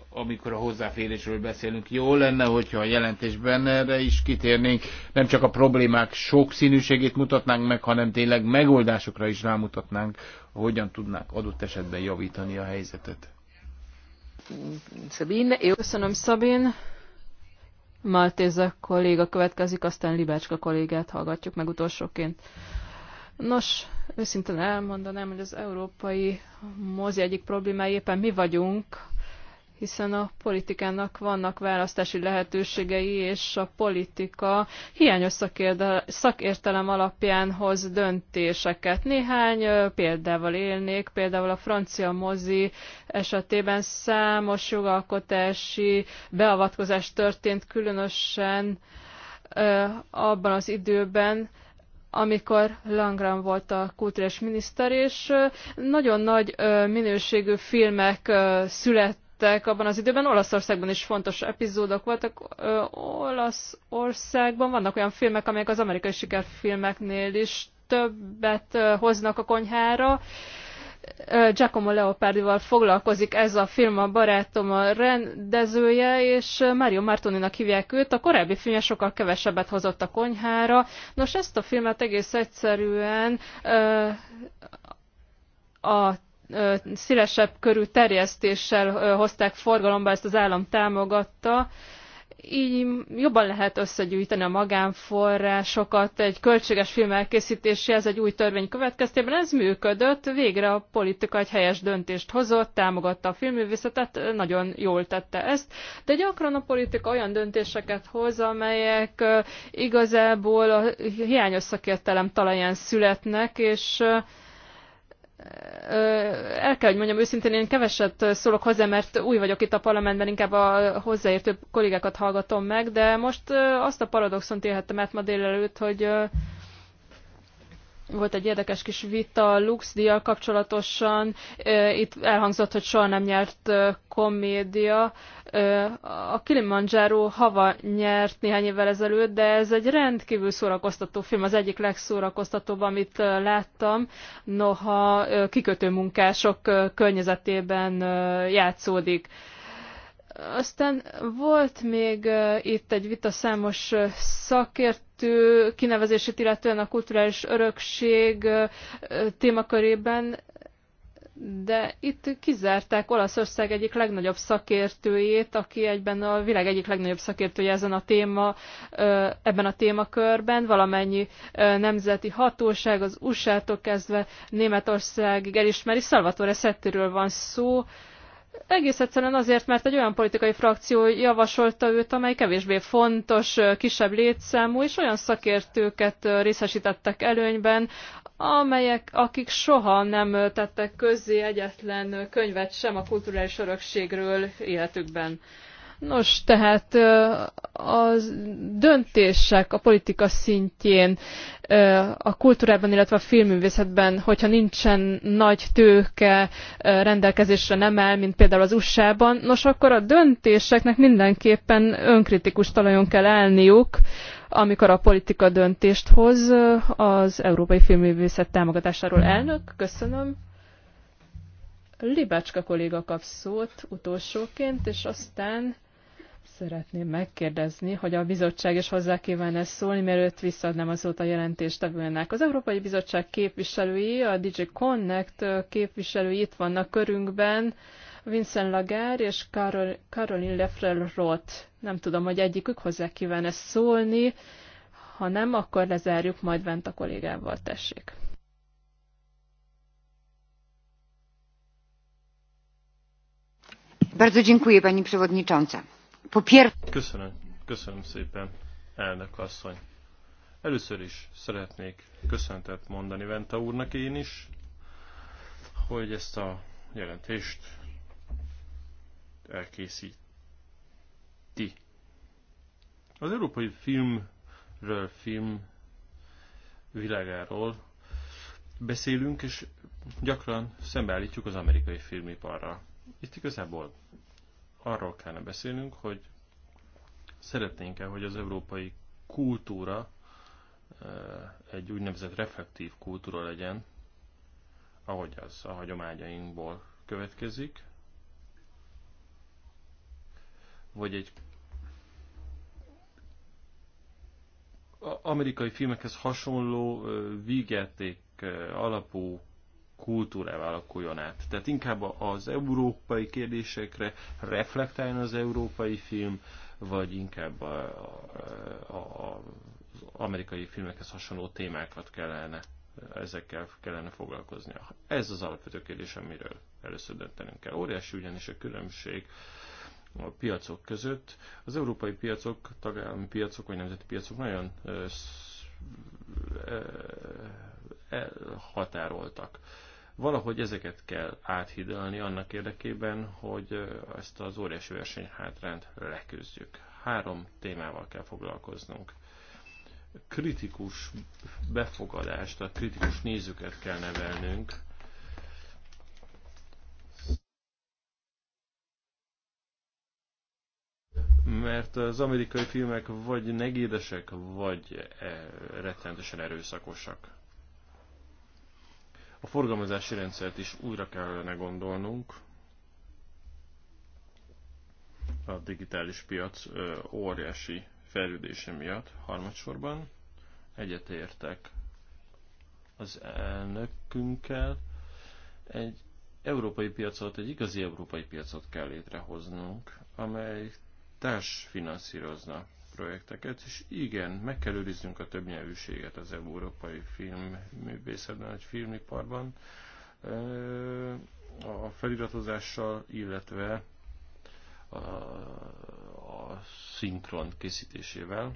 C: amikor a hozzáférésről beszélünk. Jó lenne, hogyha a jelentésben erre is kitérnénk, nem csak a problémák sok színűségét mutatnánk meg, hanem tényleg megoldásokra is rámutatnánk, hogyan tudnák adott esetben javítani a helyzetet.
B: Sabine. Köszönöm, Szabin. Maltéza kolléga következik, aztán Libácska kollégát hallgatjuk meg utolsóként. Nos, őszintén elmondanám, hogy az európai mozi egyik problémája éppen mi vagyunk, hiszen a politikának vannak választási lehetőségei, és a politika hiányos szakértelem alapján hoz döntéseket. Néhány példával élnék, például a francia mozi esetében számos jogalkotási beavatkozás történt, különösen abban az időben, amikor Langram volt a kultúrás miniszter, és nagyon nagy minőségű filmek születtek, lettek abban az időben. Olaszországban is fontos epizódok voltak. Ö, Olaszországban vannak olyan filmek, amelyek az amerikai sikerfilmeknél is többet ö, hoznak a konyhára. Ö, Giacomo Leopardival foglalkozik ez a film, a barátom a rendezője, és Mario Martoninak hívják őt. A korábbi filmje sokkal kevesebbet hozott a konyhára. Nos, ezt a filmet egész egyszerűen ö, a szélesebb körű terjesztéssel hozták forgalomba, ezt az állam támogatta, így jobban lehet összegyűjteni a magánforrásokat egy költséges film elkészítéséhez egy új törvény következtében. Ez működött, végre a politika egy helyes döntést hozott, támogatta a filmművészetet, nagyon jól tette ezt, de gyakran a politika olyan döntéseket hoz, amelyek igazából a hiányos szakértelem talaján születnek, és el kell, hogy mondjam őszintén, én keveset szólok hozzá, mert új vagyok itt a parlamentben, inkább a hozzáértő kollégákat hallgatom meg, de most azt a paradoxont élhettem át ma délelőtt, hogy volt egy érdekes kis vita Lux díjjal kapcsolatosan. Itt elhangzott, hogy soha nem nyert komédia. A Kilimanjaro hava nyert néhány évvel ezelőtt, de ez egy rendkívül szórakoztató film, az egyik legszórakoztatóbb, amit láttam. Noha kikötőmunkások környezetében játszódik. Aztán volt még itt egy vita számos szakértő kinevezését, illetően a kulturális örökség témakörében, de itt kizárták Olaszország egyik legnagyobb szakértőjét, aki egyben a világ egyik legnagyobb szakértője ezen a téma, ebben a témakörben, valamennyi nemzeti hatóság, az USA-tól kezdve Németországig elismeri, Salvatore Szettiről van szó, egész egyszerűen azért, mert egy olyan politikai frakció javasolta őt, amely kevésbé fontos, kisebb létszámú, és olyan szakértőket részesítettek előnyben, amelyek, akik soha nem tettek közzé egyetlen könyvet sem a kulturális örökségről életükben. Nos, tehát a döntések a politika szintjén, a kultúrában, illetve a filmművészetben, hogyha nincsen nagy tőke rendelkezésre nem el, mint például az USA-ban, nos, akkor a döntéseknek mindenképpen önkritikus talajon kell elniuk, amikor a politika döntést hoz az európai filmművészet támogatásáról. Elnök, köszönöm. Libácska kolléga kap szót utolsóként, és aztán Szeretném megkérdezni, hogy a bizottság is hozzá kíván ezt szólni, őt visszaadnám azóta a a tevőnek. Az Európai Bizottság képviselői, a DJ Connect képviselői itt vannak körünkben, Vincent Lagarde és Carol, Caroline Lefrel Roth. Nem tudom, hogy egyikük hozzá kíván ezt szólni, ha nem, akkor lezárjuk, majd bent a kollégával tessék.
E: Bardzo dziękuję Pani Przewodnicząca.
F: Köszönöm. Köszönöm szépen, elnök asszony. Először is szeretnék köszöntet mondani Venta úrnak én is, hogy ezt a jelentést elkészíti. Az európai filmről, film világáról beszélünk, és gyakran szembeállítjuk az amerikai filmiparral. Itt igazából arról kellene beszélnünk, hogy szeretnénk-e, hogy az európai kultúra eh, egy úgynevezett reflektív kultúra legyen, ahogy az a hagyományainkból következik, vagy egy amerikai filmekhez hasonló eh, vígjáték eh, alapú kultúrával alakuljon át. Tehát inkább az európai kérdésekre reflektáljon az európai film, vagy inkább a, a, a, az amerikai filmekhez hasonló témákat kellene, ezekkel kellene foglalkoznia. Ez az alapvető kérdés, amiről először döntenünk kell. Óriási ugyanis a különbség a piacok között. Az európai piacok, tagállami piacok vagy nemzeti piacok nagyon határoltak. Valahogy ezeket kell áthidalni annak érdekében, hogy ezt az óriási verseny versenyhátrányt leküzdjük. Három témával kell foglalkoznunk. Kritikus befogadást, a kritikus nézőket kell nevelnünk, mert az amerikai filmek vagy negédesek, vagy eh, rettenetesen erőszakosak. A forgalmazási rendszert is újra kellene gondolnunk. A digitális piac óriási fejlődése miatt harmadsorban egyetértek az elnökünkkel. Egy európai piacot, egy igazi európai piacot kell létrehoznunk, amely társfinanszírozna projekteket, és igen, meg kell őriznünk a nyelvűséget az európai filmművészetben, egy filmiparban, a feliratozással, illetve a, a szinkron készítésével.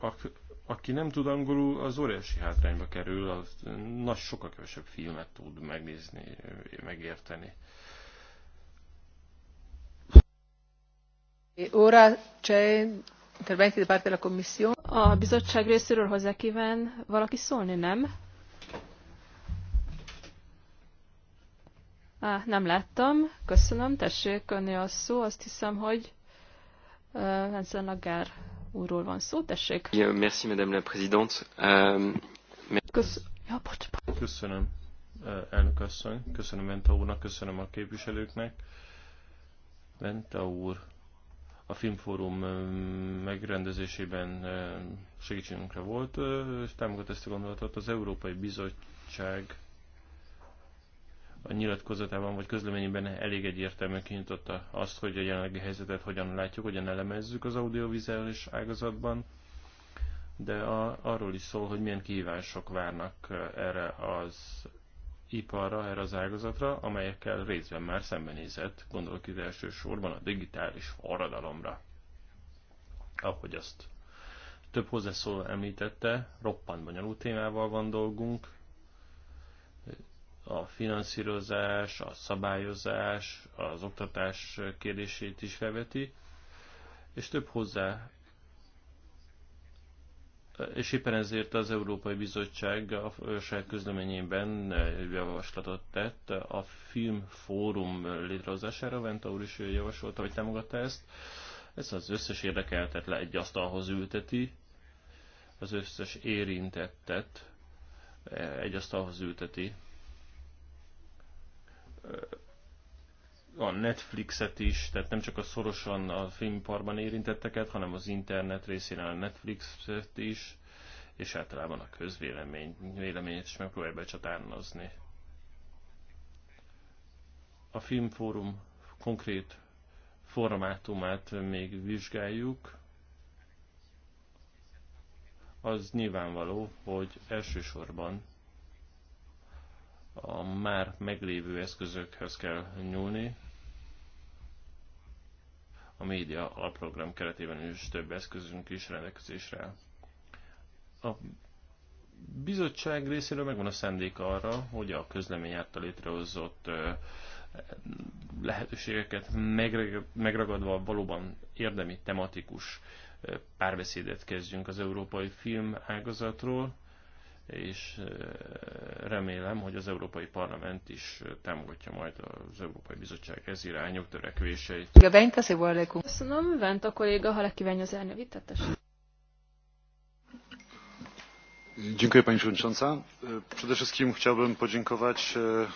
F: A, aki nem tud angolul, az óriási hátrányba kerül, az nagy, sokkal kevesebb filmet tud megnézni, megérteni.
A: E
B: a bizottság részéről hozzá kván valaki szólni, nem? Á, nem láttam. Köszönöm. Tessék, önni a szó. Azt hiszem, hogy uh, Hansen úrról van szó. Tessék.
G: Merci, madame la présidente.
F: Köszönöm, elnök asszony. Köszönöm Venta úrnak, köszönöm a képviselőknek. Venta úr a Filmfórum megrendezésében segítségünkre volt, és támogat ezt a gondolatot. Az Európai Bizottság a nyilatkozatában vagy közleményében elég egyértelműen kinyitotta azt, hogy a jelenlegi helyzetet hogyan látjuk, hogyan elemezzük az audiovizuális ágazatban, de a, arról is szól, hogy milyen kihívások várnak erre az iparra, erre az ágazatra, amelyekkel részben már szembenézett, gondolok itt elsősorban a digitális forradalomra. Ahogy azt több hozzászóló említette, roppant bonyolult témával van dolgunk, a finanszírozás, a szabályozás, az oktatás kérdését is felveti, és több hozzá és éppen ezért az Európai Bizottság a saját közleményében javaslatot tett a Fórum létrehozására, Venta úr is javasolta, hogy támogatta ezt. Ez az összes érdekeltet le egy asztalhoz ülteti, az összes érintettet egy asztalhoz ülteti a Netflixet is, tehát nem csak a szorosan a filmiparban érintetteket, hanem az internet részén a Netflixet is, és általában a közvélemény véleményét is megpróbálja becsatárnozni. A filmfórum konkrét formátumát még vizsgáljuk. Az nyilvánvaló, hogy elsősorban a már meglévő eszközökhöz kell nyúlni, a média alapprogram keretében is több eszközünk is rendelkezésre A bizottság részéről megvan a szendék arra, hogy a közlemény által létrehozott lehetőségeket megragadva valóban érdemi tematikus párbeszédet kezdjünk az európai film ágazatról, és remélem, hogy az Európai Parlament is támogatja majd az Európai Bizottság ez irányú törekvéseit.
B: Köszönöm, Vent a kolléga, ha lekívánja az elnövi, tettesen.
H: Dziękuję Pani Przewodnicząca.
F: E, przede wszystkim chciałbym podziękować e,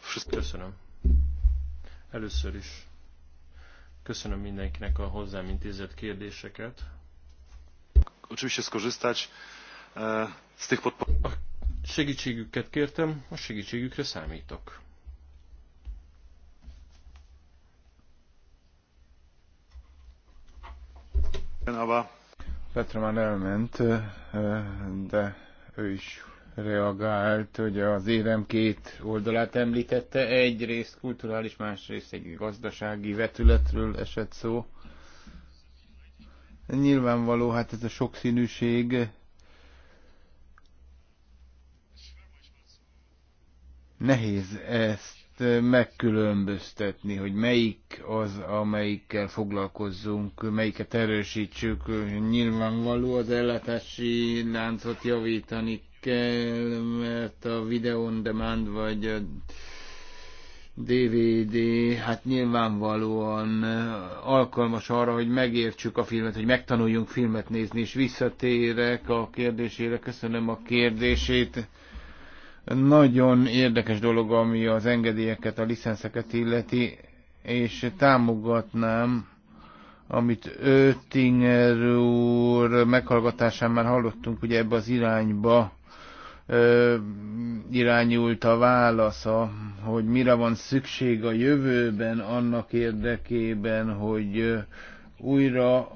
F: wszystkim. Köszönöm. Először is köszönöm mindenkinek a hozzám intézett kérdéseket. Oczywiście skorzystać z A segítségüket kértem, a segítségükre számítok.
C: Petra már elment, de ő is reagált, hogy az érem két oldalát említette, egyrészt kulturális, másrészt egy gazdasági vetületről esett szó. Nyilvánvaló, hát ez a sokszínűség Nehéz ezt megkülönböztetni, hogy melyik az, amelyikkel foglalkozzunk, melyiket erősítsük. Nyilvánvaló az ellátási láncot javítani kell, mert a Video on Demand vagy a DVD, hát nyilvánvalóan alkalmas arra, hogy megértsük a filmet, hogy megtanuljunk filmet nézni, és visszatérek a kérdésére. Köszönöm a kérdését. Nagyon érdekes dolog, ami az engedélyeket, a licenszeket illeti, és támogatnám, amit Öttinger úr meghallgatásán már hallottunk, ugye ebbe az irányba ö, irányult a válasza, hogy mire van szükség a jövőben annak érdekében, hogy újra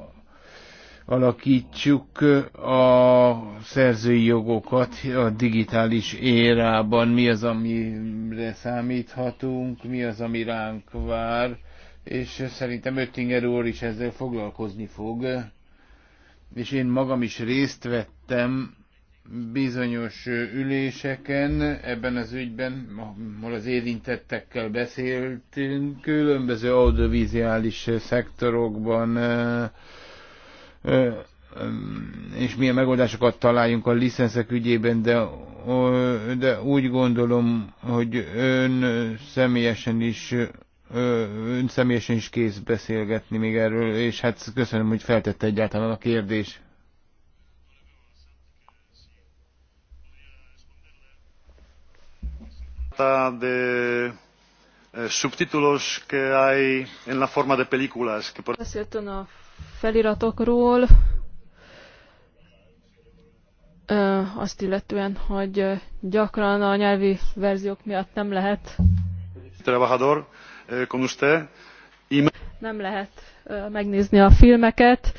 C: alakítsuk a szerzői jogokat a digitális érában, mi az, amire számíthatunk, mi az, ami ránk vár, és szerintem Öttinger úr is ezzel foglalkozni fog. És én magam is részt vettem bizonyos üléseken ebben az ügyben, ahol az érintettekkel beszéltünk, különböző audiovizuális szektorokban, és milyen megoldásokat találjunk a licenszek ügyében, de, de úgy gondolom, hogy ön személyesen is ön személyesen is kész beszélgetni még erről, és hát köszönöm, hogy feltette egyáltalán a kérdés. de e, subtitulos, que
H: hay en la forma de películas. Que por... Beszélt
B: ön a feliratokról, azt illetően, hogy gyakran a nyelvi verziók miatt nem lehet
F: trabajador con usted
B: nem lehet megnézni a filmeket.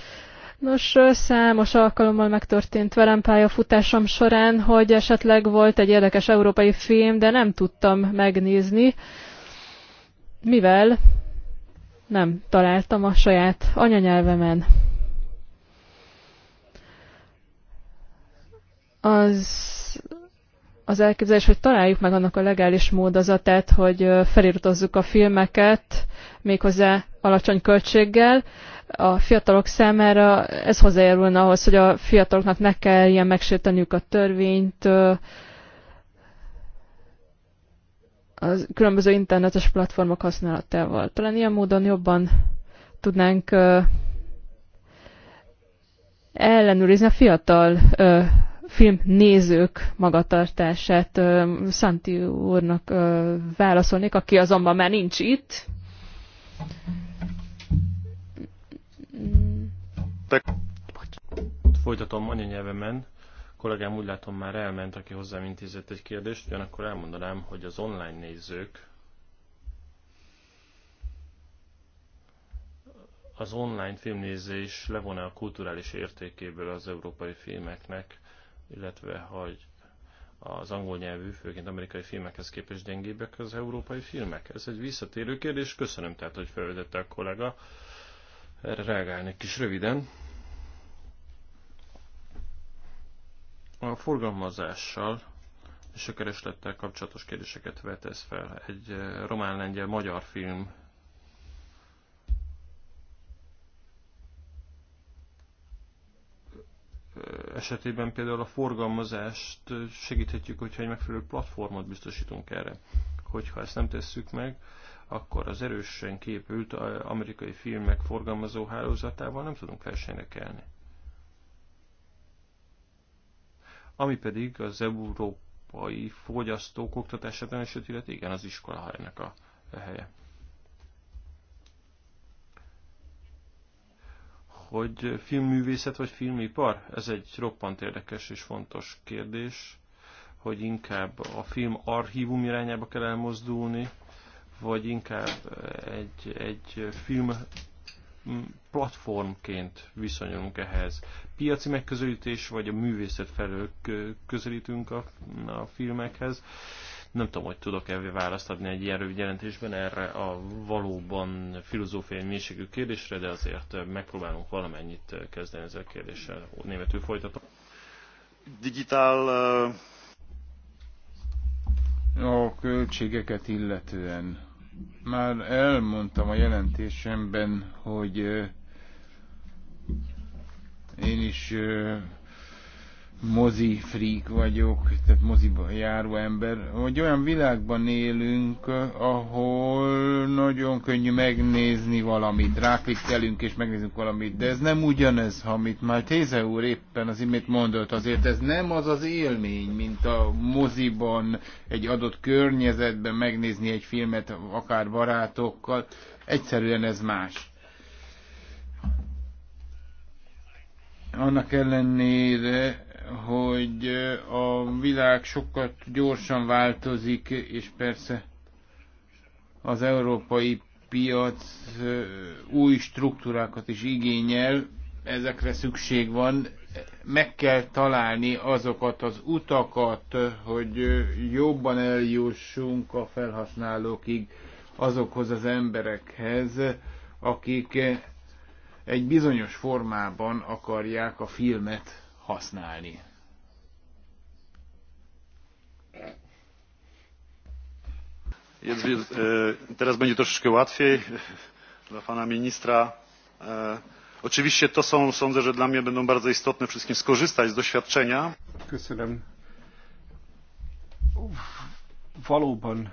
B: Nos, számos alkalommal megtörtént velem pályafutásom során, hogy esetleg volt egy érdekes európai film, de nem tudtam megnézni, mivel nem találtam a saját anyanyelvemen. Az az elképzelés, hogy találjuk meg annak a legális módozatát, hogy feliratozzuk a filmeket, méghozzá alacsony költséggel. A fiatalok számára ez hozzájárulna ahhoz, hogy a fiataloknak ne kelljen megsérteniük a törvényt, a különböző internetes platformok használatával. Talán ilyen módon jobban tudnánk ellenőrizni a fiatal filmnézők magatartását. Szanti úrnak válaszolnék, aki azonban már nincs itt.
F: Folytatom anyanyelvemen kollégám úgy látom már elment, aki hozzám intézett egy kérdést, ugyanakkor elmondanám, hogy az online nézők az online filmnézés levon-e a kulturális értékéből az európai filmeknek, illetve hogy az angol nyelvű, főként amerikai filmekhez képest gyengébbek az európai filmek? Ez egy visszatérő kérdés, köszönöm tehát, hogy felvetette a kollega. Erre reagálnék is röviden. A forgalmazással és a kereslettel kapcsolatos kérdéseket vetesz fel. Egy eh, román-lengyel-magyar film eh, esetében például a forgalmazást eh, segíthetjük, hogyha egy megfelelő platformot biztosítunk erre. Hogyha ezt nem tesszük meg, akkor az erősen képült amerikai filmek forgalmazó hálózatával nem tudunk versenyre kelni. Ami pedig az európai fogyasztók oktatásában tanítsát illeti, igen, az iskola ennek a, a helye. Hogy filmművészet vagy filmipar? Ez egy roppant érdekes és fontos kérdés, hogy inkább a film archívum irányába kell elmozdulni, vagy inkább egy, egy film platformként viszonyulunk ehhez? Piaci megközelítés, vagy a művészet felől közelítünk a, a filmekhez? Nem tudom, hogy tudok-e választ adni egy ilyen rövid jelentésben erre a valóban filozófiai mélységű kérdésre, de azért megpróbálunk valamennyit kezdeni ezzel a kérdéssel.
C: Németül folytatom. Digitál uh... A költségeket illetően már elmondtam a jelentésemben, hogy én is mozi freak vagyok, tehát moziba járó ember, hogy olyan világban élünk, ahol nagyon könnyű megnézni valamit, ráklikkelünk és megnézünk valamit, de ez nem ugyanez, amit már Téze úr éppen az imént mondott, azért ez nem az az élmény, mint a moziban egy adott környezetben megnézni egy filmet, akár barátokkal, egyszerűen ez más. annak ellenére hogy a világ sokat gyorsan változik, és persze az európai piac új struktúrákat is igényel, ezekre szükség van. Meg kell találni azokat az utakat, hogy jobban eljussunk a felhasználókig, azokhoz az emberekhez, akik egy bizonyos formában akarják a filmet használni. E, teraz będzie troszeczkę łatwiej e,
F: dla pana ministra. E, oczywiście to są, sądzę, że dla mnie będą bardzo istotne wszystkim skorzystać z doświadczenia.
D: Köszönöm. Valóban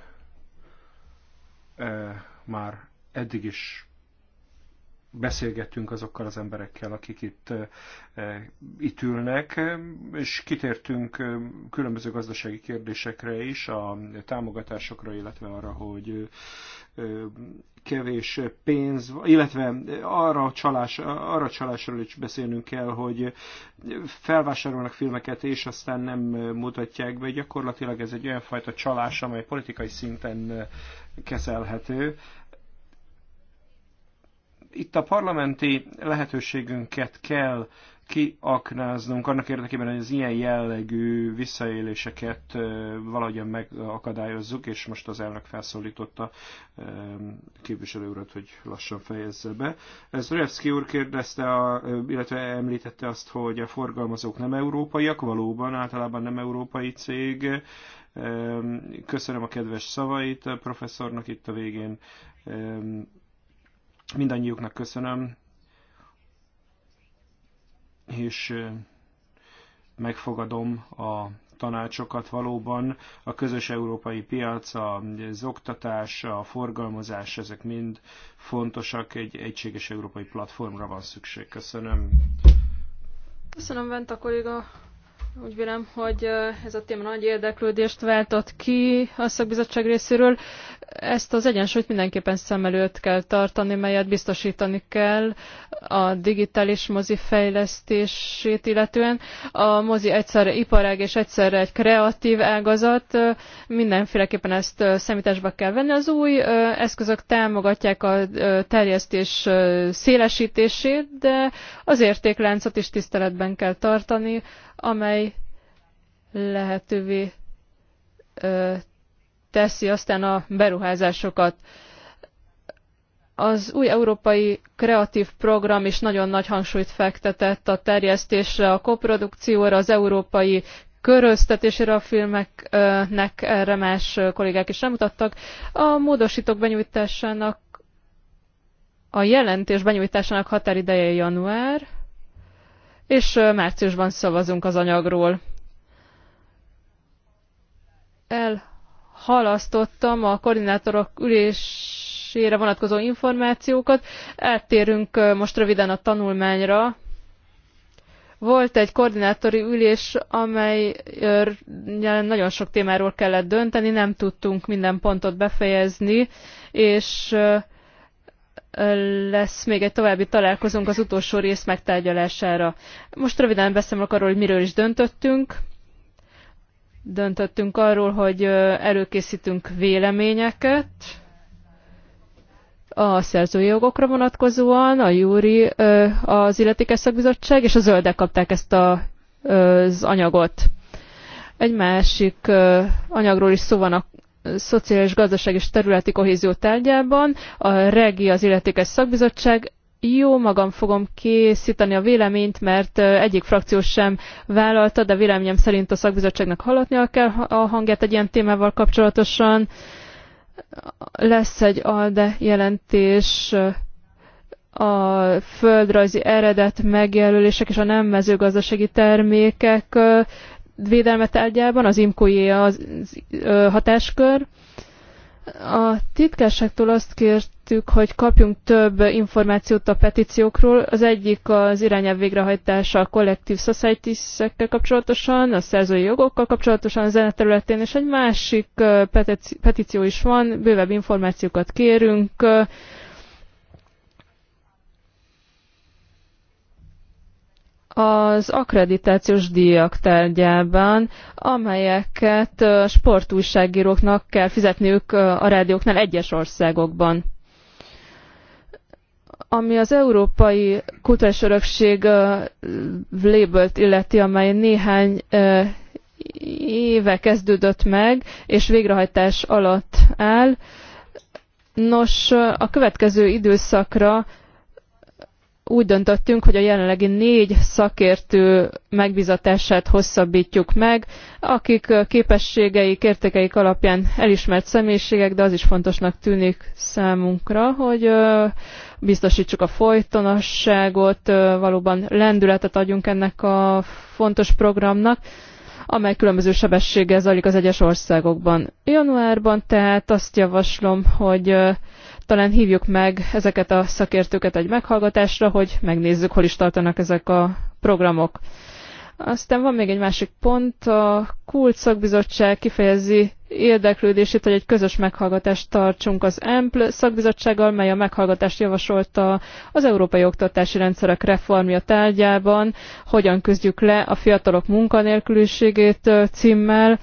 D: e, már eddig is beszélgettünk azokkal az emberekkel, akik itt, itt ülnek, és kitértünk különböző gazdasági kérdésekre is, a támogatásokra, illetve arra, hogy kevés pénz, illetve arra a, csalás, arra a csalásról is beszélnünk kell, hogy felvásárolnak filmeket, és aztán nem mutatják be. Gyakorlatilag ez egy olyan fajta csalás, amely politikai szinten kezelhető. Itt a parlamenti lehetőségünket kell kiaknáznunk annak érdekében, hogy az ilyen jellegű visszaéléseket valahogyan megakadályozzuk, és most az elnök felszólította képviselő urat, hogy lassan fejezze be. Zurevszki úr kérdezte, a, illetve említette azt, hogy a forgalmazók nem európaiak, valóban általában nem európai cég. Köszönöm a kedves szavait a professzornak itt a végén Mindannyiuknak köszönöm, és megfogadom a tanácsokat valóban. A közös európai piac, az oktatás, a forgalmazás, ezek mind fontosak. Egy egységes európai platformra van szükség. Köszönöm.
B: Köszönöm, Venta kolléga. Úgy vélem, hogy ez a téma nagy érdeklődést váltott ki a szakbizottság részéről. Ezt az egyensúlyt mindenképpen szem előtt kell tartani, melyet biztosítani kell a digitális mozi fejlesztését illetően. A mozi egyszerre iparág és egyszerre egy kreatív ágazat. Mindenféleképpen ezt szemításba kell venni. Az új eszközök támogatják a terjesztés szélesítését, de az értékláncot is tiszteletben kell tartani, amely lehetővé teszi aztán a beruházásokat. Az új európai kreatív program is nagyon nagy hangsúlyt fektetett a terjesztésre, a koprodukcióra, az európai köröztetésére a filmeknek erre más kollégák is remutattak. A módosítók benyújtásának, a jelentés benyújtásának határideje január, és márciusban szavazunk az anyagról elhalasztottam a koordinátorok ülésére vonatkozó információkat. Eltérünk most röviden a tanulmányra. Volt egy koordinátori ülés, amely nagyon sok témáról kellett dönteni, nem tudtunk minden pontot befejezni, és lesz még egy további találkozónk az utolsó rész megtárgyalására. Most röviden beszélek arról, hogy miről is döntöttünk döntöttünk arról, hogy előkészítünk véleményeket a szerzői jogokra vonatkozóan, a Júri, az illetékes szakbizottság, és a zöldek kapták ezt a, az anyagot. Egy másik anyagról is szó van a szociális, gazdaság és területi kohézió tárgyában. A REGI, az illetékes szakbizottság jó magam fogom készíteni a véleményt, mert egyik frakció sem vállalta, de véleményem szerint a szakbizottságnak hallatnia kell a hangját egy ilyen témával kapcsolatosan. Lesz egy ALDE jelentés a földrajzi eredet megjelölések és a nem mezőgazdasági termékek védelme tárgyában, az imco az hatáskör. A titkárságtól azt kért kértük, hogy kapjunk több információt a petíciókról. Az egyik az irányelv végrehajtása a kollektív society szekkel kapcsolatosan, a szerzői jogokkal kapcsolatosan a zene területén, és egy másik petíció is van, bővebb információkat kérünk. az akkreditációs díjak tárgyában, amelyeket sportújságíróknak kell fizetniük a rádióknál egyes országokban. Ami az Európai Kulturális Örökség lébölt illeti, amely néhány éve kezdődött meg, és végrehajtás alatt áll. Nos, a következő időszakra úgy döntöttünk, hogy a jelenlegi négy szakértő megbizatását hosszabbítjuk meg, akik képességeik, értékeik alapján elismert személyiségek, de az is fontosnak tűnik számunkra, hogy biztosítsuk a folytonosságot, valóban lendületet adjunk ennek a fontos programnak, amely különböző sebességgel zajlik az egyes országokban. Januárban tehát azt javaslom, hogy talán hívjuk meg ezeket a szakértőket egy meghallgatásra, hogy megnézzük, hol is tartanak ezek a programok. Aztán van még egy másik pont, a Kult Szakbizottság kifejezi érdeklődését, hogy egy közös meghallgatást tartsunk az EMPL szakbizottsággal, mely a meghallgatást javasolta az európai oktatási rendszerek reformja tárgyában, hogyan küzdjük le a fiatalok munkanélküliségét címmel.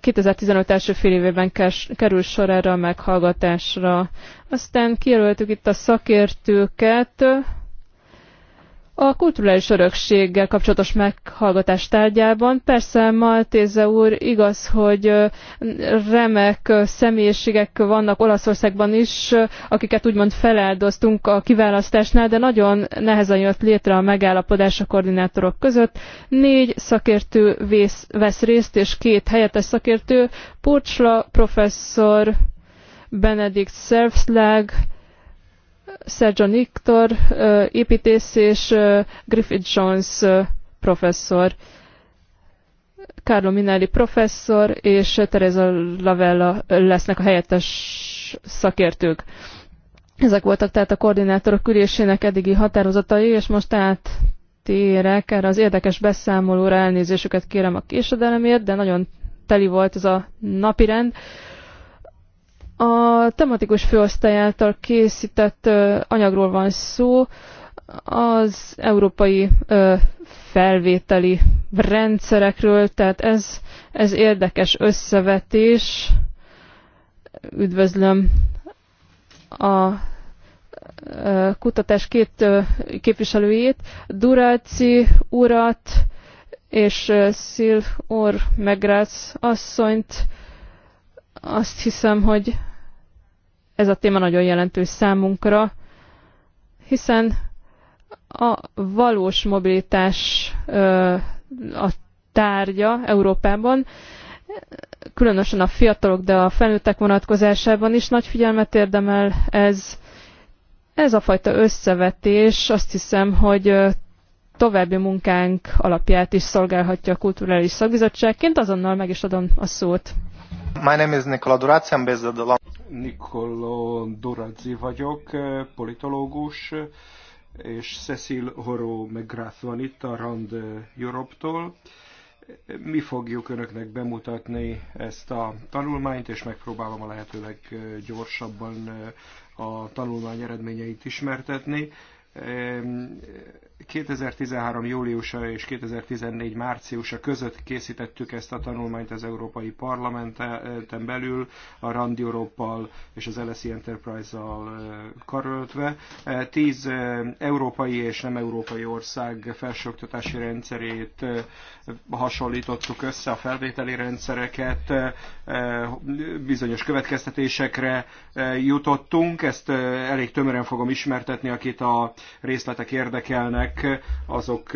B: 2015 e, első fél évében kerül sor erre a meghallgatásra. Aztán kijelöltük itt a szakértőket, a kulturális örökséggel kapcsolatos meghallgatás tárgyában persze Maltéze úr igaz, hogy remek személyiségek vannak Olaszországban is, akiket úgymond feláldoztunk a kiválasztásnál, de nagyon nehezen jött létre a megállapodás a koordinátorok között. Négy szakértő vész, vesz részt, és két helyettes szakértő, Purcsla professzor, Benedikt Szervszlág, Sergio Niktor építész és Griffith Jones professzor. Carlo Minelli professzor és Teresa Lavella lesznek a helyettes szakértők. Ezek voltak tehát a koordinátorok ülésének eddigi határozatai, és most térek erre az érdekes beszámolóra, elnézésüket kérem a késedelemért, de nagyon teli volt ez a napirend. rend. A tematikus főosztályától készített anyagról van szó, az európai felvételi rendszerekről, tehát ez, ez érdekes összevetés. Üdvözlöm a kutatás két képviselőjét, Duráci urat és Szil Orr Megrácz asszonyt. Azt hiszem, hogy ez a téma nagyon jelentős számunkra, hiszen a valós mobilitás a tárgya Európában, különösen a fiatalok, de a felnőttek vonatkozásában is nagy figyelmet érdemel ez. Ez a fajta összevetés azt hiszem, hogy további munkánk alapját is szolgálhatja a kulturális szakbizottságként. Azonnal meg is adom a szót.
D: My name is Nikola Durazzi, I'm based at the Nikola Durazzi vagyok, eh, politológus, eh, és Cecil Horó McGrath van itt a Rand eh, Europe-tól. Mi fogjuk önöknek bemutatni ezt a tanulmányt, és megpróbálom a lehetőleg gyorsabban a tanulmány eredményeit ismertetni 2013 júliusa és 2014 márciusa között készítettük ezt a tanulmányt az Európai Parlamenten belül, a Rand Európpal és az LSE enterprise al karöltve. Tíz európai és nem európai ország felsőoktatási rendszerét hasonlítottuk össze, a felvételi rendszereket, bizonyos következtetésekre jutottunk, ezt elég tömören fogom ismertetni, akit a részletek érdekelnek emberek, azok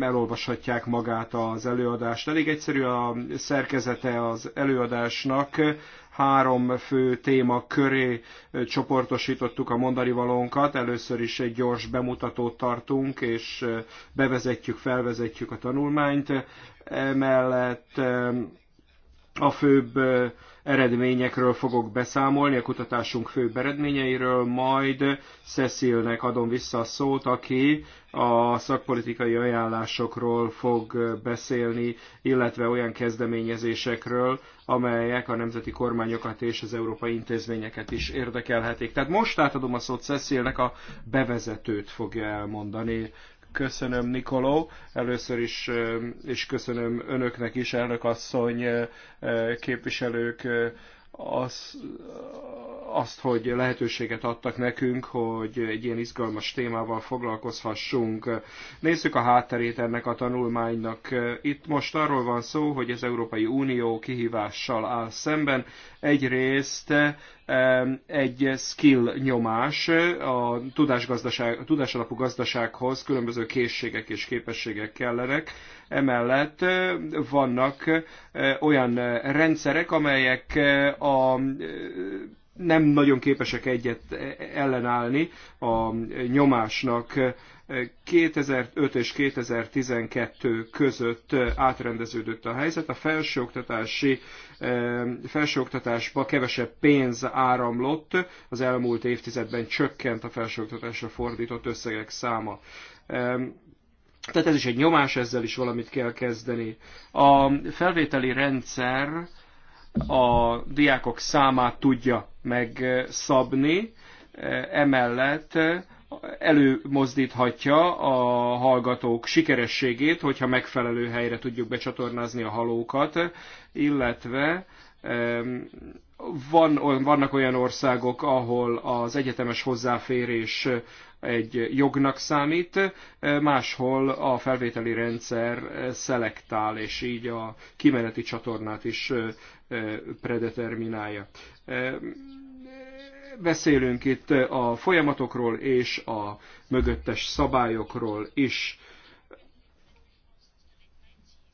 D: elolvashatják magát az előadást. Elég egyszerű a szerkezete az előadásnak, három fő téma köré csoportosítottuk a mondani valónkat. Először is egy gyors bemutatót tartunk, és bevezetjük, felvezetjük a tanulmányt. Emellett a főbb eredményekről fogok beszámolni, a kutatásunk fő eredményeiről, majd Cecilnek adom vissza a szót, aki a szakpolitikai ajánlásokról fog beszélni, illetve olyan kezdeményezésekről, amelyek a nemzeti kormányokat és az európai intézményeket is érdekelhetik. Tehát most átadom a szót Cecilnek, a bevezetőt fogja elmondani Köszönöm, Nikoló. Először is, és köszönöm önöknek is, elnök asszony, képviselők, az, azt, hogy lehetőséget adtak nekünk, hogy egy ilyen izgalmas témával foglalkozhassunk. Nézzük a hátterét ennek a tanulmánynak. Itt most arról van szó, hogy az Európai Unió kihívással áll szemben. Egyrészt egy skill nyomás a, tudásgazdaság, a tudásalapú gazdasághoz különböző készségek és képességek kellenek. Emellett eh, vannak eh, olyan eh, rendszerek, amelyek a nem nagyon képesek egyet ellenállni a nyomásnak. 2005 és 2012 között átrendeződött a helyzet, a felsőoktatási, eh, felsőoktatásba kevesebb pénz áramlott, az elmúlt évtizedben csökkent a felsőoktatásra fordított összegek száma. Tehát ez is egy nyomás, ezzel is valamit kell kezdeni. A felvételi rendszer a diákok számát tudja megszabni, emellett előmozdíthatja a hallgatók sikerességét, hogyha megfelelő helyre tudjuk becsatornázni a halókat, illetve van, vannak olyan országok, ahol az egyetemes hozzáférés egy jognak számít, máshol a felvételi rendszer szelektál, és így a kimeneti csatornát is predeterminálja. Beszélünk itt a folyamatokról és a mögöttes szabályokról is.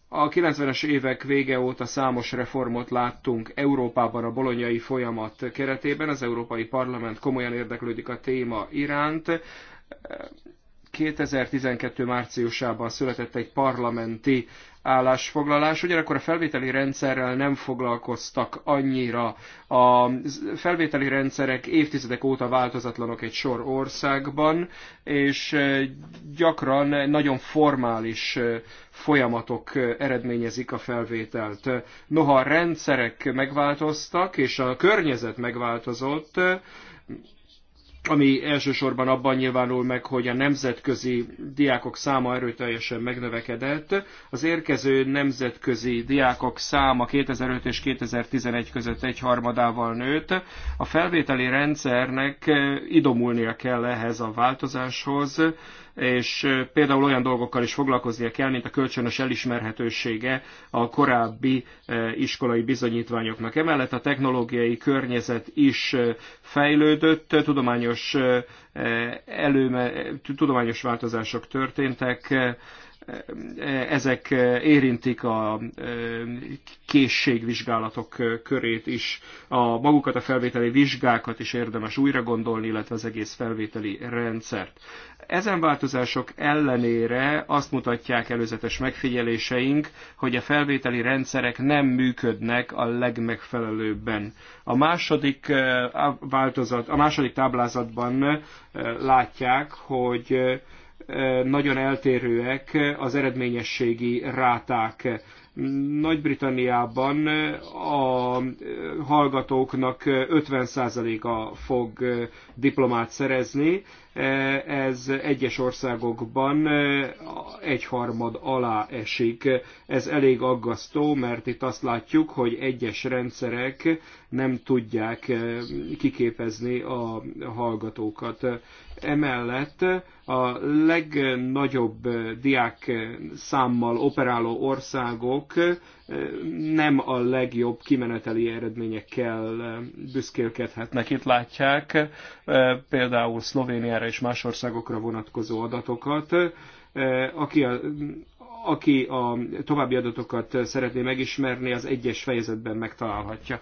D: A 90-es évek vége óta számos reformot láttunk Európában a bolonyai folyamat keretében. Az Európai Parlament komolyan érdeklődik a téma iránt. 2012. márciusában született egy parlamenti állásfoglalás, ugyanakkor a felvételi rendszerrel nem foglalkoztak annyira. A felvételi rendszerek évtizedek óta változatlanok egy sor országban, és gyakran nagyon formális folyamatok eredményezik a felvételt. Noha a rendszerek megváltoztak, és a környezet megváltozott, ami elsősorban abban nyilvánul meg, hogy a nemzetközi diákok száma erőteljesen megnövekedett. Az érkező nemzetközi diákok száma 2005 és 2011 között egyharmadával nőtt. A felvételi rendszernek idomulnia kell ehhez a változáshoz, és például olyan dolgokkal is foglalkoznia kell, mint a kölcsönös elismerhetősége a korábbi iskolai bizonyítványoknak. Emellett a technológiai környezet is fejlődött, tudományos, előme, tudományos változások történtek, ezek érintik a készségvizsgálatok körét is, a magukat a felvételi vizsgákat is érdemes újra gondolni, illetve az egész felvételi rendszert. Ezen változások ellenére azt mutatják előzetes megfigyeléseink, hogy a felvételi rendszerek nem működnek a legmegfelelőbben. A második, eh, változat, a második táblázatban eh, látják, hogy eh, nagyon eltérőek az eredményességi ráták. Nagy-Britanniában a hallgatóknak 50%-a fog diplomát szerezni, e, ez egyes országokban e, egyharmad alá esik. Ez elég aggasztó, mert itt azt látjuk, hogy egyes rendszerek nem tudják e, kiképezni a hallgatókat. Emellett a legnagyobb diák számmal operáló országok nem a legjobb kimeneteli eredményekkel büszkélkedhetnek. Itt látják például Szlovéniára és más országokra vonatkozó adatokat. Aki a, aki a további adatokat szeretné megismerni, az egyes fejezetben megtalálhatja.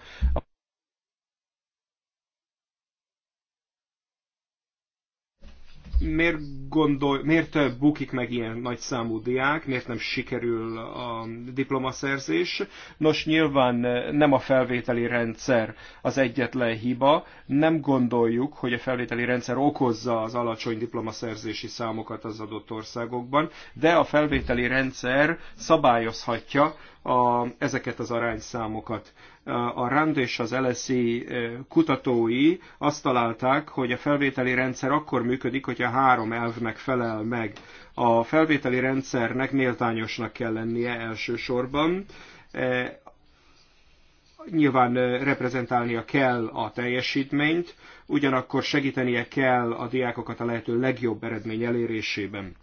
D: miért, gondol, miért bukik meg ilyen nagy számú diák, miért nem sikerül a diplomaszerzés? Nos, nyilván nem a felvételi rendszer az egyetlen hiba, nem gondoljuk, hogy a felvételi rendszer okozza az alacsony diplomaszerzési számokat az adott országokban, de a felvételi rendszer szabályozhatja a, ezeket az arányszámokat a RAND és az LSI kutatói azt találták, hogy a felvételi rendszer akkor működik, hogyha három elvnek felel meg. A felvételi rendszernek méltányosnak kell lennie elsősorban, e, nyilván reprezentálnia kell a teljesítményt, ugyanakkor segítenie kell a diákokat a lehető legjobb eredmény elérésében.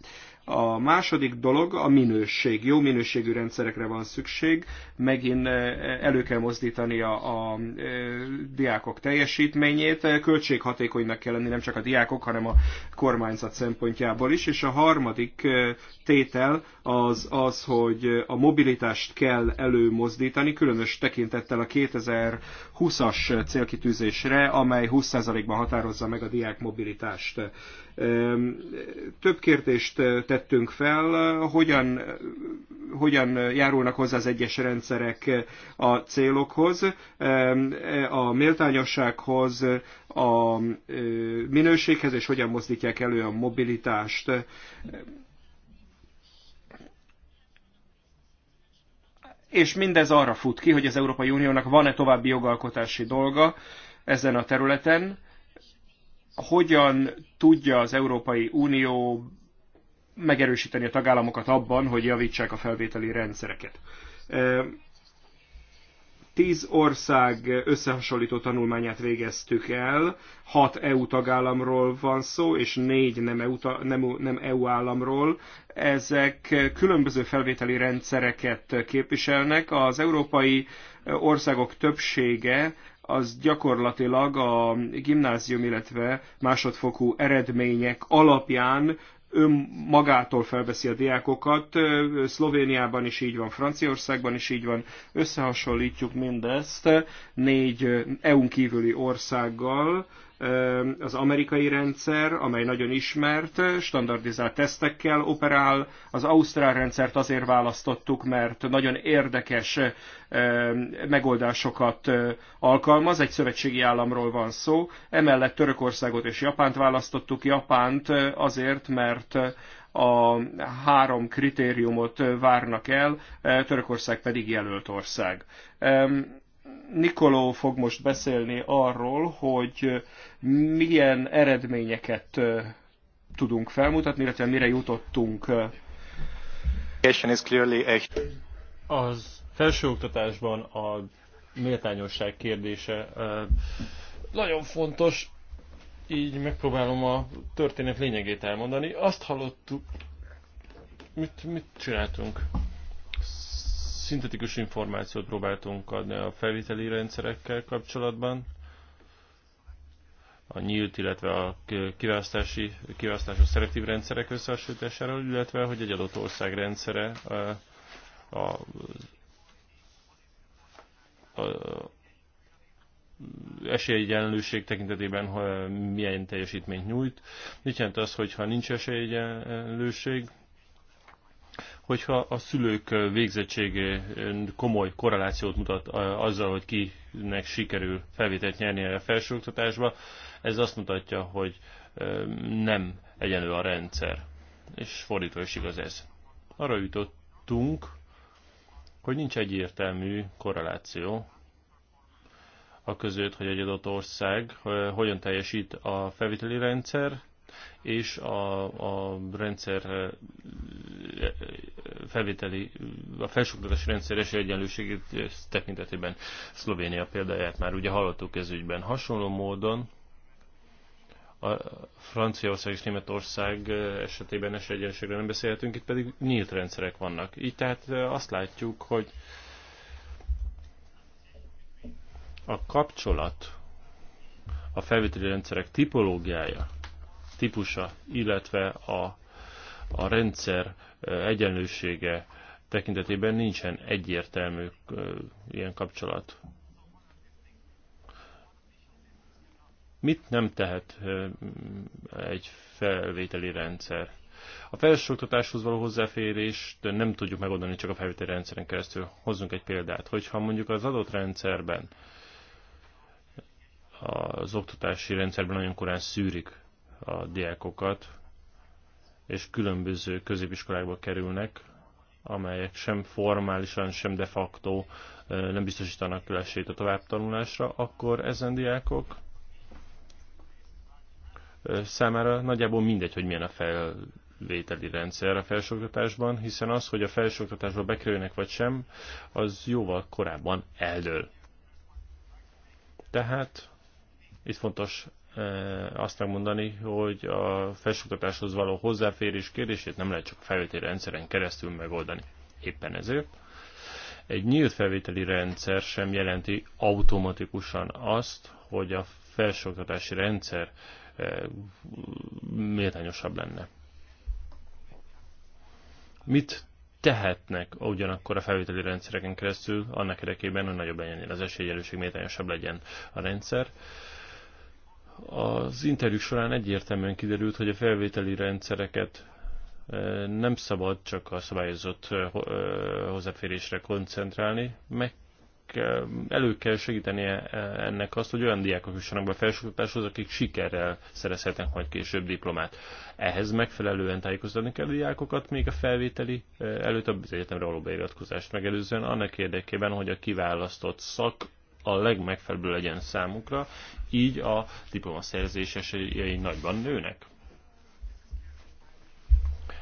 D: A második dolog a minőség. Jó minőségű rendszerekre van szükség, megint eh, elő kell mozdítani a, a eh, diákok teljesítményét, költséghatékonynak kell lenni nem csak a diákok, hanem a kormányzat szempontjából is, és a harmadik eh, tétel az az, hogy a mobilitást kell előmozdítani, különös tekintettel a 2020-as célkitűzésre, amely 20%-ban határozza meg a diák mobilitást. Több kérdést tettünk fel, hogyan, hogyan járulnak hozzá az egyes rendszerek a célokhoz, a méltányossághoz, a minőséghez, és hogyan mozdítják elő a mobilitást. és mindez arra fut ki, hogy az Európai Uniónak van-e további jogalkotási dolga ezen a területen, hogyan tudja az Európai Unió megerősíteni a tagállamokat abban, hogy javítsák a felvételi rendszereket. Tíz ország összehasonlító tanulmányát végeztük el, hat EU tagállamról van szó, és négy nem EU, nem, nem EU államról. Ezek különböző felvételi rendszereket képviselnek. Az európai országok többsége az gyakorlatilag a gimnázium, illetve másodfokú eredmények alapján ön magától felveszi a diákokat. Szlovéniában is így van, Franciaországban is így van. Összehasonlítjuk mindezt négy EU-n kívüli országgal, az amerikai rendszer, amely nagyon ismert, standardizált tesztekkel operál. Az ausztrál rendszert azért választottuk, mert nagyon érdekes megoldásokat alkalmaz. Egy szövetségi államról van szó. Emellett Törökországot és Japánt választottuk. Japánt azért, mert a három kritériumot várnak el, Törökország pedig jelölt ország. Nikoló fog most beszélni arról, hogy milyen eredményeket tudunk felmutatni, illetve mire jutottunk.
F: Az felsőoktatásban a méltányosság kérdése nagyon fontos, így megpróbálom a történet lényegét elmondani. Azt hallottuk, mit, mit csináltunk? Szintetikus információt próbáltunk adni a felviteli rendszerekkel kapcsolatban a nyílt, illetve a kiválasztási, kiválasztásos szelektív rendszerek összehasonlításáról, illetve hogy egy adott ország rendszere a, a, a esélyegyenlőség tekintetében ha milyen teljesítményt nyújt. Mit jelent az, hogy ha nincs esélyegyenlőség, hogyha a szülők végzettsége eh, komoly korrelációt mutat eh, azzal, hogy kinek sikerül felvételt nyerni a felsőoktatásba, ez azt mutatja, hogy eh, nem egyenlő a rendszer. És fordítva is igaz ez. Arra jutottunk, hogy nincs egyértelmű korreláció a között, hogy egy adott ország hogyan teljesít a felvételi rendszer és a, a rendszer e, e, felvételi, a felsőoktatási rendszer esélyegyenlőségét tekintetében Szlovénia példáját már ugye hallottuk ez ügyben. Hasonló módon a Franciaország és Németország esetében esélyegyenlőségre nem beszélhetünk, itt pedig nyílt rendszerek vannak. Így tehát e, azt látjuk, hogy a kapcsolat, a felvételi rendszerek tipológiája típusa, illetve a, a rendszer egyenlősége tekintetében nincsen egyértelmű ilyen kapcsolat. Mit nem tehet egy felvételi rendszer? A felsőoktatáshoz való hozzáférést nem tudjuk megoldani csak a felvételi rendszeren keresztül. Hozzunk egy példát, hogyha mondjuk az adott rendszerben, az oktatási rendszerben nagyon korán szűrik a diákokat, és különböző középiskolákba kerülnek, amelyek sem formálisan, sem de facto nem biztosítanak esélyt a továbbtanulásra, akkor ezen diákok számára nagyjából mindegy, hogy milyen a felvételi rendszer a felsőoktatásban, hiszen az, hogy a felsőoktatásba bekerülnek vagy sem, az jóval korábban eldől. Tehát itt fontos Eh, azt megmondani, hogy a felsőoktatáshoz való hozzáférés kérdését nem lehet csak felvételi rendszeren keresztül megoldani. Éppen ezért egy nyílt felvételi rendszer sem jelenti automatikusan azt, hogy a felsőoktatási rendszer eh, méltányosabb lenne. Mit tehetnek ugyanakkor a felvételi rendszereken keresztül annak érdekében, hogy nagyobb legyen az esélyelőség, méltányosabb legyen a rendszer? Uh, az interjú során egyértelműen kiderült, hogy a felvételi rendszereket eh, nem szabad csak a szabályozott eh, eh, hozzáférésre koncentrálni, meg elő kell segíteni ennek azt, hogy olyan diákok jussanak be felsőoktatáshoz, akik sikerrel szerezhetnek majd később diplomát. Ehhez megfelelően tájékoztatni kell a diákokat, még a felvételi előtt az egyetemre való beiratkozást megelőzően, annak érdekében, hogy a kiválasztott szak a legmegfelelőbb legyen számukra, így a diplomaszerzés esélyei nagyban nőnek.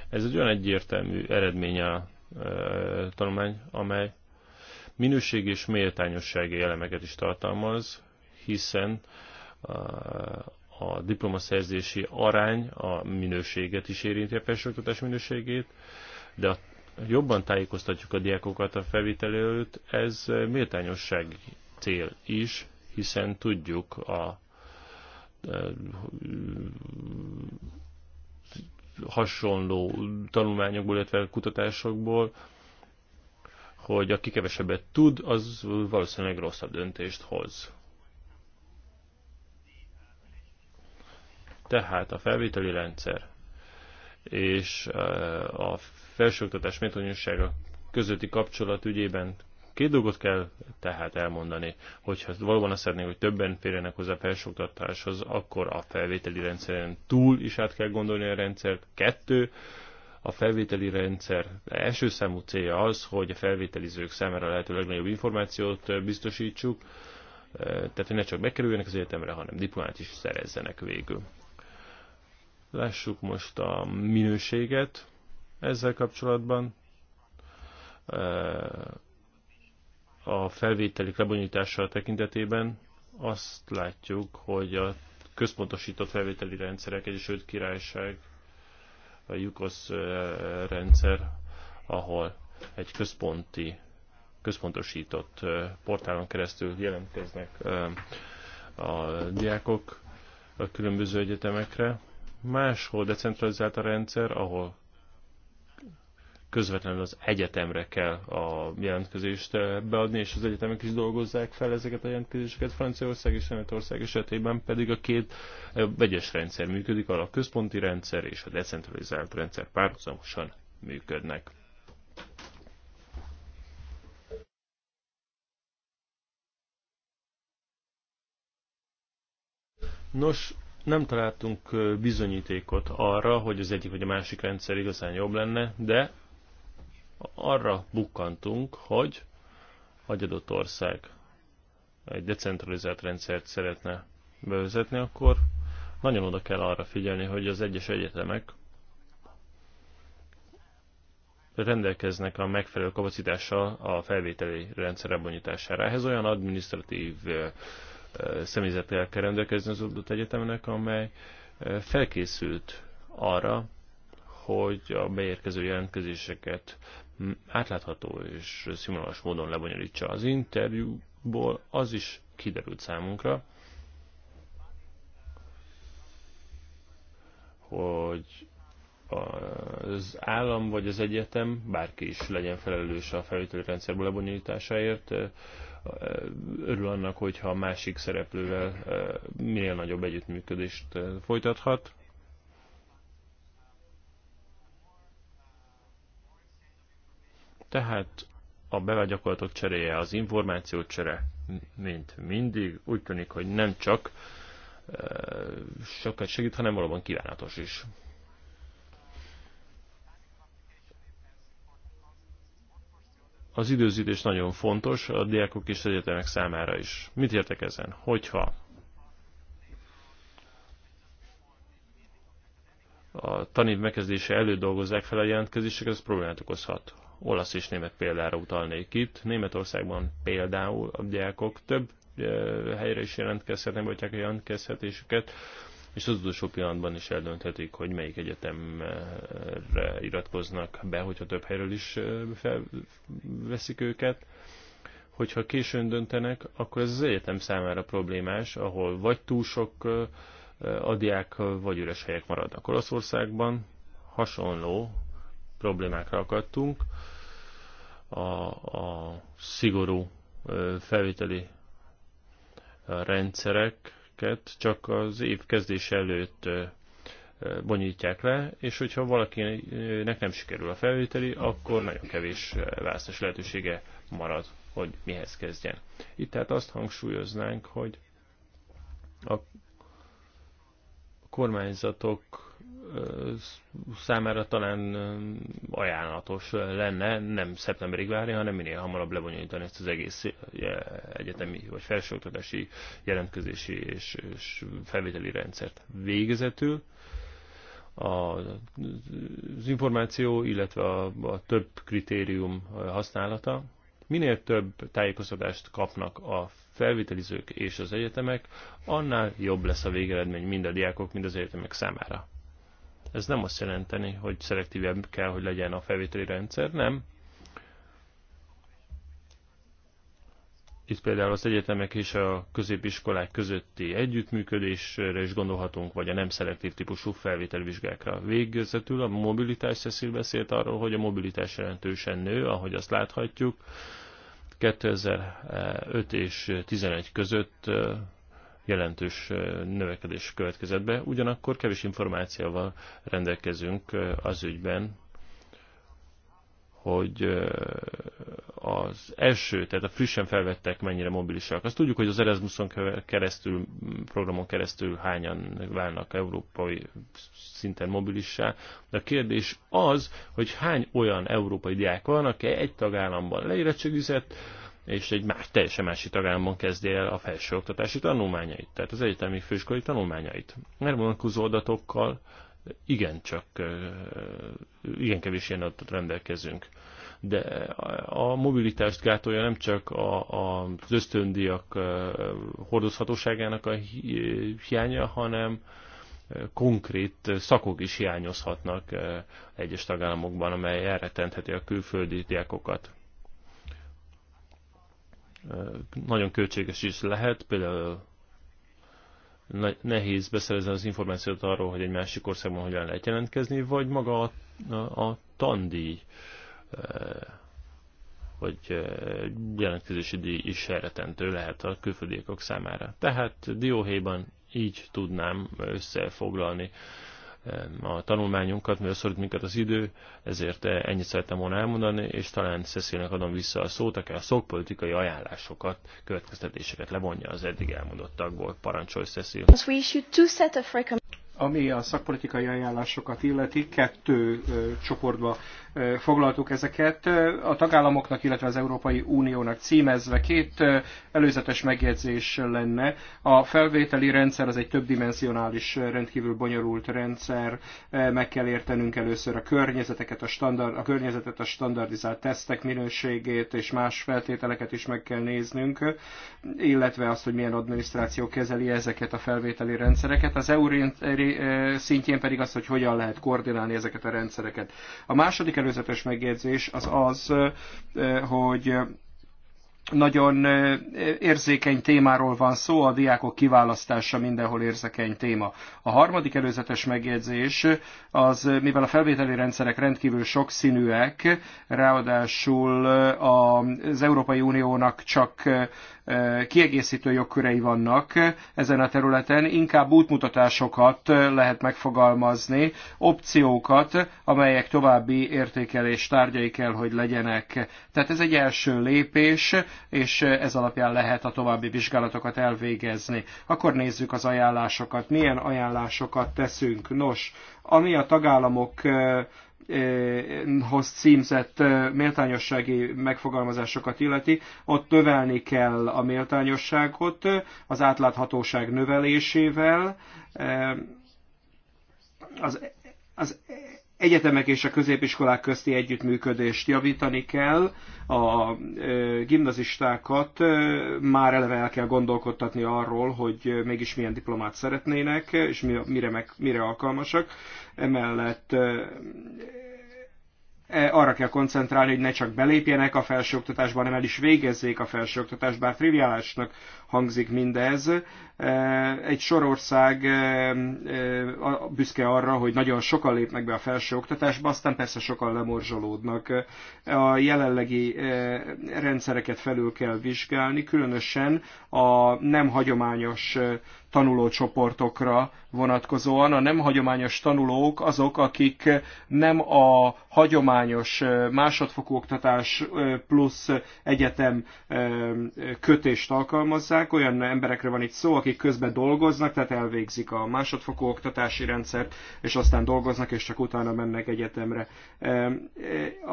F: Ez egy olyan egyértelmű eredménye a e, tanulmány, amely minőség és méltányossági elemeket is tartalmaz, hiszen e, a diplomaszerzési arány a minőséget is érinti, a felsőoktatás minőségét, de a jobban tájékoztatjuk a diákokat a felvétel előtt, ez méltányossági cél is, hiszen tudjuk a hasonló tanulmányokból, illetve kutatásokból, hogy aki kevesebbet tud, az valószínűleg rosszabb döntést hoz. Tehát a felvételi rendszer és a felsőoktatás méltányossága közötti kapcsolat ügyében Két dolgot kell tehát elmondani, hogyha valóban azt szeretnénk, hogy többen férjenek hozzá felsőoktatáshoz, akkor a felvételi rendszeren túl is át kell gondolni a rendszert. Kettő, a felvételi rendszer első számú célja az, hogy a felvételizők számára lehető legnagyobb információt biztosítsuk, tehát hogy ne csak bekerüljenek az egyetemre, hanem diplomát is szerezzenek végül. Lássuk most a minőséget ezzel kapcsolatban a felvételik lebonyítása tekintetében azt látjuk, hogy a központosított felvételi rendszerek, Egyesült Királyság, a Jukosz rendszer, ahol egy központi, központosított portálon keresztül jelentkeznek a diákok a különböző egyetemekre. Máshol decentralizált a rendszer, ahol közvetlenül az egyetemre kell a jelentkezést eh, beadni, és az egyetemek is dolgozzák fel ezeket a jelentkezéseket. Franciaország és Németország esetében pedig a két eh, vegyes rendszer működik, a központi rendszer és a decentralizált rendszer párhuzamosan működnek. Nos, nem találtunk eh, bizonyítékot arra, hogy az egyik vagy a másik rendszer igazán jobb lenne, de arra bukkantunk, hogy egy adott ország egy decentralizált rendszert szeretne bevezetni, akkor nagyon oda kell arra figyelni, hogy az egyes egyetemek rendelkeznek a megfelelő kapacitással a felvételi rendszer lebonyítására. Ehhez olyan administratív személyzettel kell rendelkezni az adott egyetemnek, amely felkészült arra, hogy a beérkező jelentkezéseket átlátható és színvonalas módon lebonyolítsa. Az interjúból az is kiderült számunkra, hogy az állam vagy az egyetem, bárki is legyen felelős a felvételi rendszerből lebonyolításáért, örül annak, hogyha a másik szereplővel minél nagyobb együttműködést folytathat. Tehát a bevált gyakorlatok cseréje, az információ csere, mint mindig, úgy tűnik, hogy nem csak sokat segít, hanem valóban kívánatos is. Az időzítés nagyon fontos a diákok és egyetemek számára is. Mit értek ezen? Hogyha a tanév megkezdése előtt dolgozzák fel a jelentkezéseket, ez problémát okozhat olasz és német példára utalnék itt. Németországban például a diákok több helyre is jelentkezhetnek, vagy csak jelentkezhetésüket, és az utolsó pillanatban is eldönthetik, hogy melyik egyetemre iratkoznak be, hogyha több helyről is felveszik őket. Hogyha későn döntenek, akkor ez az egyetem számára problémás, ahol vagy túl sok a vagy üres helyek maradnak. Olaszországban hasonló problémákra akadtunk. A, a szigorú felvételi rendszereket csak az év kezdés előtt bonyítják le, és hogyha valakinek nem sikerül a felvételi, akkor nagyon kevés választás lehetősége marad, hogy mihez kezdjen. Itt tehát azt hangsúlyoznánk, hogy a kormányzatok számára talán ajánlatos lenne nem szeptemberig várni, hanem minél hamarabb lebonyolítani ezt az egész egyetemi vagy felsőoktatási jelentkezési és, és felvételi rendszert végezetül. Az információ, illetve a, a több kritérium használata, minél több tájékoztatást kapnak a felvitelizők és az egyetemek, annál jobb lesz a végeredmény mind a diákok, mind az egyetemek számára. Ez nem azt jelenteni, hogy szelektívebb kell, hogy legyen a felvételi rendszer, nem. Itt például az egyetemek és a középiskolák közötti együttműködésre is gondolhatunk, vagy a nem szelektív típusú felvételvizsgákra. Végezetül a mobilitás Cecil beszélt arról, hogy a mobilitás jelentősen nő, ahogy azt láthatjuk. 2005 és 11 között jelentős növekedés következett be, ugyanakkor kevés információval rendelkezünk az ügyben, hogy az első, tehát a frissen felvettek mennyire mobilisak. Azt tudjuk, hogy az Erasmuson keresztül, programon keresztül hányan válnak európai szinten mobilissá, de a kérdés az, hogy hány olyan európai diák van, aki egy tagállamban leérettségizett, és egy más, teljesen másik tagállamban kezdi el a felsőoktatási tanulmányait, tehát az egyetemi főiskolai tanulmányait. Mert vonatkozó adatokkal igen, csak igen kevés ilyen adatot rendelkezünk. De a mobilitást gátolja nem csak a, a, az ösztöndiak hordozhatóságának a hiánya, hanem konkrét szakok is hiányozhatnak egyes tagállamokban, amely tentheti a külföldi diákokat nagyon költséges is lehet, például nehéz beszerezni az információt arról, hogy egy másik országban hogyan lehet jelentkezni, vagy maga a, a, a tandíj, e, vagy e, jelentkezési díj is elretentő lehet a külföldiek számára. Tehát dióhéjban így tudnám összefoglalni Eh, a tanulmányunkat, mert szorít minket az idő, ezért eh, ennyit szerettem volna elmondani, és talán Cecilnek adom vissza a szót, aki a szakpolitikai ajánlásokat, következtetéseket levonja az eddig elmondottakból. Parancsolj, Cecil! Ami a
D: szakpolitikai ajánlásokat illeti, kettő ö, eh, csoportba foglaltuk ezeket a tagállamoknak, illetve az Európai Uniónak címezve. Két előzetes megjegyzés lenne. A felvételi rendszer az egy többdimensionális, rendkívül bonyolult rendszer. Meg kell értenünk először a környezeteket, a, standard, a környezetet, a standardizált tesztek minőségét és más feltételeket is meg kell néznünk, illetve azt, hogy milyen adminisztráció kezeli ezeket a felvételi rendszereket. Az EU szintjén pedig azt, hogy hogyan lehet koordinálni ezeket a rendszereket. A második előzetes megjegyzés az az, hogy nagyon érzékeny témáról van szó, a diákok kiválasztása mindenhol érzékeny téma. A harmadik előzetes megjegyzés az, mivel a felvételi rendszerek rendkívül sokszínűek, ráadásul az Európai Uniónak csak kiegészítő jogkörei vannak ezen a területen, inkább útmutatásokat lehet megfogalmazni, opciókat, amelyek további értékelés tárgyai kell, hogy legyenek. Tehát ez egy első lépés, és ez alapján lehet a további vizsgálatokat elvégezni. Akkor nézzük az ajánlásokat. Milyen ajánlásokat teszünk? Nos, ami a tagállamok Eh, hoz címzett eh, méltányossági megfogalmazásokat illeti, ott növelni kell a méltányosságot eh, az átláthatóság növelésével, az, az egyetemek és a középiskolák közti együttműködést javítani kell, a gimnazistákat már eleve el kell gondolkodtatni arról, hogy mégis milyen diplomát szeretnének, és mire, meg, mire alkalmasak. Emellett e, arra kell koncentrálni, hogy ne csak belépjenek a felsőoktatásba, hanem el is végezzék a felsőoktatást, bár triviálásnak hangzik mindez. E, egy sorország e, e, büszke arra, hogy nagyon sokan lépnek be a oktatásba, aztán persze sokan lemorzsolódnak. A jelenlegi rendszereket felül kell vizsgálni, különösen a nem hagyományos tanulócsoportokra vonatkozóan. A nem hagyományos tanulók azok, akik nem a hagyományos másodfokú oktatás plusz egyetem kötést alkalmazzák, kollégák, olyan emberekről van itt szó, akik közben dolgoznak, tehát elvégzik a másodfokú oktatási rendszert, és aztán dolgoznak, és csak utána mennek egyetemre. Eh,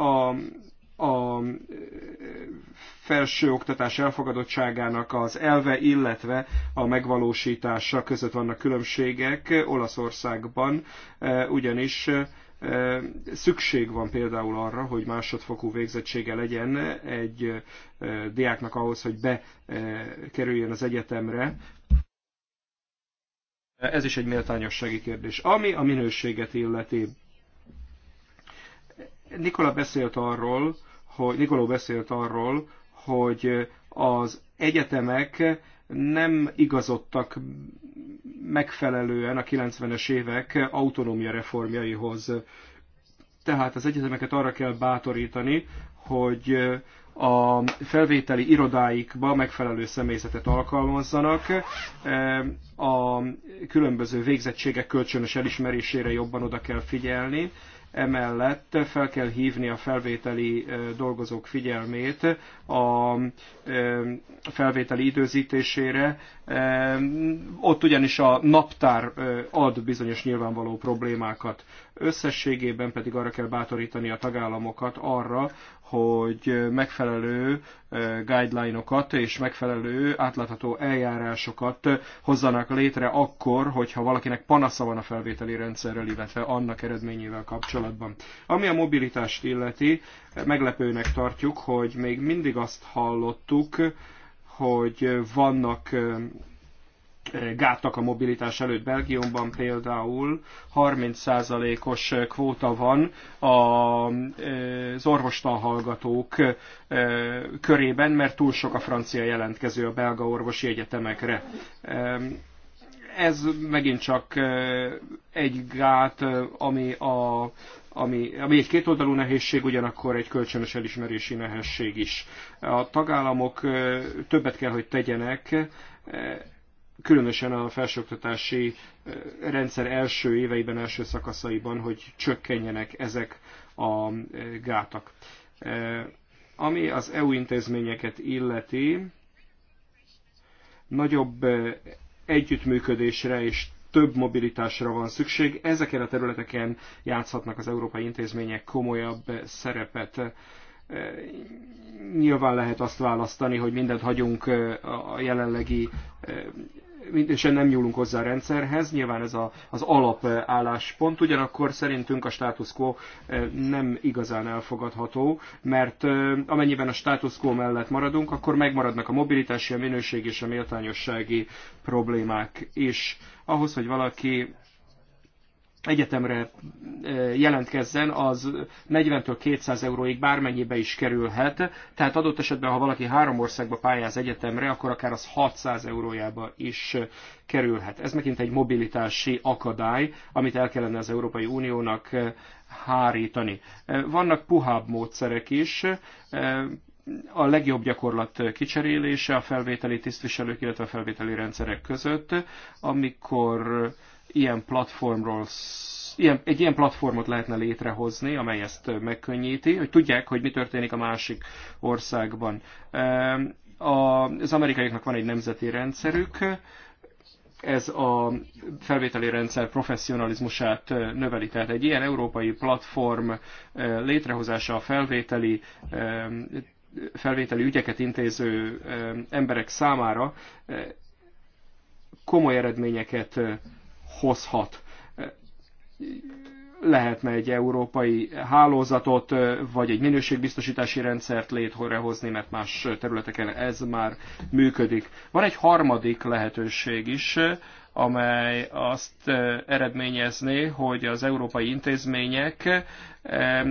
D: a a eh, felsőoktatás elfogadottságának az elve, illetve a megvalósítása között vannak különbségek Olaszországban, eh, ugyanis Szükség van például arra, hogy másodfokú végzettsége legyen egy diáknak ahhoz, hogy bekerüljön az egyetemre. Ez is egy méltányossági kérdés. Ami a minőséget illeti. Nikola beszélt arról, hogy Nikoló beszélt arról, hogy az egyetemek nem igazodtak megfelelően a 90-es évek autonómia reformjaihoz. Tehát az egyetemeket arra kell bátorítani, hogy a felvételi irodáikba megfelelő személyzetet alkalmazzanak, eh, a különböző végzettségek kölcsönös elismerésére jobban oda kell figyelni, Emellett fel kell hívni a felvételi dolgozók figyelmét a felvételi időzítésére, ott ugyanis a naptár ad bizonyos nyilvánvaló problémákat. Összességében pedig arra kell bátorítani a tagállamokat arra, hogy megfelelő guideline-okat és megfelelő átlátható eljárásokat hozzanak létre akkor, hogyha valakinek panasza van a felvételi rendszerrel, illetve annak eredményével kapcsolatban. Ami a mobilitást illeti, meglepőnek tartjuk, hogy még mindig azt hallottuk, hogy vannak gátak a mobilitás előtt Belgiumban például 30%-os kvóta van az orvostan körében, mert túl sok a francia jelentkező a belga orvosi egyetemekre. Ez megint csak egy gát, ami a ami, ami egy kétoldalú nehézség, ugyanakkor egy kölcsönös elismerési nehézség is. A tagállamok többet kell, hogy tegyenek, különösen a felsőoktatási rendszer első éveiben, első szakaszaiban, hogy csökkenjenek ezek a gátak. Ami az EU intézményeket illeti, nagyobb együttműködésre és több mobilitásra van szükség. Ezeken a területeken játszhatnak az európai intézmények komolyabb szerepet. E, nyilván lehet azt választani, hogy mindent hagyunk e, a jelenlegi e, mindösen nem nyúlunk hozzá a rendszerhez, nyilván ez a, az alapálláspont, eh, ugyanakkor szerintünk a status quo eh, nem igazán elfogadható, mert eh, amennyiben a status quo mellett maradunk, akkor megmaradnak a mobilitási, a minőség és a méltányossági problémák is. Ahhoz, hogy valaki egyetemre e, jelentkezzen, az 40-től 200 euróig bármennyibe is kerülhet. Tehát adott esetben, ha valaki három országba pályáz egyetemre, akkor akár az 600 eurójába is kerülhet. Ez megint egy mobilitási akadály, amit el kellene az Európai Uniónak e, hárítani. E, vannak puhább módszerek is, a legjobb gyakorlat kicserélése a felvételi tisztviselők, illetve a felvételi rendszerek között, amikor ilyen platformról ilyen, egy ilyen platformot lehetne létrehozni, amely ezt megkönnyíti, hogy tudják, hogy mi történik a másik országban. Az amerikaiaknak van egy nemzeti rendszerük, ez a felvételi rendszer professzionalizmusát növeli. Tehát egy ilyen európai platform létrehozása a felvételi felvételi ügyeket intéző emberek számára komoly eredményeket hozhat. Lehetne egy európai hálózatot, vagy egy minőségbiztosítási rendszert létrehozni, mert más területeken ez már működik. Van egy harmadik lehetőség is, amely azt eh, eredményezné, hogy az európai intézmények eh,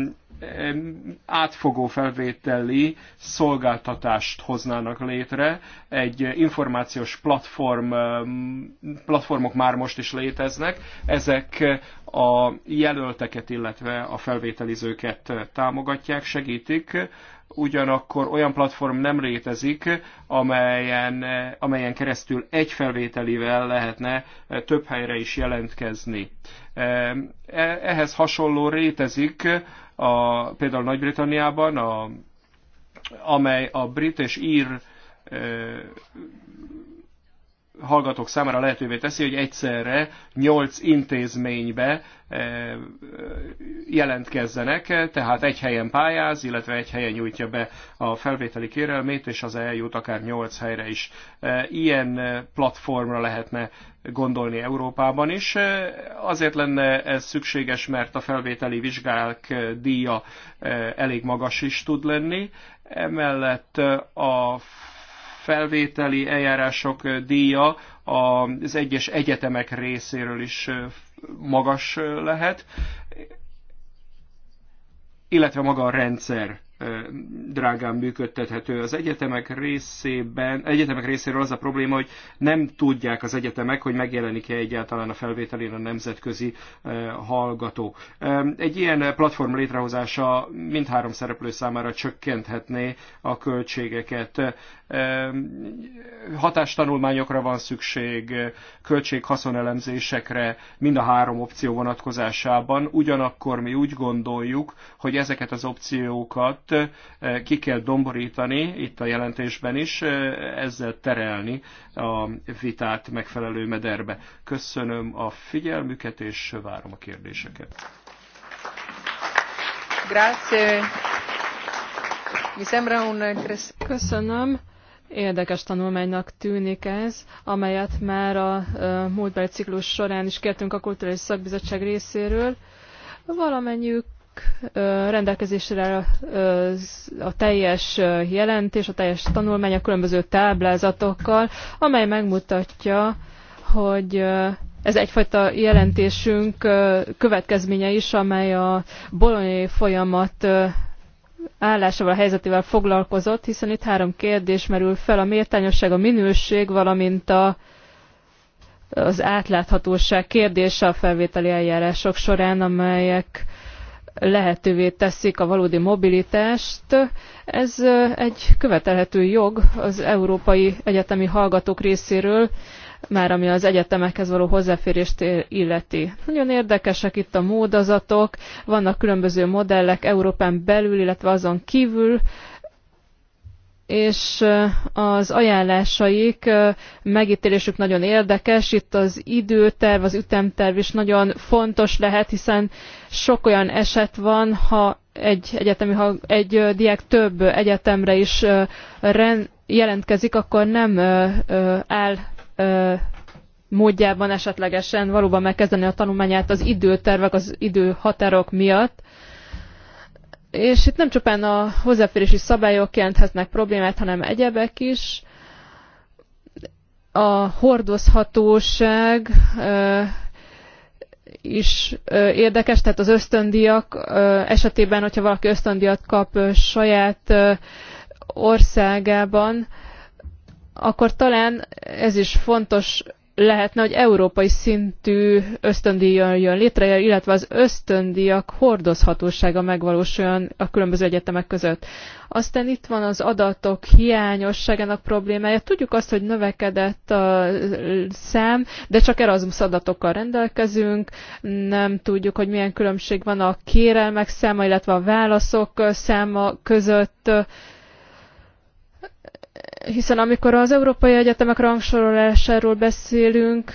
D: átfogó felvételi szolgáltatást hoznának létre. Egy információs platform, platformok már most is léteznek. Ezek eh, a jelölteket, illetve a felvételizőket támogatják, segítik ugyanakkor olyan platform nem létezik, amelyen, amelyen keresztül egy felvételivel lehetne eh, több helyre is jelentkezni. Eh, eh, ehhez hasonló létezik a, például Nagy-Britanniában, a, amely a brit és ír hallgatók számára lehetővé teszi, hogy egyszerre nyolc intézménybe eh, jelentkezzenek, tehát egy helyen pályáz, illetve egy helyen nyújtja be a felvételi kérelmét, és az eljut akár nyolc helyre is. Eh, ilyen eh, platformra lehetne gondolni Európában is. Azért lenne ez szükséges, mert a felvételi vizsgálk díja elég magas is tud lenni. Emellett a felvételi eljárások díja az egyes egyetemek részéről is magas lehet, illetve maga a rendszer drágán működtethető. Az egyetemek, részében, egyetemek részéről az a probléma, hogy nem tudják az egyetemek, hogy megjelenik-e egyáltalán a felvételén a nemzetközi hallgató. Egy ilyen platform létrehozása mindhárom szereplő számára csökkenthetné a költségeket. Hatástanulmányokra van szükség, költség-haszonelemzésekre mind a három opció vonatkozásában. Ugyanakkor mi úgy gondoljuk, hogy ezeket az opciókat azokat eh, ki kell domborítani, itt a jelentésben is, eh, ezzel terelni a vitát megfelelő mederbe. Köszönöm a figyelmüket, és várom a
B: kérdéseket.
A: Grazie.
B: Köszönöm. Érdekes tanulmánynak tűnik ez, amelyet már a eh, múltbeli ciklus során is kértünk a Kulturális Szakbizottság részéről. Valamennyiük rendelkezésre a teljes jelentés, a teljes tanulmány a különböző táblázatokkal, amely megmutatja, hogy ez egyfajta jelentésünk következménye is, amely a bolonyai folyamat állásával, a helyzetével foglalkozott, hiszen itt három kérdés merül fel, a méltányosság, a minőség, valamint a, az átláthatóság kérdése a felvételi eljárások során, amelyek lehetővé teszik a valódi mobilitást. Ez egy követelhető jog az európai egyetemi hallgatók részéről, már ami az egyetemekhez való hozzáférést illeti. Nagyon érdekesek itt a módozatok, vannak különböző modellek Európán belül, illetve azon kívül, és az ajánlásaik, megítélésük nagyon érdekes, itt az időterv, az ütemterv is nagyon fontos lehet, hiszen sok olyan eset van, ha egy, egyetemi, ha egy diák több egyetemre is jelentkezik, akkor nem áll módjában esetlegesen valóban megkezdeni a tanulmányát az időtervek, az időhatárok miatt. És itt nem csupán a hozzáférési szabályok jelenthetnek problémát, hanem egyebek is. A hordozhatóság is érdekes, tehát az ösztöndíjak esetében, hogyha valaki ösztöndiat kap saját országában, akkor talán ez is fontos lehetne, hogy európai szintű ösztöndíjon jön létre, illetve az ösztöndíjak hordozhatósága megvalósuljon a különböző egyetemek között. Aztán itt van az adatok hiányosságának problémája. Tudjuk azt, hogy növekedett a szám, de csak Erasmus adatokkal rendelkezünk. Nem tudjuk, hogy milyen különbség van a kérelmek száma, illetve a válaszok száma között hiszen amikor az európai egyetemek rangsorolásáról beszélünk,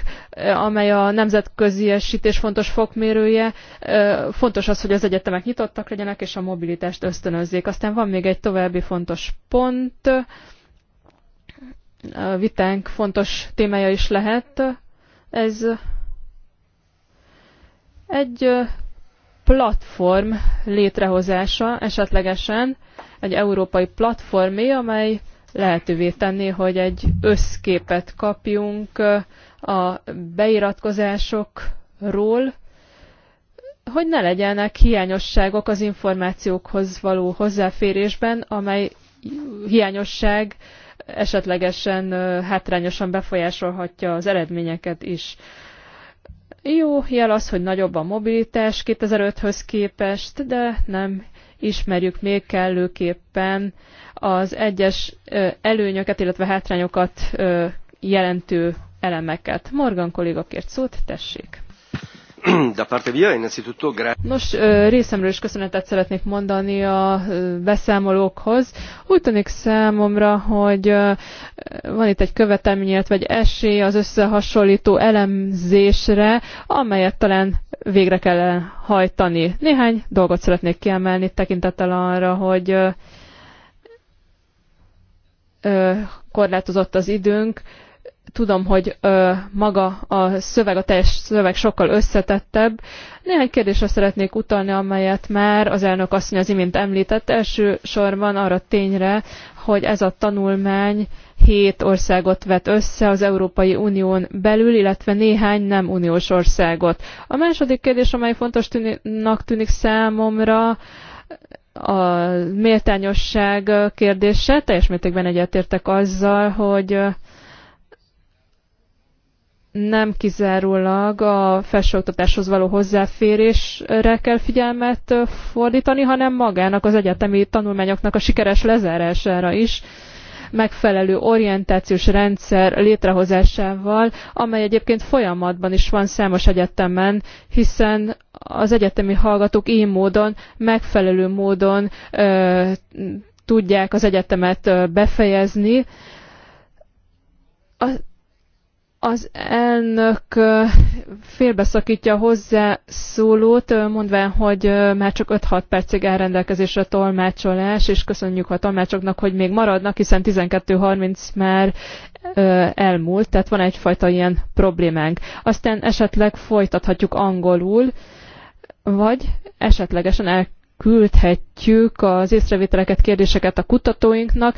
B: amely a nemzetközi esítés fontos fokmérője, fontos az, hogy az egyetemek nyitottak legyenek, és a mobilitást ösztönözzék. Aztán van még egy további fontos pont, a vitánk fontos témája is lehet. Ez egy platform létrehozása esetlegesen, egy európai platformé, amely lehetővé tenni, hogy egy összképet kapjunk a beiratkozásokról, hogy ne legyenek hiányosságok az információkhoz való hozzáférésben, amely hiányosság esetlegesen hátrányosan befolyásolhatja az eredményeket is. Jó jel az, hogy nagyobb a mobilitás 2005-höz képest, de nem ismerjük még kellőképpen az egyes előnyöket, illetve hátrányokat jelentő elemeket. Morgan kolléga kért szót, tessék. [CLEARS THROAT] Nos, részemről is köszönetet szeretnék mondani a beszámolókhoz. Úgy tűnik számomra, hogy van itt egy követelmény, illetve egy esély az összehasonlító elemzésre, amelyet talán végre kell hajtani. Néhány dolgot szeretnék kiemelni tekintettel arra, hogy korlátozott az időnk. Tudom, hogy maga a szöveg, a teljes szöveg sokkal összetettebb. Néhány kérdésre szeretnék utalni, amelyet már az elnök asszony az imént említett. sorban arra tényre, hogy ez a tanulmány hét országot vet össze az Európai Unión belül, illetve néhány nem uniós országot. A második kérdés, amely fontosnak tűnik, tűnik számomra, a méltányosság kérdése, teljes mértékben egyetértek azzal, hogy nem kizárólag a felsőoktatáshoz való hozzáférésre kell figyelmet fordítani, hanem magának az egyetemi tanulmányoknak a sikeres lezárására is, megfelelő orientációs rendszer létrehozásával, amely egyébként folyamatban is van számos egyetemen, hiszen az egyetemi hallgatók ily módon, megfelelő módon ö, tudják az egyetemet befejezni. A az elnök félbeszakítja hozzá szólót, mondván, hogy már csak 5-6 percig elrendelkezésre tolmácsolás, és köszönjük a tolmácsoknak, hogy még maradnak, hiszen 12.30 már elmúlt, tehát van egyfajta ilyen problémánk. Aztán esetleg folytathatjuk angolul, vagy esetlegesen el küldhetjük az észrevételeket, kérdéseket a kutatóinknak.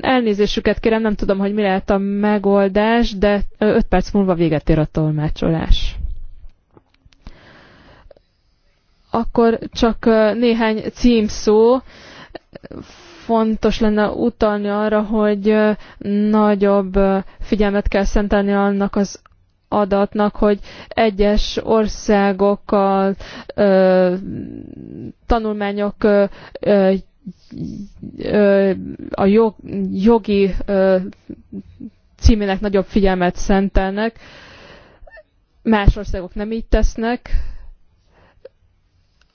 B: Elnézésüket kérem, nem tudom, hogy mi lehet a megoldás, de 5 perc múlva véget ér a tolmácsolás. Akkor csak néhány címszó fontos lenne utalni arra, hogy nagyobb figyelmet kell szentelni annak az adatnak, hogy egyes országok a ö, tanulmányok ö, ö, a jog, jogi ö, címének nagyobb figyelmet szentelnek, más országok nem így tesznek.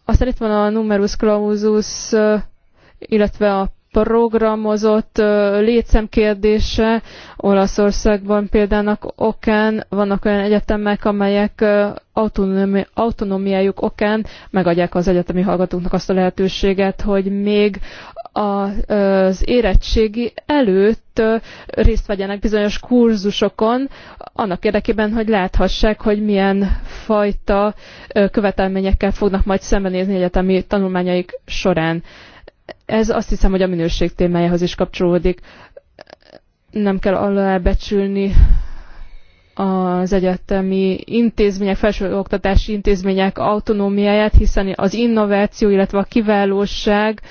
B: Aztán itt van a numerus clausus, illetve a programozott létszemkérdése kérdése Olaszországban példának okán vannak olyan egyetemek, amelyek autonómiájuk okán megadják az egyetemi hallgatóknak azt a lehetőséget, hogy még az érettségi előtt részt vegyenek bizonyos kurzusokon, annak érdekében, hogy láthassák, hogy milyen fajta követelményekkel fognak majd szembenézni egyetemi tanulmányaik során. Ez azt hiszem, hogy a minőség témájához is kapcsolódik. Nem kell alábecsülni az egyetemi intézmények, felsőoktatási intézmények autonómiáját, hiszen az innováció, illetve a kiválóság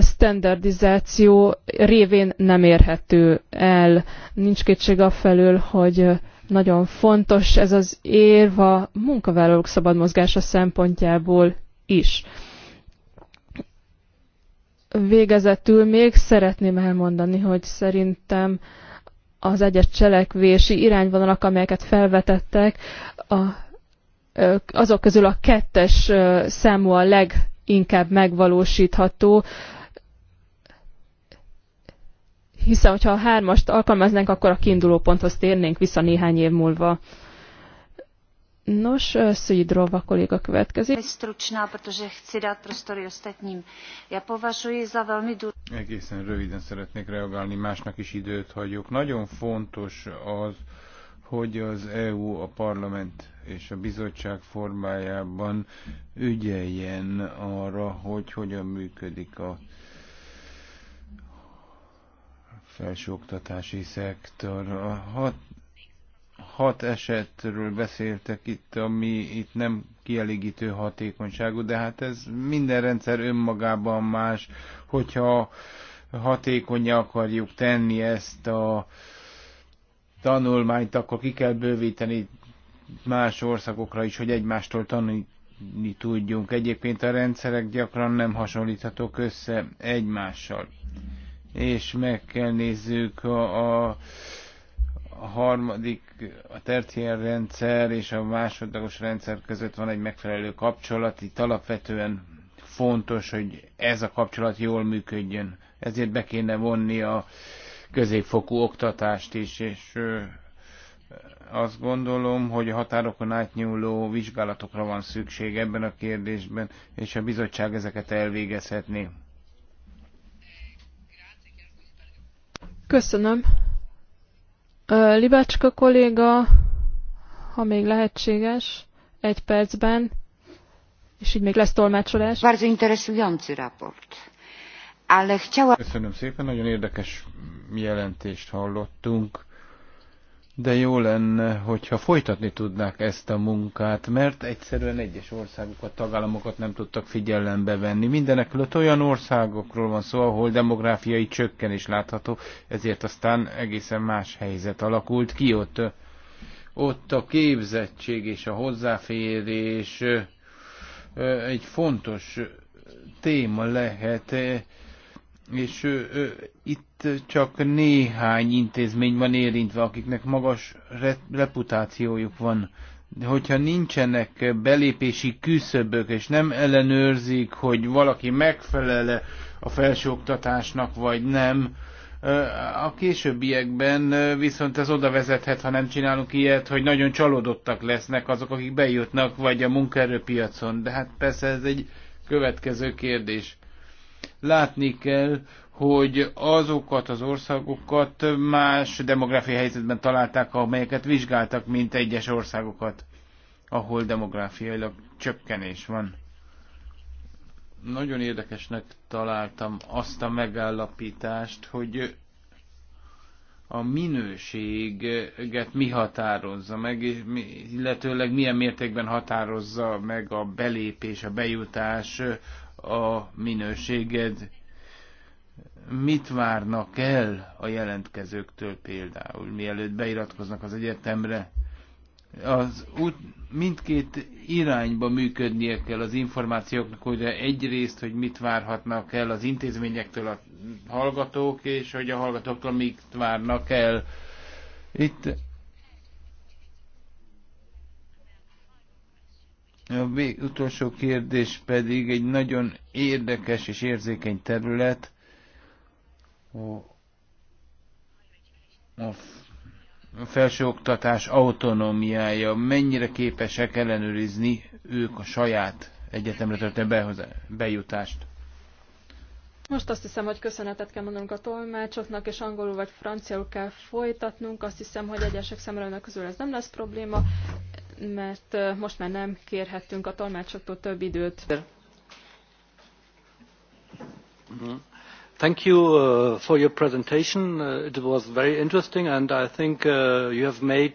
B: standardizáció révén nem érhető el. Nincs kétség afelől, hogy nagyon fontos ez az érva munkavállalók szabad mozgása szempontjából is. Végezetül még szeretném elmondani, hogy szerintem az egyes cselekvési irányvonalak, amelyeket felvetettek, a, azok közül a kettes számú a leginkább megvalósítható, hiszen hogyha a hármast alkalmaznánk, akkor a kiinduló ponthoz térnénk vissza néhány év múlva. Nos, eh, Szidrova kolléga következik.
E: Stručná, protože chci dát prostory ostatním. Já považuji za velmi
C: Egészen röviden szeretnék reagálni, másnak is időt hagyok. Nagyon fontos az, hogy az EU, a parlament és a bizottság formájában ügyeljen arra, hogy hogyan működik a felsőoktatási szektor. A hat hat esetről beszéltek itt, ami itt nem kielégítő hatékonyságú, de hát ez minden rendszer önmagában más, hogyha hatékony akarjuk tenni ezt a tanulmányt, akkor ki kell bővíteni más országokra is, hogy egymástól tanulni tudjunk. Egyébként a rendszerek gyakran nem hasonlíthatók össze egymással. És meg kell nézzük a, a a harmadik, a tertiér rendszer és a másodlagos rendszer között van egy megfelelő kapcsolat. Itt alapvetően fontos, hogy ez a kapcsolat jól működjön. Ezért be kéne vonni a középfokú oktatást is, és azt gondolom, hogy a határokon átnyúló vizsgálatokra van szükség ebben a kérdésben, és a bizottság ezeket elvégezhetné.
B: Köszönöm. Libácska kolléga, ha még lehetséges, egy percben, és így még lesz tolmácsolás. Bardzo interesujący raport.
C: Ale chciała... Köszönöm szépen, nagyon érdekes jelentést hallottunk de jó lenne, hogyha folytatni tudnák ezt a munkát, mert egyszerűen egyes országokat, tagállamokat nem tudtak figyelembe venni. Mindenek előtt olyan országokról van szó, ahol demográfiai csökkenés látható, ezért aztán egészen más helyzet alakult ki ott. Ott a képzettség és a hozzáférés egy fontos téma lehet, és ö, ö, itt csak néhány intézmény van érintve, akiknek magas re, reputációjuk van. De hogyha nincsenek belépési küszöbök, és nem ellenőrzik, hogy valaki megfelele a felsőoktatásnak, vagy nem, a későbbiekben viszont ez oda vezethet, ha nem csinálunk ilyet, hogy nagyon csalódottak lesznek azok, akik bejutnak, vagy a munkaerőpiacon. De hát persze ez egy következő kérdés Látni kell, hogy azokat az országokat más demográfiai helyzetben találták, amelyeket vizsgáltak, mint egyes országokat, ahol demográfiailag csökkenés van. Nagyon érdekesnek találtam azt a megállapítást, hogy a minőséget mi határozza meg, illetőleg milyen mértékben határozza meg a belépés, a bejutás a minőséged. Mit várnak el a jelentkezőktől például, mielőtt beiratkoznak az egyetemre? Az út, mindkét irányba működnie kell az információknak, hogy egyrészt, hogy mit várhatnak el az intézményektől a hallgatók, és hogy a hallgatóktól mit várnak el. Itt A utolsó kérdés pedig egy nagyon érdekes és érzékeny terület. A felsőoktatás autonómiája, mennyire képesek ellenőrizni ők a saját egyetemre történő bejutást.
B: Most azt hiszem, hogy köszönetet kell mondanunk a tolmácsoknak, és angolul vagy franciául kell folytatnunk. Azt hiszem, hogy egyesek szemrelőnek közül ez nem lesz probléma, mert most már nem kérhettünk a tolmácsoktól több időt.
G: Mhm. Thank you uh, for your presentation. Uh, it was very interesting and I think uh, you have made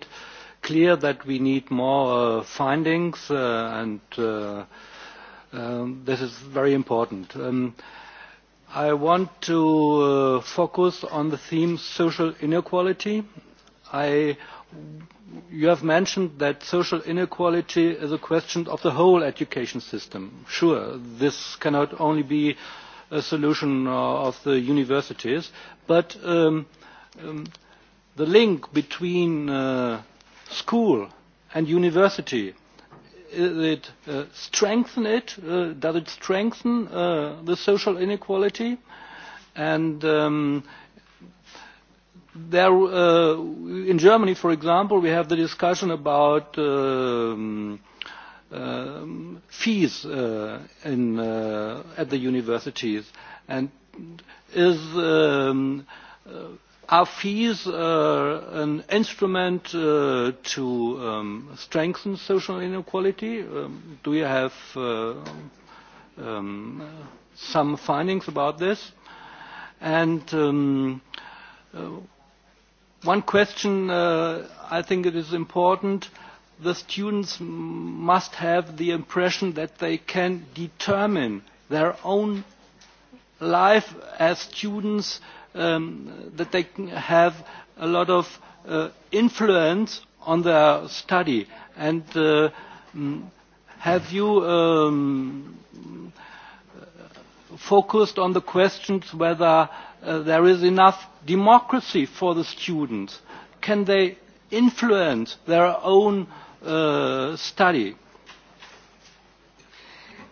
G: clear that we need more uh, findings uh, and uh, um, this is very important. Um, I want to uh, focus on the theme social inequality. I, you have mentioned that social inequality is a question of the whole education system. Sure, this cannot only be a solution uh, of the universities, but um, um, the link between uh, school and university it uh, strengthen it? Uh, does it strengthen uh, the social inequality? And um, there, uh, in Germany, for example, we have the discussion about um, um, fees uh, in, uh, at the universities. And is um, uh, are fees uh, an instrument uh, to um, strengthen social inequality? Um, do you have uh, um, some findings about this? And um, uh, one question uh, I think it is important the students must have the impression that they can determine their own life as students uh, um, that they have a lot of uh, influence on their study. And uh, mm, have you um, focused on the questions whether uh, there is enough democracy for the students? Can they influence their own uh, study?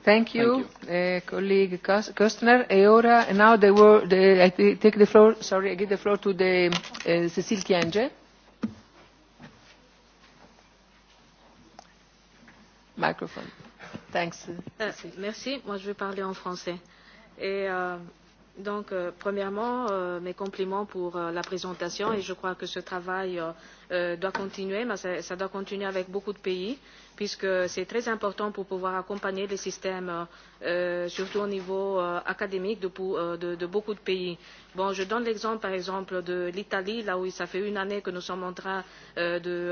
A: Thank you, Thank you. Uh, colleague Kostner. Eora, and now the word, the, I take the floor, sorry, I give the floor to the, uh, Cecile Kienge. Microphone.
J: Thanks. Uh, merci. Moi, je vais parler en français. Et euh, Donc, euh, premièrement, euh, mes compliments pour euh, la présentation et je crois que ce travail euh, euh, doit continuer, mais ça, ça doit continuer avec beaucoup de pays, puisque c'est très important pour pouvoir accompagner les systèmes, euh, euh surtout au niveau euh, académique de, pour, euh, de, de beaucoup de pays. Bon, je donne l'exemple, par exemple, de l'Italie, là où ça fait une année que nous sommes en train euh, de,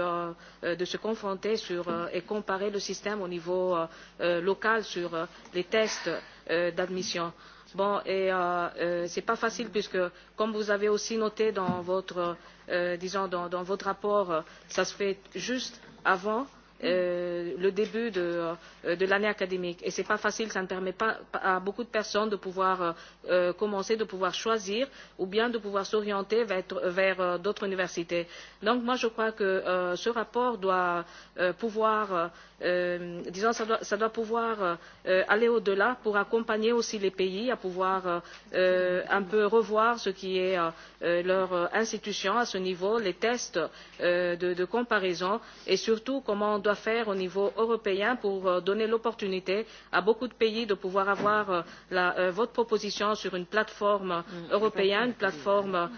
J: euh, de se confronter sur, euh, et comparer le système au niveau euh, euh local sur euh, les tests euh, d'admission. Bon, et euh, euh, ce n'est pas facile puisque, comme vous avez aussi noté dans votre, euh, disons, dans, dans votre rapport, ça se fait juste avant euh, le début de, euh, de l'année académique. Et ce n'est pas facile, ça ne permet pas à beaucoup de personnes de pouvoir euh, euh, commencer, de pouvoir choisir ou bien de pouvoir s'orienter vers, vers euh, d'autres universités. Donc moi je crois que euh, ce rapport doit euh, pouvoir, euh, disons, ça doit, ça doit pouvoir euh, aller au-delà pour accompagner aussi les pays à pouvoir euh, euh un peu revoir ce qui est euh, leur institution à ce niveau, les tests euh, de, de comparaison et surtout comment doit faire au niveau européen pour euh, donner l'opportunité à beaucoup de pays de pouvoir avoir euh, la, euh, votre proposition sur une plateforme mm, européenne, une plateforme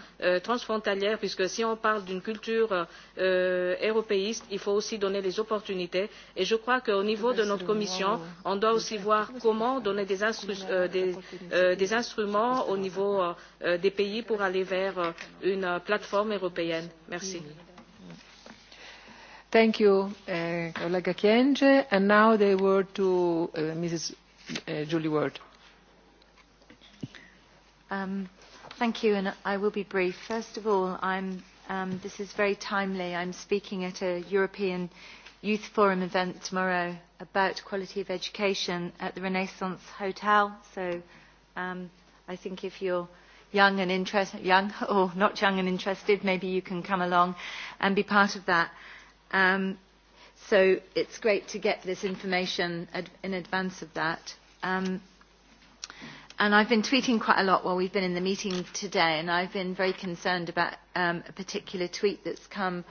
J: transfrontalière, puisque si on parle d'une culture européiste, il faut aussi donner les opportunités. Et je crois qu'au niveau de notre commission, on doit aussi voir comment donner des, instru des, des instruments au niveau des pays pour aller vers une plateforme européenne. Merci. Mm.
A: Thank you, uh, collega Kienge. And now the word to uh, eh, Mrs. Uh, eh, Julie Ward.
E: Um, thank you, and I will be brief. First of all, I'm, um, this is very timely. I'm speaking at a European Youth Forum event tomorrow about quality of education at the Renaissance Hotel. So um, I think if you're young and interested, young [LAUGHS] or not young and interested, maybe you can come along and be part of that. Um, so it's great to get this information ad in advance of that. Um, and I've been tweeting quite a lot while we've been in the meeting today, and I've been very concerned about um, a particular tweet that's come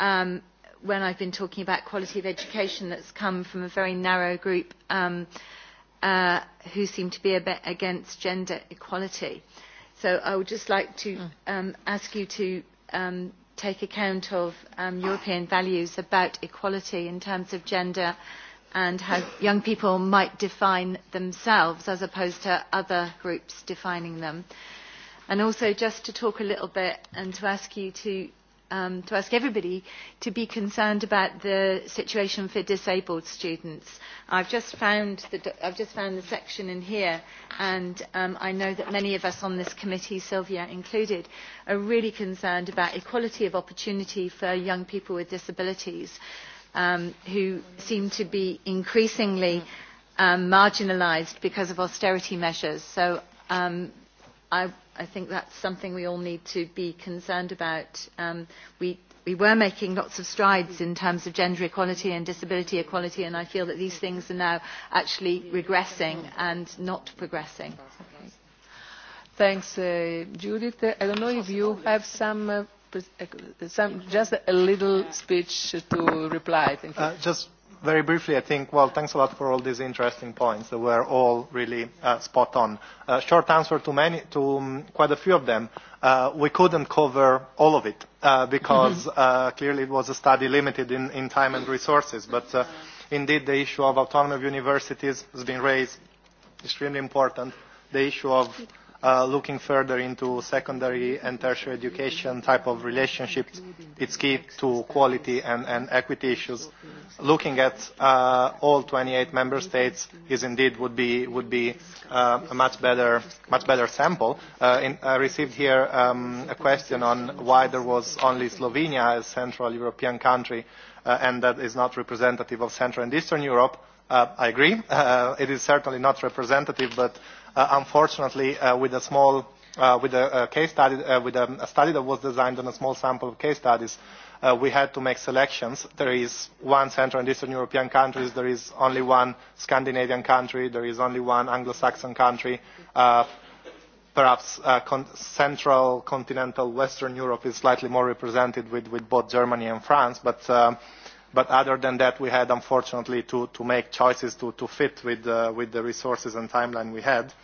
E: um, when I've been talking about quality of education that's come from a very narrow group um, uh, who seem to be a bit against gender equality. So I would just like to hmm. um, ask you to um, take account of um, European values about equality in terms of gender and how young people might define themselves as opposed to other groups defining them. And also just to talk a little bit and to ask you to um, to ask everybody to be concerned about the situation for disabled students. I've just found the, I've just found the section in here, and um, I know that many of us on this committee, Sylvia included, are really concerned about equality of opportunity for young people with disabilities um, who seem to be increasingly um, marginalised because of austerity measures. So um, I I think that's something we all need to be concerned about. Um, we, we were making lots of strides in terms of gender equality and disability equality, and I feel that these things are now actually regressing and not progressing. Okay. Thanks, uh, Judith. I don't know if you have some, uh, uh, some
A: just a little speech to reply. Thank you.
H: Uh, just very briefly, I think, well, thanks a lot for all these interesting points that were all really uh, spot on. Uh, short answer to, many, to um, quite a few of them. Uh, we couldn't cover all of it uh, because mm -hmm. uh, clearly it was a study limited in, in time and resources. But uh, indeed, the issue of autonomy of universities has been raised, extremely important. The issue of uh, looking further into secondary and tertiary education type of relationships, it's key to quality and, and equity issues. Looking at uh, all 28 member states is indeed would be would be uh, a much better much better sample. Uh, in, I received here um, a question on why there was only Slovenia as Central European country uh, and that is not representative of Central and Eastern Europe. Uh, I agree. [LAUGHS] Uh, it is certainly not representative, but uh, unfortunately, uh, with a small uh, with a a case study, uh, with a a study that was designed on a small sample of case studies, Uh, we had to make selections. There is one Central and Eastern European country, there is only one Scandinavian country, there is only one Anglo-Saxon country. Uh, perhaps uh, con Central, Continental, Western Europe is slightly more represented with, with both Germany and France, but, uh, but other than that, we had, unfortunately, to, to make choices to, to fit with, uh, with the resources and timeline we had.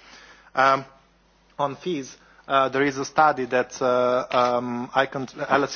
H: Um, on fees, uh, there is a study that uh, um, Icon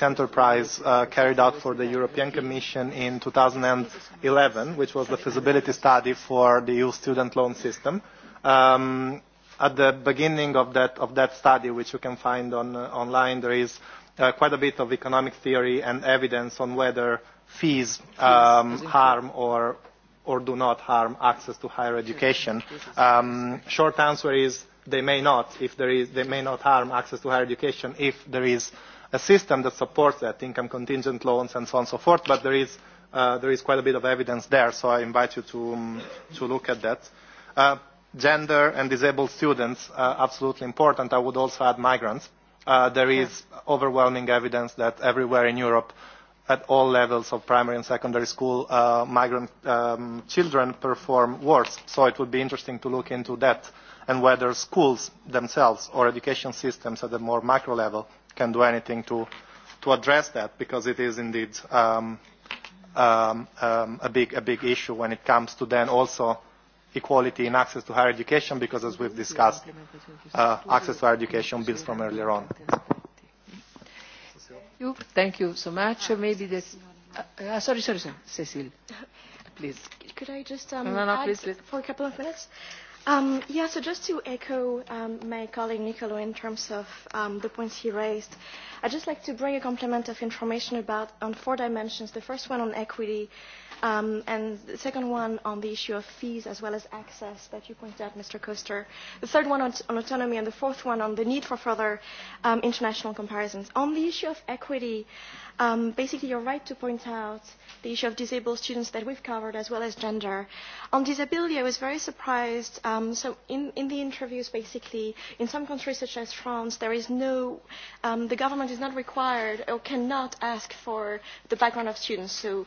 H: Enterprise uh, carried out for the European Commission in 2011, which was the feasibility study for the EU student loan system. Um, at the beginning of that, of that study, which you can find on, uh, online, there is uh, quite a bit of economic theory and evidence on whether fees um, harm or, or do not harm access to higher education. Um, short answer is they may not if there is they may not harm access to higher education if there is a system that supports that income contingent loans and so on and so forth but there is uh, there is quite a bit of evidence there so i invite you to um, to look at that uh, gender and disabled students uh, absolutely important i would also add migrants uh, there is yeah. overwhelming evidence that everywhere in europe at all levels of primary and secondary school, uh, migrant um, children perform worse. So it would be interesting to look into that and whether schools themselves or education systems at a more macro level can do anything to, to address that because it is indeed um, um, um, a, big, a big issue when it comes to then also equality in access to higher education because as we've discussed, uh, access to higher education builds from earlier on.
A: thank you so much. Uh, Maybe this... Uh, uh, sorry, sorry, sorry, Cecile, please.
K: Could I just um, no, no, no, add please, please. for a couple of minutes? Um, yeah, so just to echo um, my colleague Nicolo in terms of um, the points he raised, I'd just like to bring a complement of information about on four dimensions. The first one on equity, Um, and the second one on the issue of fees as well as access that you pointed out, Mr. Koester. The third one on, on autonomy and the fourth one on the need for further um, international comparisons. On the issue of equity, um, basically you're right to point out the issue of disabled students that we've covered as well as gender. On disability, I was very surprised. Um, so in, in the interviews, basically, in some countries such as France, there is no, um, the government is not required or cannot ask for the background of students. So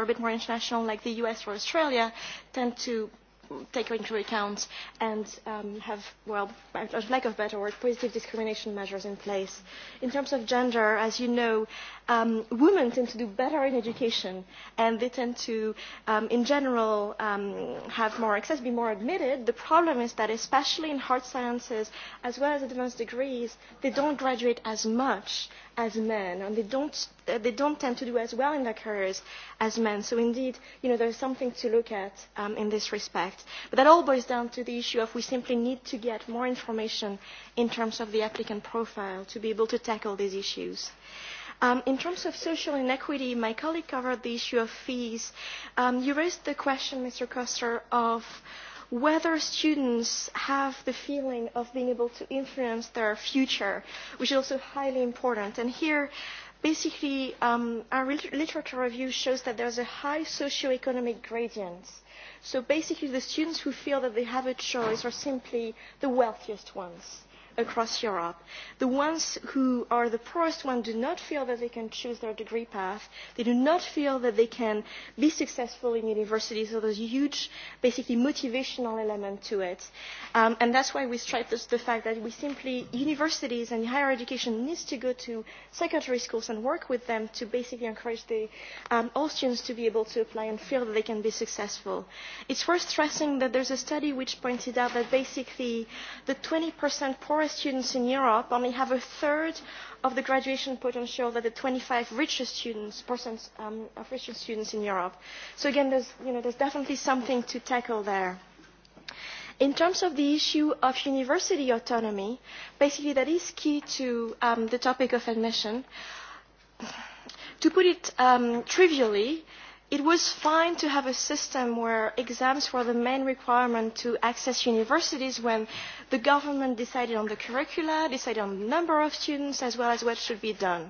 K: are a bit more international, like the US or Australia, tend to take into account and um, have, well, for lack of better word, positive discrimination measures in place. In terms of gender, as you know, um, women tend to do better in education and they tend to, um, in general, um, have more access, be more admitted. The problem is that especially in hard sciences, as well as advanced degrees, they don't graduate as much as men and they don't, uh, they don't tend to do as well in their careers as men. So indeed, you know, there's something to look at um, in this respect steps. But that all boils down to the issue of we simply need to get more information in terms of the applicant profile to be able to tackle these issues. Um, in terms of social inequity, my colleague covered the issue of fees. Um, you raised the question, Mr. Koster, of whether students have the feeling of being able to influence their future, which is also highly important. And here, basically um, our literature review shows that there is a high socio-economic gradient. So basically the students who feel that they have a choice are simply the wealthiest ones across Europe. The ones who are the poorest ones do not feel that they can choose their degree path. They do not feel that they can be successful in university. So there's a huge, basically, motivational element to it. Um, and that's why we stress this, the fact that we simply, universities and higher education needs to go to secondary schools and work with them to basically encourage the, um, all students to be able to apply and feel that they can be successful. It's worth stressing that there's a study which pointed out that basically the 20% poorest students in europe only have a third of the graduation potential that the 25 richest students percent um, of richest students in europe. so again there's, you know, there's definitely something to tackle there. In terms of the issue of university autonomy, basically that is key to um, the topic of admission. To put it um, trivially, it was fine to have a system where exams were the main requirement to access universities when the government decided on the curricula, decided on the number of students, as well as what should be done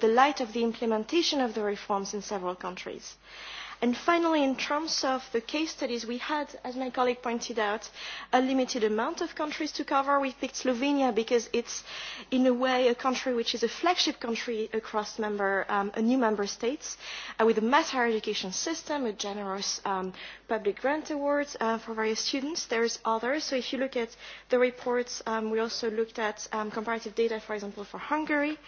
K: the light of the implementation of the reforms in several countries. And finally, in terms of the case studies, we had, as my colleague pointed out, a limited amount of countries to cover. We picked Slovenia because it's, in a way, a country which is a flagship country across member, um, a new member states, uh, with a mass higher education system, a generous um, public grant awards uh, for various students. There's others. So if you look at the reports, um, we also looked at um, comparative data, for example, for Hungary.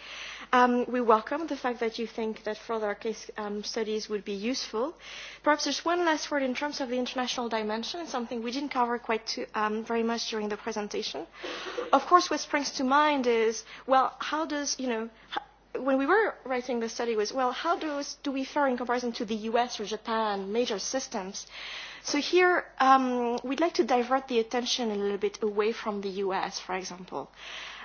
K: Um, we welcome the fact that you think that further case um, studies would be useful Perhaps there's one last word in terms of the international dimension, something we didn't cover quite too, um, very much during the presentation. Of course, what springs to mind is, well, how does, you know, when we were writing the study was, well, how does, do we fare in comparison to the US or Japan, major systems? So here, um, we'd like to divert the attention a little bit away from the US, for example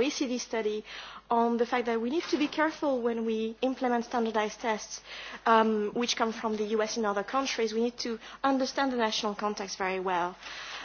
K: OECD study on the fact that we need to be careful when we implement standardized tests um, which come from the US and other countries. We need to understand the national context very well.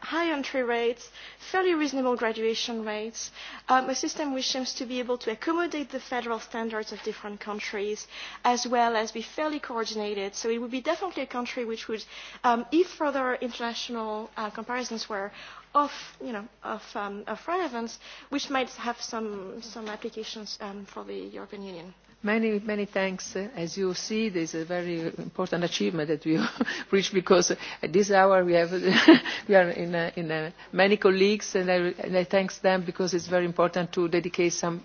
K: high entry rates, fairly reasonable graduation rates, um, a system which seems to be able to accommodate the federal standards of different countries, as well as be fairly coordinated. So it would be definitely a country which would, um, if further international uh, comparisons were of, you know, of, um, of relevance, which might have some, some applications um, for the European Union.
A: Many, many thanks. As you see, this is a very important achievement that we [LAUGHS] reached because at this hour we, have, [LAUGHS] we are in, a, in a, many colleagues and I, and I thank them because it's very important to dedicate some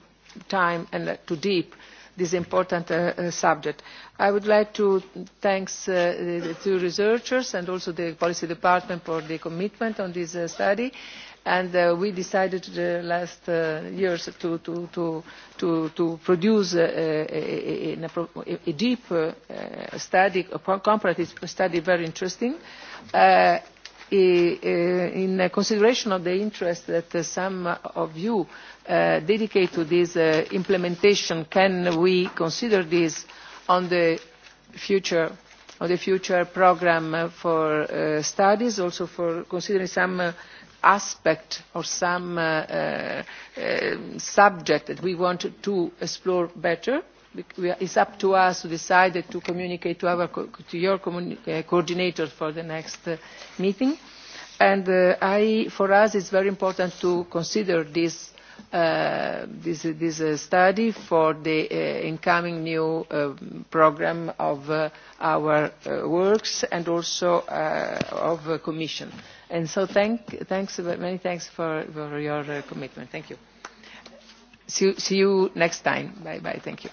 A: time and uh, to deep this important uh, uh, subject. I would like to thank uh, the two researchers and also the policy department for the commitment on this uh, study. Uh, and uh, we decided uh, last uh, years to, to, to, to, to produce uh, a, a, a deep uh, uh, study, a comparative study, very interesting. Uh, uh, in consideration of the interest that uh, some of you uh, dedicate to this uh, implementation, can we consider this on the future on the future program for uh, studies, also for considering some uh, aspect or some uh, uh, uh, subject that we want to explore better It's is up to us to decide to communicate to, our, to your coordinator for the next meeting and I, for us it's very important to consider this Uh, this, this uh, study for the uh, incoming new uh, programme of uh, our uh, works and also of the commission. And so thank, thanks, many thanks for, for your commitment. Thank you. See, see you next time. Bye bye. Thank you.